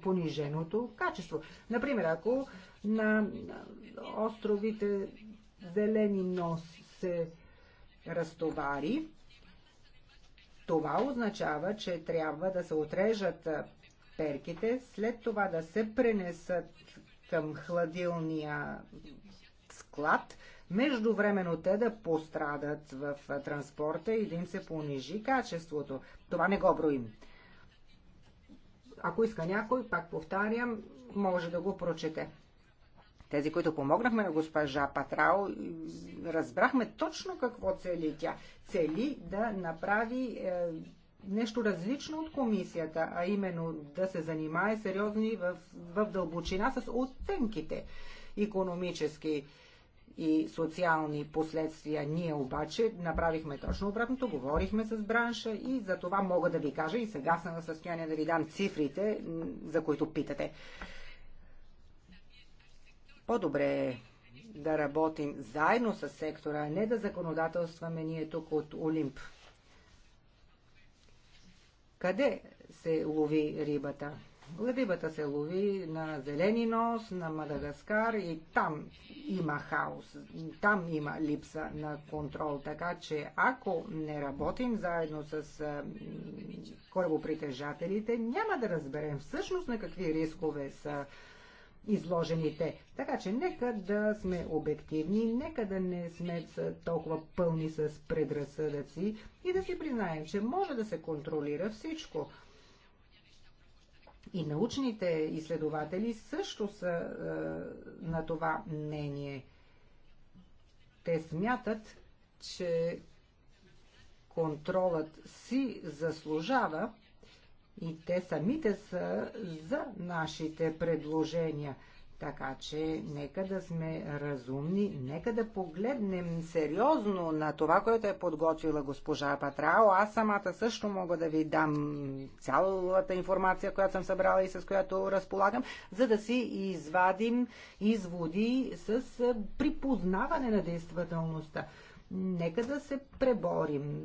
пониженото качество. Например, ако на островите зелени нос се разтовари, това означава, че трябва да се отрежат перките, след това да се пренесат към хладилния склад, междувременно те да пострадат в транспорта и да им се понижи качеството. Това не го броим. Ако иска някой, пак повтарям, може да го прочете. Тези, които помогнахме на госпожа Патрао, разбрахме точно какво цели тя. Цели да направи е, нещо различно от комисията, а именно да се занимае сериозно и в, в дълбочина с оценките економически и социални последствия. Ние обаче направихме точно обратното, говорихме с бранша и за това мога да ви кажа и сега съм в състояние да ви дам цифрите, за които питате. По-добре е да работим заедно с сектора, а не да законодателстваме ние тук от Олимп. Къде се лови рибата? Рибата се лови на Зелени нос, на Мадагаскар и там има хаос, там има липса на контрол. Така че ако не работим заедно с корабопритежателите, няма да разберем всъщност на какви рискове са изложените. Така че нека да сме обективни, нека да не сме толкова пълни с предразсъдъци и да си признаем, че може да се контролира всичко. И научните изследователи също са е, на това мнение. Те смятат, че контролът си заслужава и те самите са за нашите предложения. Така че нека да сме разумни, нека да погледнем сериозно на това, което е подготвила госпожа Патрао. Аз самата също мога да ви дам цялата информация, която съм събрала и с която разполагам, за да си извадим изводи с припознаване на действителността. Нека да се преборим,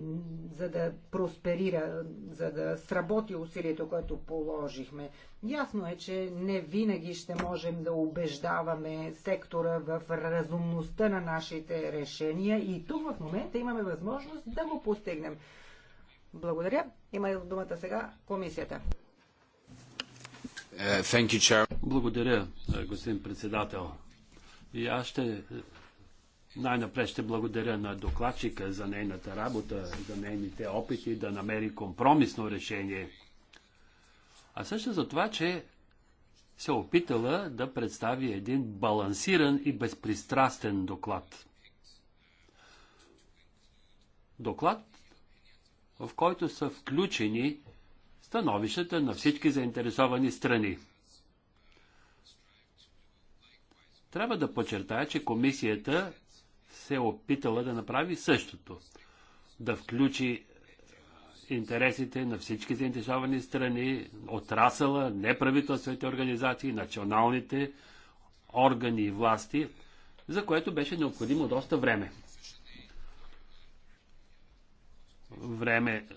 за да просперира, за да сработи усилието, което положихме. Ясно е, че не винаги ще можем да убеждаваме сектора в разумността на нашите решения и тук в момента имаме възможност да го постигнем. Благодаря. Има думата сега комисията. Е, Благодаря, е, господин председател. И аз ще най-напред ще благодаря на докладчика за нейната работа, за нейните опити да намери компромисно решение. А също за това, че се опитала да представи един балансиран и безпристрастен доклад. Доклад, в който са включени становищата на всички заинтересовани страни. Трябва да подчертая, че комисията се е опитала да направи същото. Да включи интересите на всички заинтересовани страни, отрасъла, неправителствените организации, националните органи и власти, за което беше необходимо доста време. Време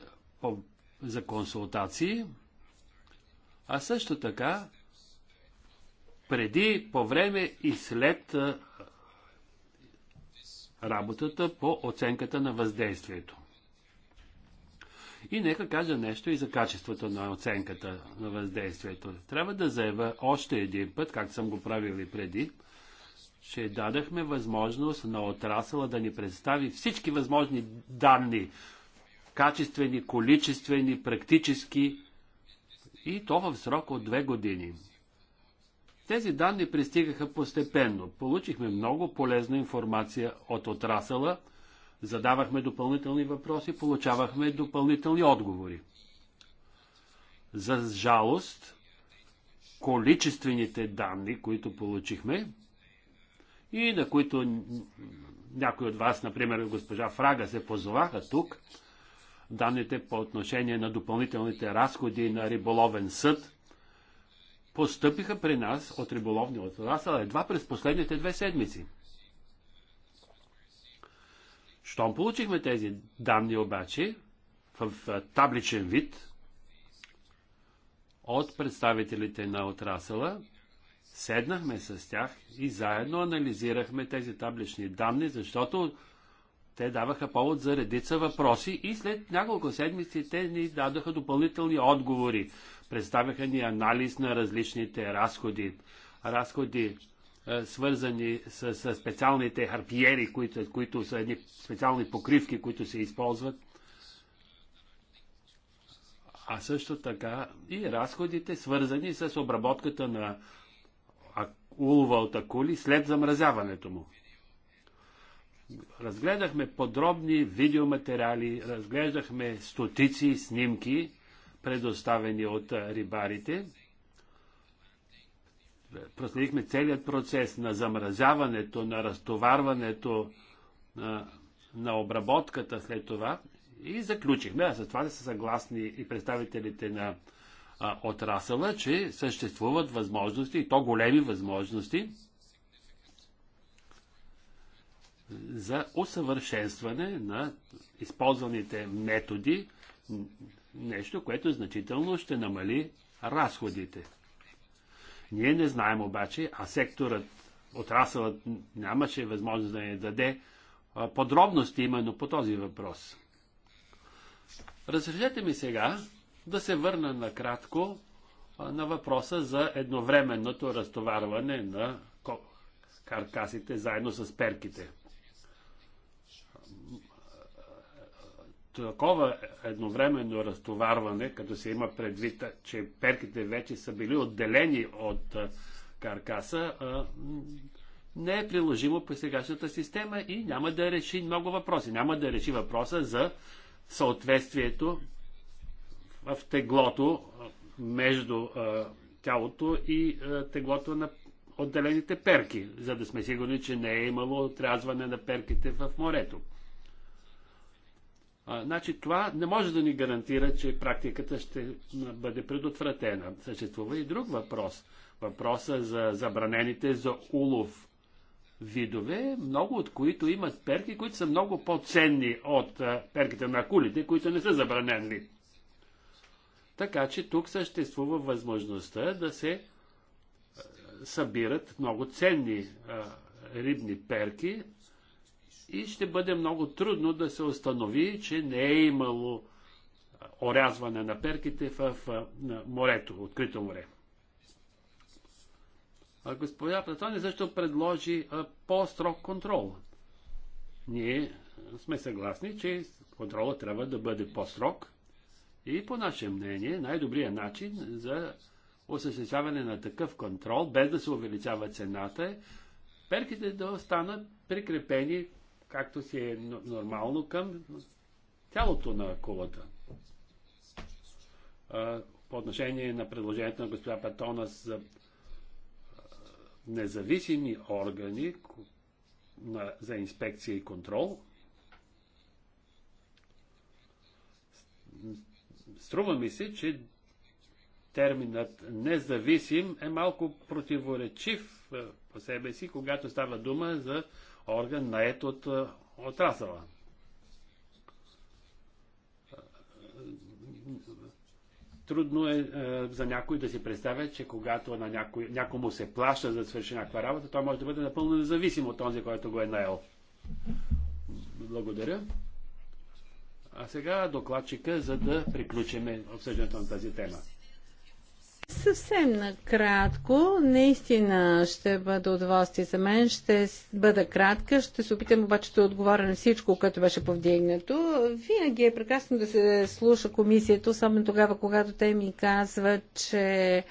за консултации, а също така преди, по време и след работата по оценката на въздействието. И нека кажа нещо и за качеството на оценката на въздействието. Трябва да заявя още един път, както съм го правил и преди, че дадахме възможност на отрасъла да ни представи всички възможни данни, качествени, количествени, практически, и то в срок от две години. Тези данни пристигаха постепенно. Получихме много полезна информация от отрасъла, задавахме допълнителни въпроси, получавахме допълнителни отговори. За жалост, количествените данни, които получихме и на които някои от вас, например госпожа Фрага, се позоваха тук, данните по отношение на допълнителните разходи на риболовен съд – постъпиха при нас от риболовния отрасъл едва през последните две седмици. Щом получихме тези данни обаче в табличен вид от представителите на отрасъла, седнахме с тях и заедно анализирахме тези таблични данни, защото те даваха повод за редица въпроси и след няколко седмици те ни дадоха допълнителни отговори. Представяха ни анализ на различните разходи. Разходи е, свързани с, специалните харпиери, които, които са едни специални покривки, които се използват. А също така и разходите, свързани с обработката на улова от акули след замразяването му. Разгледахме подробни видеоматериали, разглеждахме стотици снимки предоставени от рибарите. Проследихме целият процес на замразяването, на разтоварването, на, на обработката след това и заключихме, а с това да са съгласни и представителите на а, отрасъла, че съществуват възможности, и то големи възможности, за усъвършенстване на използваните методи Нещо, което значително ще намали разходите. Ние не знаем обаче, а секторът, отрасълът нямаше възможност да ни даде подробности именно по този въпрос. Разрешете ми сега да се върна накратко на въпроса за едновременното разтоварване на каркасите заедно с перките. такова едновременно разтоварване, като се има предвид, че перките вече са били отделени от каркаса, не е приложимо по сегашната система и няма да реши много въпроси. Няма да реши въпроса за съответствието в теглото между тялото и теглото на отделените перки, за да сме сигурни, че не е имало отрязване на перките в морето. А, значи това не може да ни гарантира, че практиката ще бъде предотвратена. Съществува и друг въпрос. Въпроса за забранените за улов видове, много от които имат перки, които са много по-ценни от перките на кулите, които не са забранени. Така че тук съществува възможността да се събират много ценни а, рибни перки и ще бъде много трудно да се установи, че не е имало орязване на перките в морето, открито море. А господа Платони е също предложи по-строг контрол. Ние сме съгласни, че контрола трябва да бъде по-строг и по наше мнение най-добрият начин за осъществяване на такъв контрол, без да се увеличава цената, е перките да останат прикрепени както си е нормално към тялото на кулата. По отношение на предложението на госпожа Патона за независими органи за инспекция и контрол, струва ми се, че терминът независим е малко противоречив по себе си, когато става дума за орган, наед от е, отрасъла. Трудно е, е за някой да си представя, че когато на някой, някому се плаща за да свърши някаква работа, той може да бъде напълно независим от този, който го е наел. Благодаря. А сега докладчика, за да приключим обсъждането на тази тема. Съвсем накратко, наистина ще бъда удоволствие за мен, ще бъда кратка, ще се опитам обаче да отговоря на всичко, което беше повдигнато. Винаги е прекрасно да се слуша комисията, особено тогава, когато те ми казват, че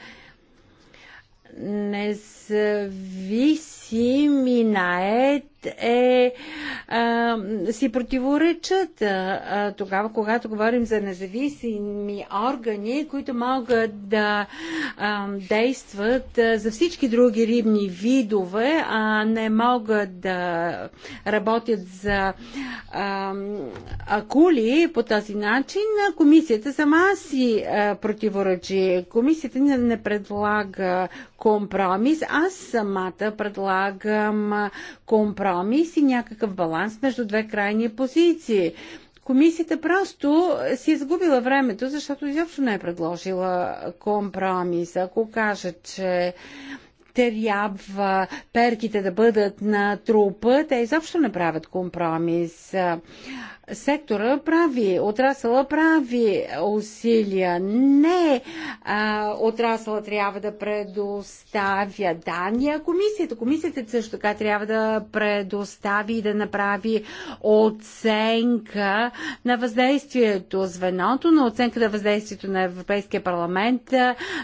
независимо си минаят, е, а, си противоречат а, тогава, когато говорим за независими органи, които могат да а, действат а, за всички други рибни видове, а не могат да работят за а, акули по този начин, комисията сама си а, противоречи. Комисията не, не предлага компромис. Аз самата предлагам предлагам компромис и някакъв баланс между две крайни позиции. Комисията просто си изгубила е времето, защото изобщо не е предложила компромис. Ако каже, че трябва перките да бъдат на трупа, те изобщо не правят компромис сектора прави, отрасъла прави усилия. Не а, отрасъла трябва да предоставя данни, а комисията. Комисията също така трябва да предостави и да направи оценка на въздействието. Звеното на оценка на въздействието на Европейския парламент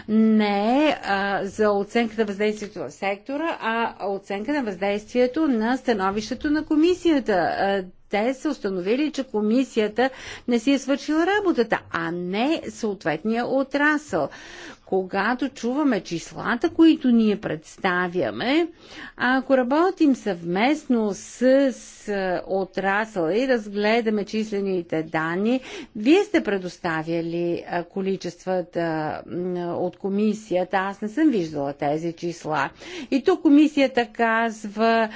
не е а, за оценка на въздействието в сектора, а оценка на въздействието на становището на комисията те са установили, че комисията не си е свършила работата, а не съответния отрасъл когато чуваме числата, които ние представяме, ако работим съвместно с е, отрасъл и разгледаме числените данни, вие сте предоставяли е, количествата е, от комисията. Аз не съм виждала тези числа. И тук комисията казва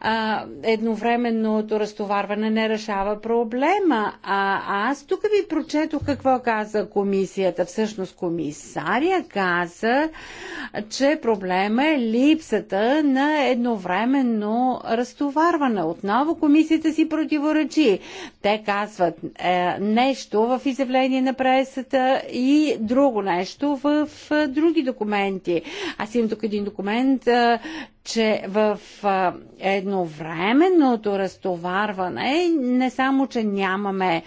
а, едновременното разтоварване не решава проблема. А аз тук ви прочетох какво каза комисията. Всъщност комисари. Мария каза, че проблема е липсата на едновременно разтоварване. Отново комисията си противоречи. Те казват е, нещо в изявление на пресата и друго нещо в е, други документи. Аз имам тук един документ, е, че в е, едновременното разтоварване не само, че нямаме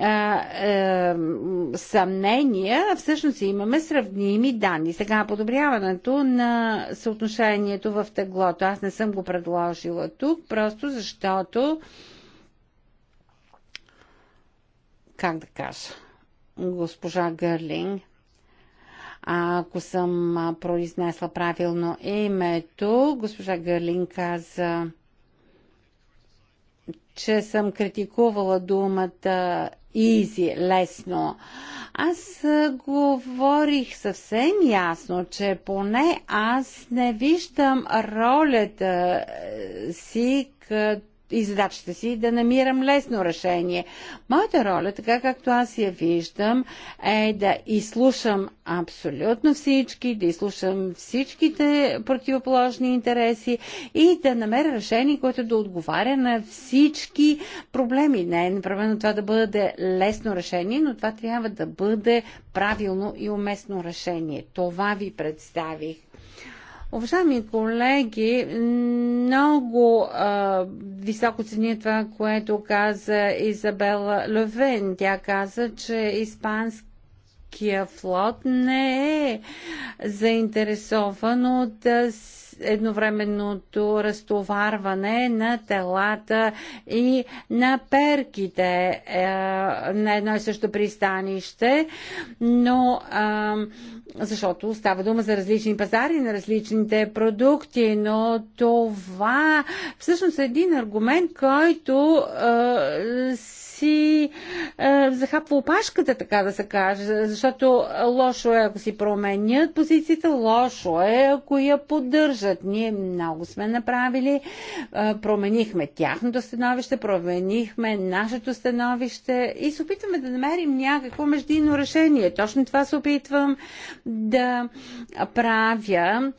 а, а, е, съмнения, всъщност имаме сравними данни. Сега подобряването на съотношението в теглото. Аз не съм го предложила тук, просто защото как да кажа, госпожа Гърлинг, ако съм произнесла правилно името, госпожа Гърлин каза, че съм критикувала думата изи, лесно. Аз говорих съвсем ясно, че поне аз не виждам ролята си като и задачата си да намирам лесно решение. Моята роля, така както аз я виждам, е да изслушам абсолютно всички, да изслушам всичките противоположни интереси и да намеря решение, което да отговаря на всички проблеми. Не е направено това да бъде лесно решение, но това трябва да бъде правилно и уместно решение. Това ви представих. Уважаеми колеги, много а, високо цени това, което каза Изабела Левен. Тя каза, че испански флот не е заинтересован от едновременното разтоварване на телата и на перките е, на едно и също пристанище, но е, защото става дума за различни пазари на различните продукти, но това всъщност е един аргумент, който е, си е, захапва опашката, така да се каже, защото лошо е, ако си променят позицията, лошо е, ако я поддържат. Ние много сме направили, е, променихме тяхното становище, променихме нашето становище и се опитваме да намерим някакво междинно решение. Точно това се опитвам да правя,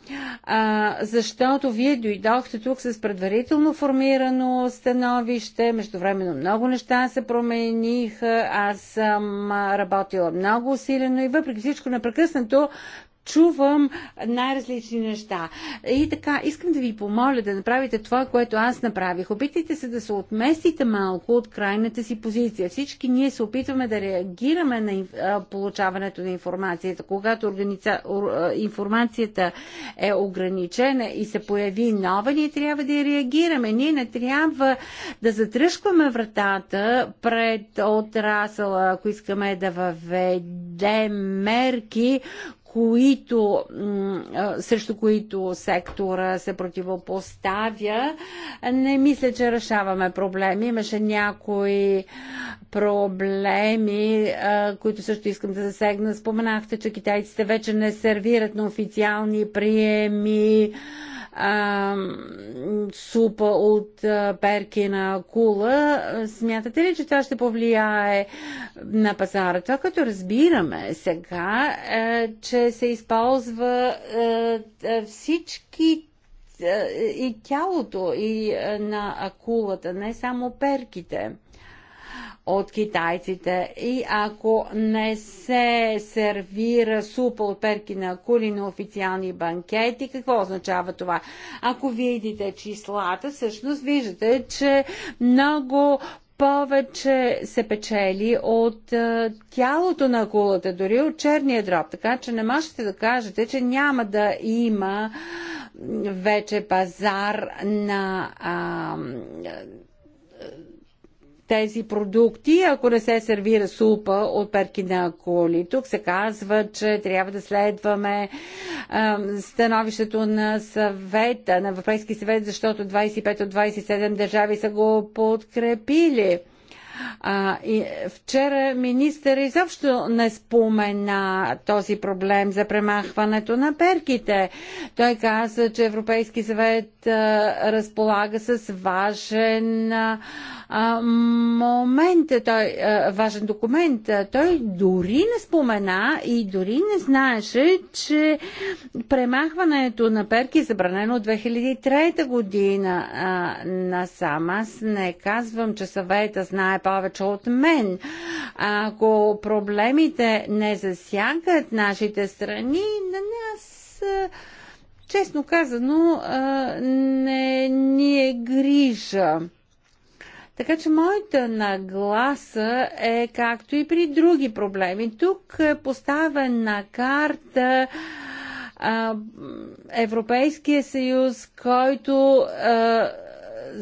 е, защото вие дойдохте тук с предварително формирано становище, междувременно много неща се Промених, Аз съм работила много усилено и въпреки всичко непрекъснато чувам най-различни неща. И така, искам да ви помоля да направите това, което аз направих. Опитайте се да се отместите малко от крайната си позиция. Всички ние се опитваме да реагираме на получаването на информацията. Когато органица... информацията е ограничена и се появи нова, ние трябва да я реагираме. Ние не трябва да затръшкваме вратата пред отрасъла, ако искаме да въведем мерки, които, срещу които сектора се противопоставя, не мисля, че решаваме проблеми. Имаше някои проблеми, които също искам да засегна. Споменахте, че китайците вече не сервират на официални приеми а, супа от а, перки на кула, смятате ли, че това ще повлияе на пазара? Това, като разбираме сега, е, че се използва е, е всички е, и тялото и е, на акулата, не само перките от китайците. И ако не се сервира супа от перки на кули на официални банкети, какво означава това? Ако видите числата, всъщност виждате, че много повече се печели от е, тялото на кулата, дори от черния дроб. Така че не можете да кажете, че няма да има вече пазар на а, тези продукти, ако не се сервира супа от перкина коли. Тук се казва, че трябва да следваме а, становището на съвета, на Европейски съвет, защото 25 от 27 държави са го подкрепили. А, и вчера министър изобщо не спомена този проблем за премахването на перките. Той каза, че Европейски съвет а, разполага с важен а, момент, той, важен документ. Той дори не спомена и дори не знаеше, че премахването на перки е забранено от 2003 година насам. Аз не казвам, че съвета знае повече от мен. Ако проблемите не засягат нашите страни, на нас честно казано, не ни е грижа. Така че моята нагласа е както и при други проблеми. Тук е поставен на карта а, е, Европейския съюз, който а, е,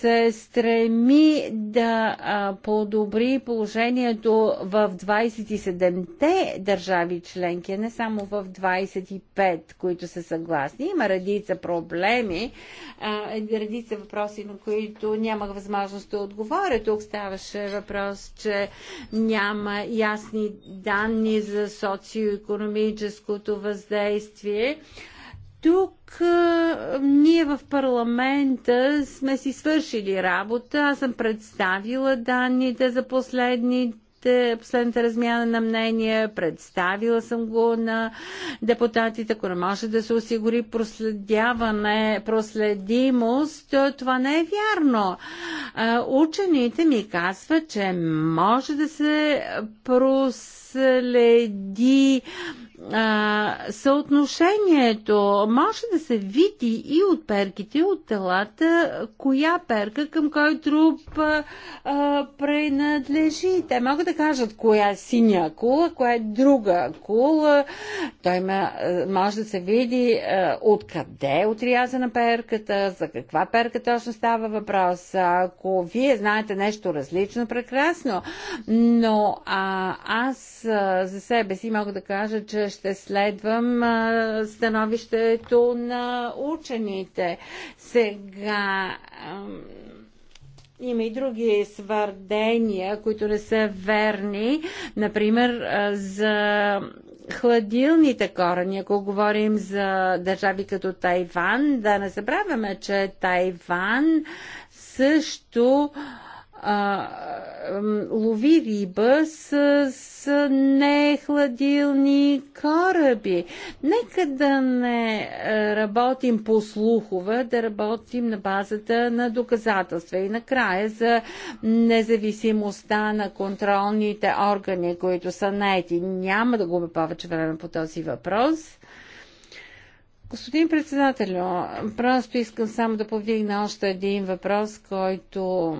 се стреми да подобри положението в 27-те държави членки, не само в 25, които са съгласни. Има редица проблеми, редица въпроси, на които нямах възможност да отговоря. Тук ставаше въпрос, че няма ясни данни за социо-економическото въздействие. Тук а, ние в парламента сме си свършили работа. Аз съм представила данните за последните последната размяна на мнения, представила съм го на депутатите, ако не може да се осигури проследяване, проследимост, това не е вярно. Учените ми казват, че може да се проследи а, съотношението може да се види и от перките, от телата, коя перка към кой труп а, а, принадлежи. Те могат да кажат коя е синя кула, коя е друга кула. Той ма, може да се види а, откъде е отрязана перката, за каква перка точно става въпрос. Ако вие знаете нещо различно, прекрасно. Но а, аз а, за себе си мога да кажа, че ще следвам становището на учените. Сега има и други свърдения, които не са верни. Например, за хладилните корени, ако говорим за държави като Тайван, да не забравяме, че Тайван също а, лови риба с, с нехладилни кораби. Нека да не е, работим по слухове, да работим на базата на доказателства. И накрая за независимостта на контролните органи, които са наети. Няма да губя повече време по този въпрос. Господин председател, просто искам само да повдигна още един въпрос, който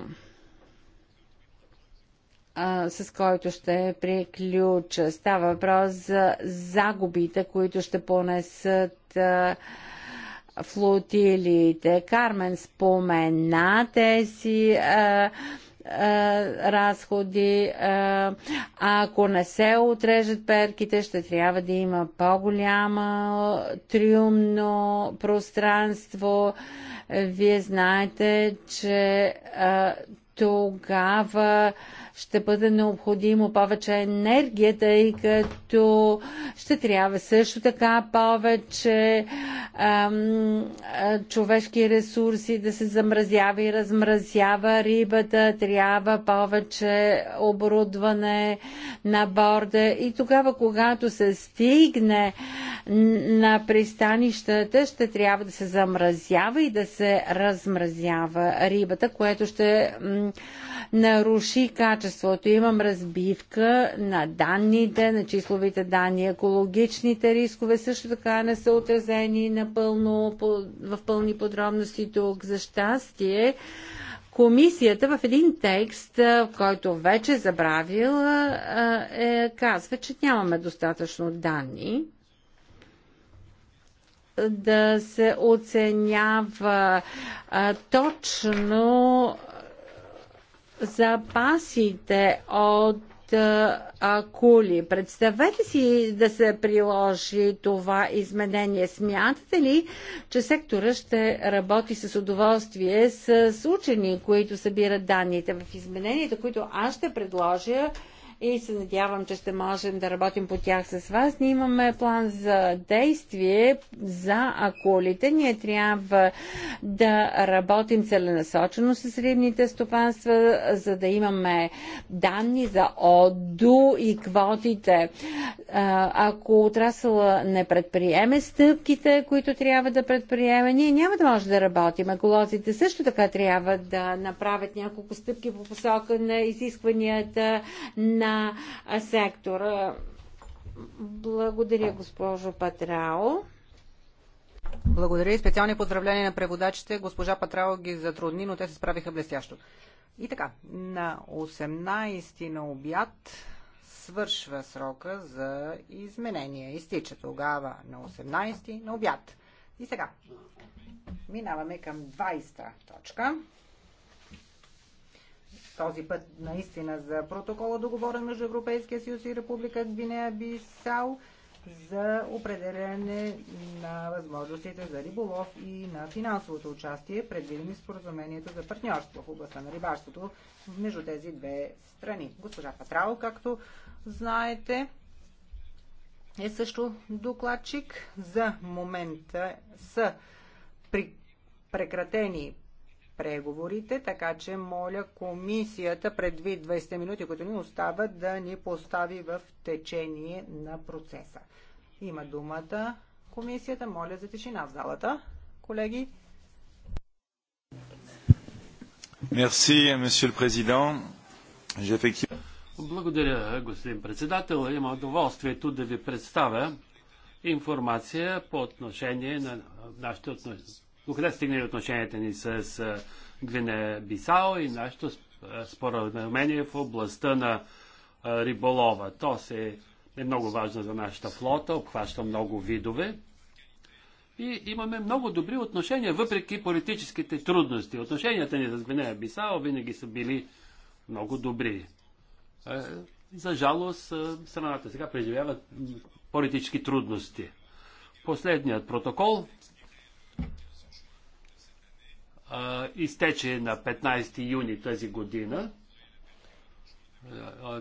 с който ще приключа. Става въпрос за загубите, които ще понесат флотилиите. Кармен спомена тези а, разходи. Ако не се отрежат перките, ще трябва да има по-голямо триумно пространство. Вие знаете, че тогава ще бъде необходимо повече енергия, тъй като ще трябва също така повече ам, човешки ресурси да се замразява и размразява рибата, трябва повече оборудване на борда и тогава, когато се стигне на пристанищата, ще трябва да се замразява и да се размразява рибата, което ще наруши качеството. Имам разбивка на данните, на числовите данни. Екологичните рискове също така не са отразени напълно, в пълни подробности тук. За щастие, Комисията в един текст, който вече е забравила, е, казва, че нямаме достатъчно данни да се оценява а, точно запасите от акули. Представете си да се приложи това изменение. Смятате ли, че сектора ще работи с удоволствие с учени, които събират данните в измененията, които аз ще предложа? и се надявам, че ще можем да работим по тях с вас. Ние имаме план за действие за акулите. Ние трябва да работим целенасочено с рибните стопанства, за да имаме данни за ОДУ и квотите. Ако отрасъла не предприеме стъпките, които трябва да предприеме, ние няма да може да работим. Еколозите също така трябва да направят няколко стъпки по посока на изискванията на сектора. Благодаря, госпожо Патрао. Благодаря и специални поздравления на преводачите. Госпожа Патрао ги затрудни, но те се справиха блестящо. И така, на 18 на обяд свършва срока за изменения. Изтича тогава на 18 на обяд. И сега, минаваме към 20 точка този път наистина за протокола договорен между Европейския съюз и Република Гвинея Бисау за определене на възможностите за риболов и на финансовото участие, предвидени споразумението за партньорство в областта на рибарството между тези две страни. Госпожа Патрао, както знаете, е също докладчик. За момента са прекратени преговорите, така че моля комисията предвид 20 минути, които ни остават, да ни постави в течение на процеса. Има думата комисията. Моля за тишина в залата, колеги. Мерси, месье президент. Благодаря, господин председател. Има удоволствието да ви представя информация по отношение на нашите отношения до къде стигнали отношенията ни с Гвинея Бисао и нашето споразумение в областта на риболова. То се е много важно за нашата флота, обхваща много видове. И имаме много добри отношения, въпреки политическите трудности. Отношенията ни с Гвинея Бисао винаги са били много добри. За жалост, страната сега преживява политически трудности. Последният протокол изтече на 15 юни тази година.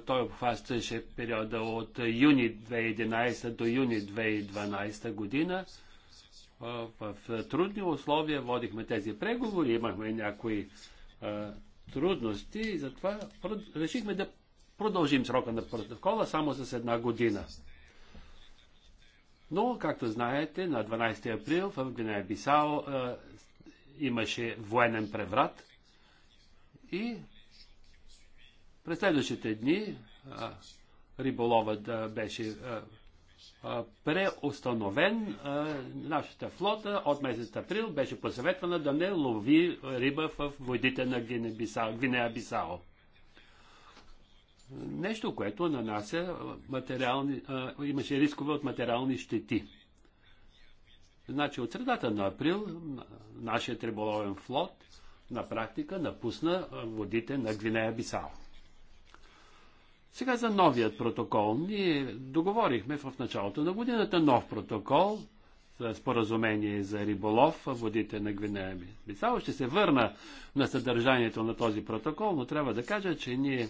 Той обхващаше периода от юни 2011 до юни 2012 година. В трудни условия водихме тези преговори, имахме някои трудности и затова решихме да продължим срока на протокола само с една година. Но, както знаете, на 12 април в Гвинея Бисао имаше военен преврат и през следващите дни риболовът беше преустановен. Нашата флота от месец април беше посъветвана да не лови риба в водите на Гвинея-Бисао. Нещо, което нанася материални, имаше рискове от материални щети. Значи от средата на април нашият риболовен флот на практика напусна водите на Гвинея Бисао. Сега за новият протокол. Ние договорихме в началото на годината нов протокол за споразумение за риболов в водите на Гвинея Бисао. Ще се върна на съдържанието на този протокол, но трябва да кажа, че ние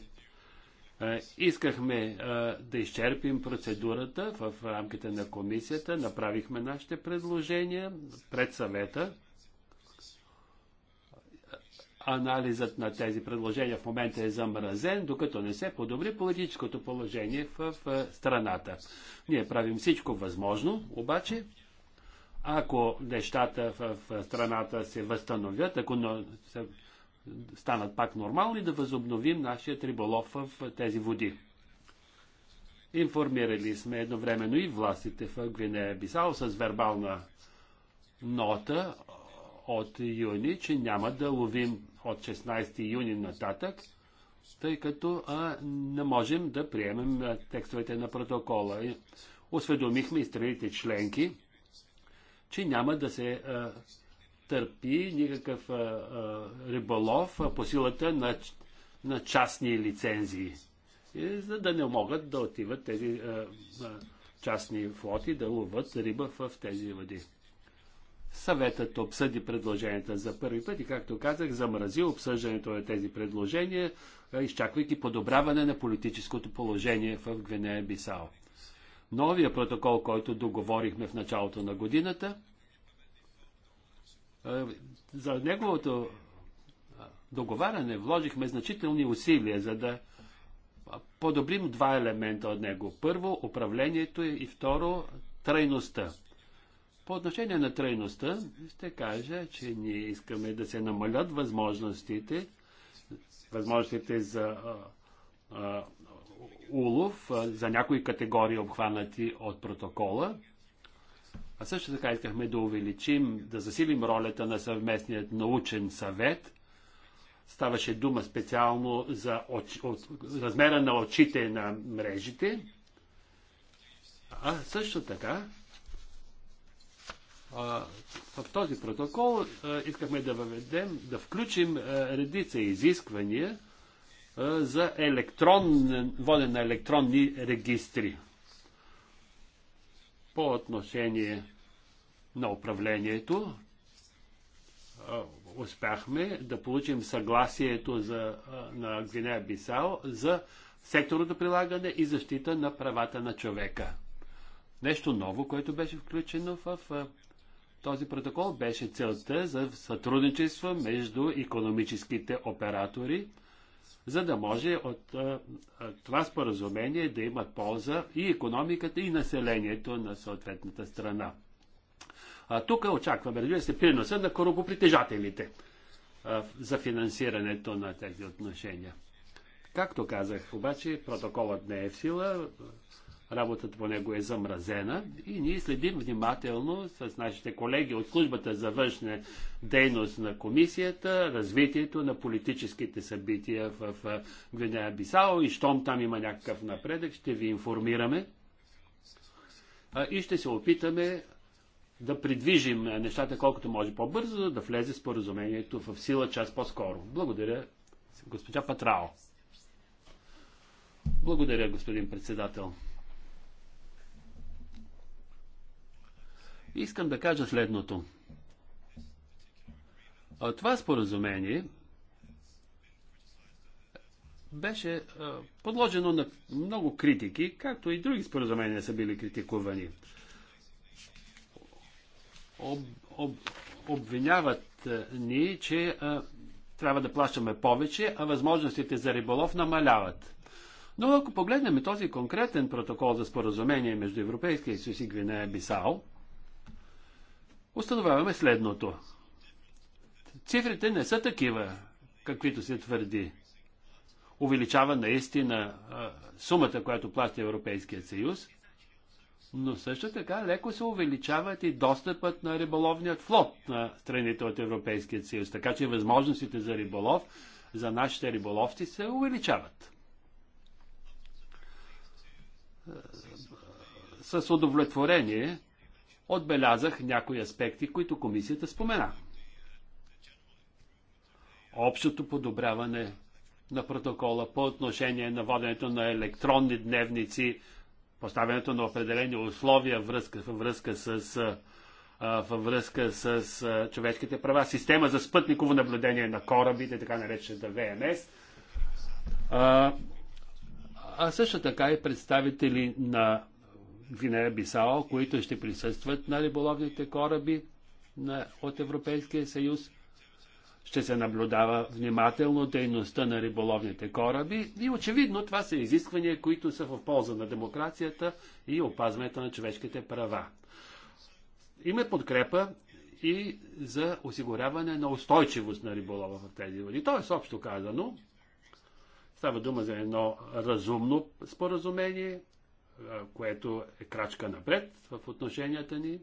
е, искахме е, да изчерпим процедурата в рамките на комисията, направихме нашите предложения пред съвета. Анализът на тези предложения в момента е замразен, докато не се подобри политическото положение в е, страната. Ние правим всичко възможно, обаче ако нещата в страната се възстановят, ако се станат пак нормални, да възобновим нашия риболов в тези води. Информирали сме едновременно и властите в Гвинея Бисао с вербална нота от юни, че няма да ловим от 16 юни нататък, тъй като а, не можем да приемем текстовете на протокола. осведомихме и страните членки, че няма да се а, търпи никакъв а, а, риболов а, по силата на, на частни лицензии, и, за да не могат да отиват тези а, а, частни флоти да ловат риба в тези води. Съветът обсъди предложенията за първи път и, както казах, замрази обсъждането на тези предложения, изчаквайки подобряване на политическото положение в Гвинея Бисао. Новия протокол, който договорихме в началото на годината, е, за неговото е, договаряне вложихме значителни усилия, за да подобрим два елемента от него. Първо, управлението и второ, трайността. По отношение на трайността, ще кажа, че ние искаме да се намалят възможностите, възможностите за а, е, а, улов а, за някои категории обхванати от протокола, а също така искахме да увеличим, да засилим ролята на съвместният научен съвет. Ставаше дума специално за оч... от... размера на очите на мрежите. А също така, а, в този протокол а, искахме да въведем, да включим а, редица изисквания за електрон, воден на електронни регистри по отношение на управлението успяхме да получим съгласието за, на Гвинея Бисао за секторното прилагане и защита на правата на човека. Нещо ново, което беше включено в, този протокол, беше целта за сътрудничество между економическите оператори – за да може от това споразумение да имат полза и економиката, и населението на съответната страна. А, тук очакваме, разбира се, приноса на корабопритежателите за финансирането на тези отношения. Както казах, обаче протоколът не е в сила. Работата по него е замразена и ние следим внимателно с нашите колеги от службата за външна дейност на комисията развитието на политическите събития в Гвинея Бисао и щом там има някакъв напредък, ще ви информираме и ще се опитаме да придвижим нещата колкото може по-бързо, за да влезе споразумението в сила час по-скоро. Благодаря, госпожа Патрао. Благодаря, господин председател. Искам да кажа следното. А това споразумение беше подложено на много критики, както и други споразумения са били критикувани. Об, об, обвиняват ни, че а, трябва да плащаме повече, а възможностите за риболов намаляват. Но ако погледнем този конкретен протокол за споразумение между Европейския съюз и Гвинея Бисао, установяваме следното. Цифрите не са такива, каквито се твърди. Увеличава наистина сумата, която плаща Европейския съюз, но също така леко се увеличават и достъпът на риболовният флот на страните от Европейския съюз. Така че възможностите за риболов за нашите риболовци се увеличават. С удовлетворение отбелязах някои аспекти, които комисията спомена. Общото подобряване на протокола по отношение на воденето на електронни дневници, поставянето на определени условия връзка, във връзка с, във връзка с човешките права, система за спътниково наблюдение на корабите, така наречената ВМС. А, а също така и представители на Гвинея Бисао, които ще присъстват на риболовните кораби на, от Европейския съюз. Ще се наблюдава внимателно дейността на риболовните кораби и очевидно това са изисквания, които са в полза на демокрацията и опазването на човешките права. Има подкрепа и за осигуряване на устойчивост на риболова в тези води. Тоест, общо казано, става дума за едно разумно споразумение, което е крачка напред в отношенията ни.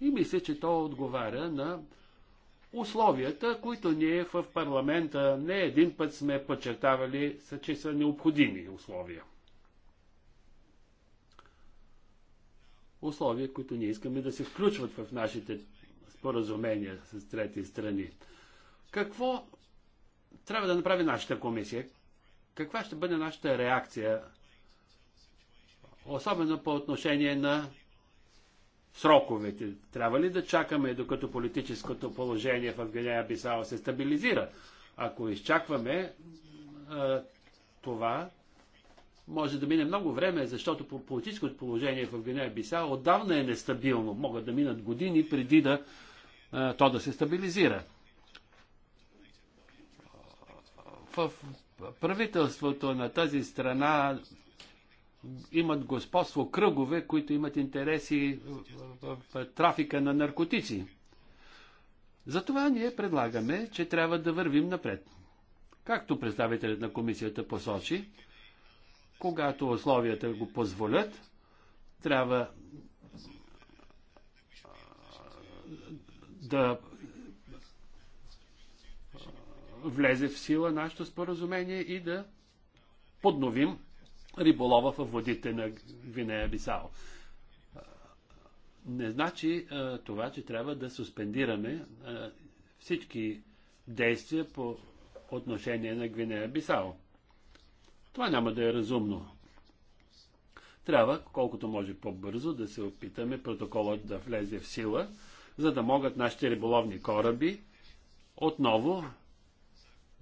И мисля, че то отговаря на условията, които ние в парламента не един път сме подчертавали, са, че са необходими условия. Условия, които ние искаме да се включват в нашите споразумения с трети страни. Какво трябва да направи нашата комисия? каква ще бъде нашата реакция, особено по отношение на сроковете. Трябва ли да чакаме, докато политическото положение в Гвинея Бисао се стабилизира? Ако изчакваме а, това, може да мине много време, защото по политическото положение в Гвинея Бисао отдавна е нестабилно. Могат да минат години преди да а, то да се стабилизира. В правителството на тази страна имат господство кръгове, които имат интереси в, трафика на наркотици. Затова ние предлагаме, че трябва да вървим напред. Както представителят на комисията посочи, когато условията го позволят, трябва да влезе в сила нашето споразумение и да подновим риболова в водите на Гвинея Бисао. Не значи това, че трябва да суспендираме всички действия по отношение на Гвинея Бисао. Това няма да е разумно. Трябва, колкото може по-бързо, да се опитаме протоколът да влезе в сила, за да могат нашите риболовни кораби отново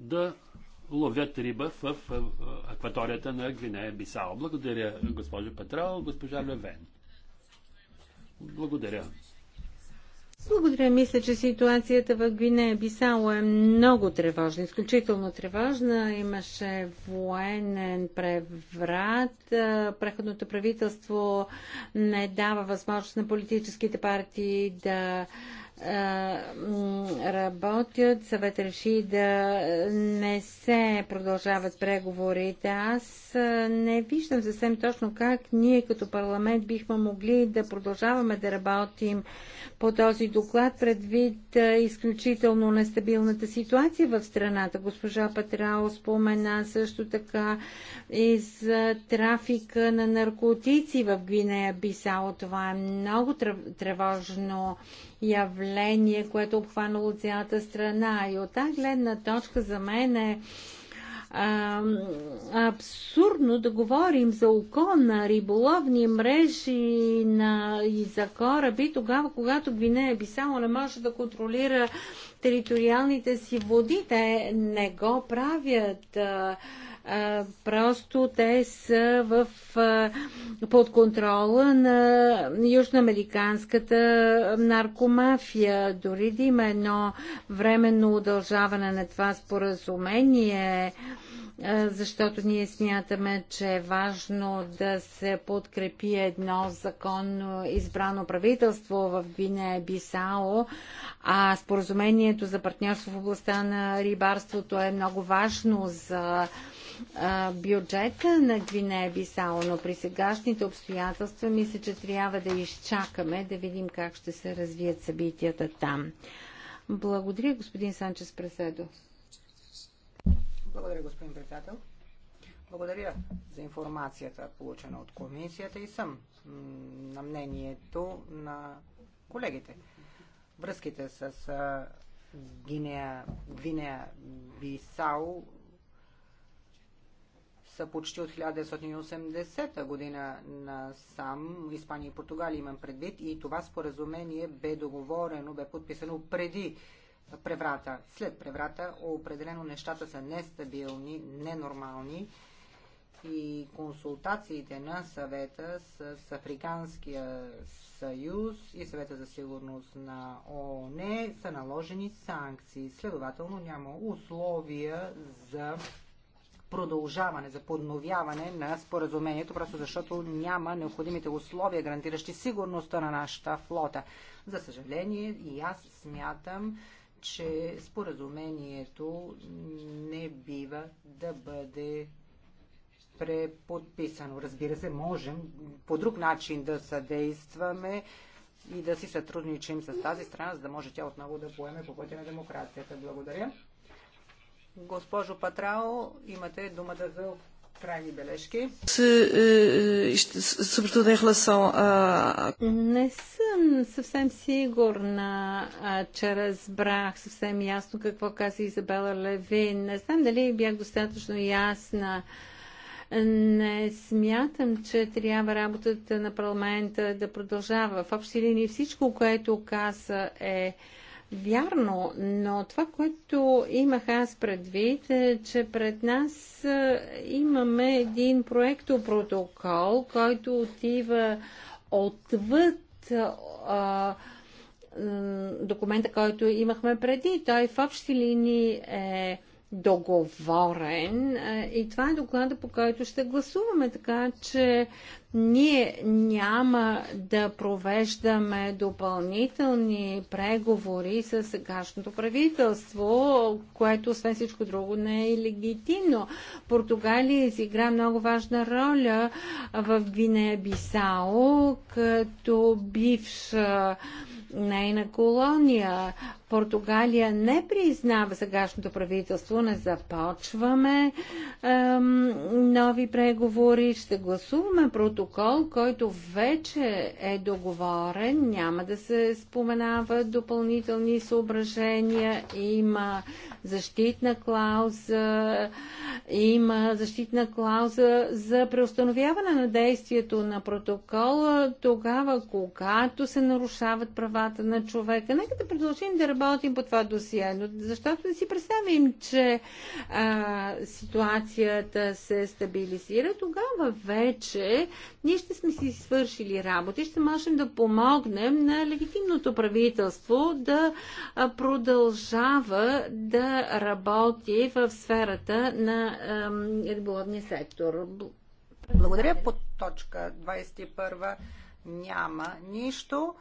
да ловят риба в акваторията на Гвинея Бисао. Благодаря, госпожо Петрал, госпожа Левен. Благодаря. Благодаря. Мисля, че ситуацията в Гвинея Бисао е много тревожна, изключително тревожна. Имаше военен преврат. Преходното правителство не дава възможност на политическите партии да работят. Съвет реши да не се продължават преговорите. Аз не виждам съвсем точно как ние като парламент бихме могли да продължаваме да работим по този доклад предвид изключително нестабилната ситуация в страната. Госпожа Патрао спомена също така и за трафика на наркотици в Гвинея Бисао. Това е много тревожно явление явление, което е обхванало цялата страна. И от тази гледна точка за мен е а, абсурдно да говорим за око на риболовни мрежи на, и за кораби, тогава когато Гвинея Бисао не може да контролира териториалните си води. Те не го правят. А, а, просто те са в, а, под контрола на южноамериканската наркомафия. Дори да има едно временно удължаване на това споразумение, защото ние смятаме, че е важно да се подкрепи едно законно избрано правителство в Гвинея Бисао, а споразумението за партньорство в областта на рибарството е много важно за бюджета на Гвинея Бисао, но при сегашните обстоятелства мисля, че трябва да изчакаме да видим как ще се развият събитията там. Благодаря, господин Санчес Преседо. Благодаря, господин председател. Благодаря за информацията, получена от комисията и съм на мнението на колегите. Връзките с Гвинея Бисао са почти от 1980 година на сам, Испания и Португалия имам предвид, и това споразумение бе договорено, бе подписано преди преврата. След преврата определено нещата са нестабилни, ненормални и консултациите на съвета с, с Африканския съюз и съвета за сигурност на ООН са наложени санкции. Следователно няма условия за продължаване, за подновяване на споразумението, просто защото няма необходимите условия, гарантиращи сигурността на нашата флота. За съжаление, и аз смятам, че споразумението не бива да бъде преподписано. Разбира се, можем по друг начин да съдействаме и да си сътрудничим с тази страна, за да може тя отново да поеме по пътя на демокрацията. Благодаря. Госпожо Патрао, имате думата за крайни бележки. Е, е, е Не съм съвсем сигурна, че разбрах съвсем ясно какво каза Изабела Левин. Не знам дали бях достатъчно ясна. Не смятам, че трябва работата на парламента да продължава. В общи линии всичко, което каза е Вярно, но това, което имах аз предвид е, че пред нас е, имаме един проектопротокол, който отива отвъд е, а, е, документа, който имахме преди. Той в общи линии е договорен е, и това е доклада, по който ще гласуваме, така че ние няма да провеждаме допълнителни преговори с сегашното правителство, което освен всичко друго не е легитимно. Португалия изигра много важна роля в Гвинея-Бисао като бивша нейна колония. Португалия не признава сегашното правителство, не започваме ем, нови преговори, ще гласуваме протокол, който вече е договорен, няма да се споменава допълнителни съображения, има защитна клауза, има защитна клауза за преустановяване на действието на протокола тогава, когато се нарушават правата на човека. Нека да продължим да работим работим по това досие, но защото не си представим, че а, ситуацията се стабилизира, тогава вече ние ще сме си свършили работа и ще можем да помогнем на легитимното правителство да продължава да работи в сферата на риболовния сектор. Благодаря. По точка 21 няма нищо.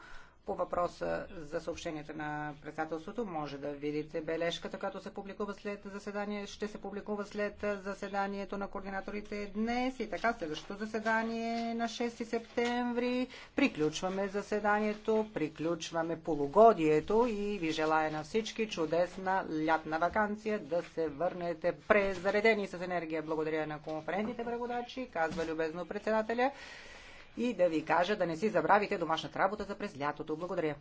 По въпроса за съобщенията на председателството може да видите бележката, която се публикува след заседание, ще се публикува след заседанието на координаторите днес и така следващото заседание на 6 септември. Приключваме заседанието, приключваме полугодието и ви желая на всички чудесна лятна вакансия да се върнете презаредени с енергия. Благодаря на конферентите преводачи, казва любезно председателя и да ви кажа да не си забравите домашната работа за през лятото. Благодаря.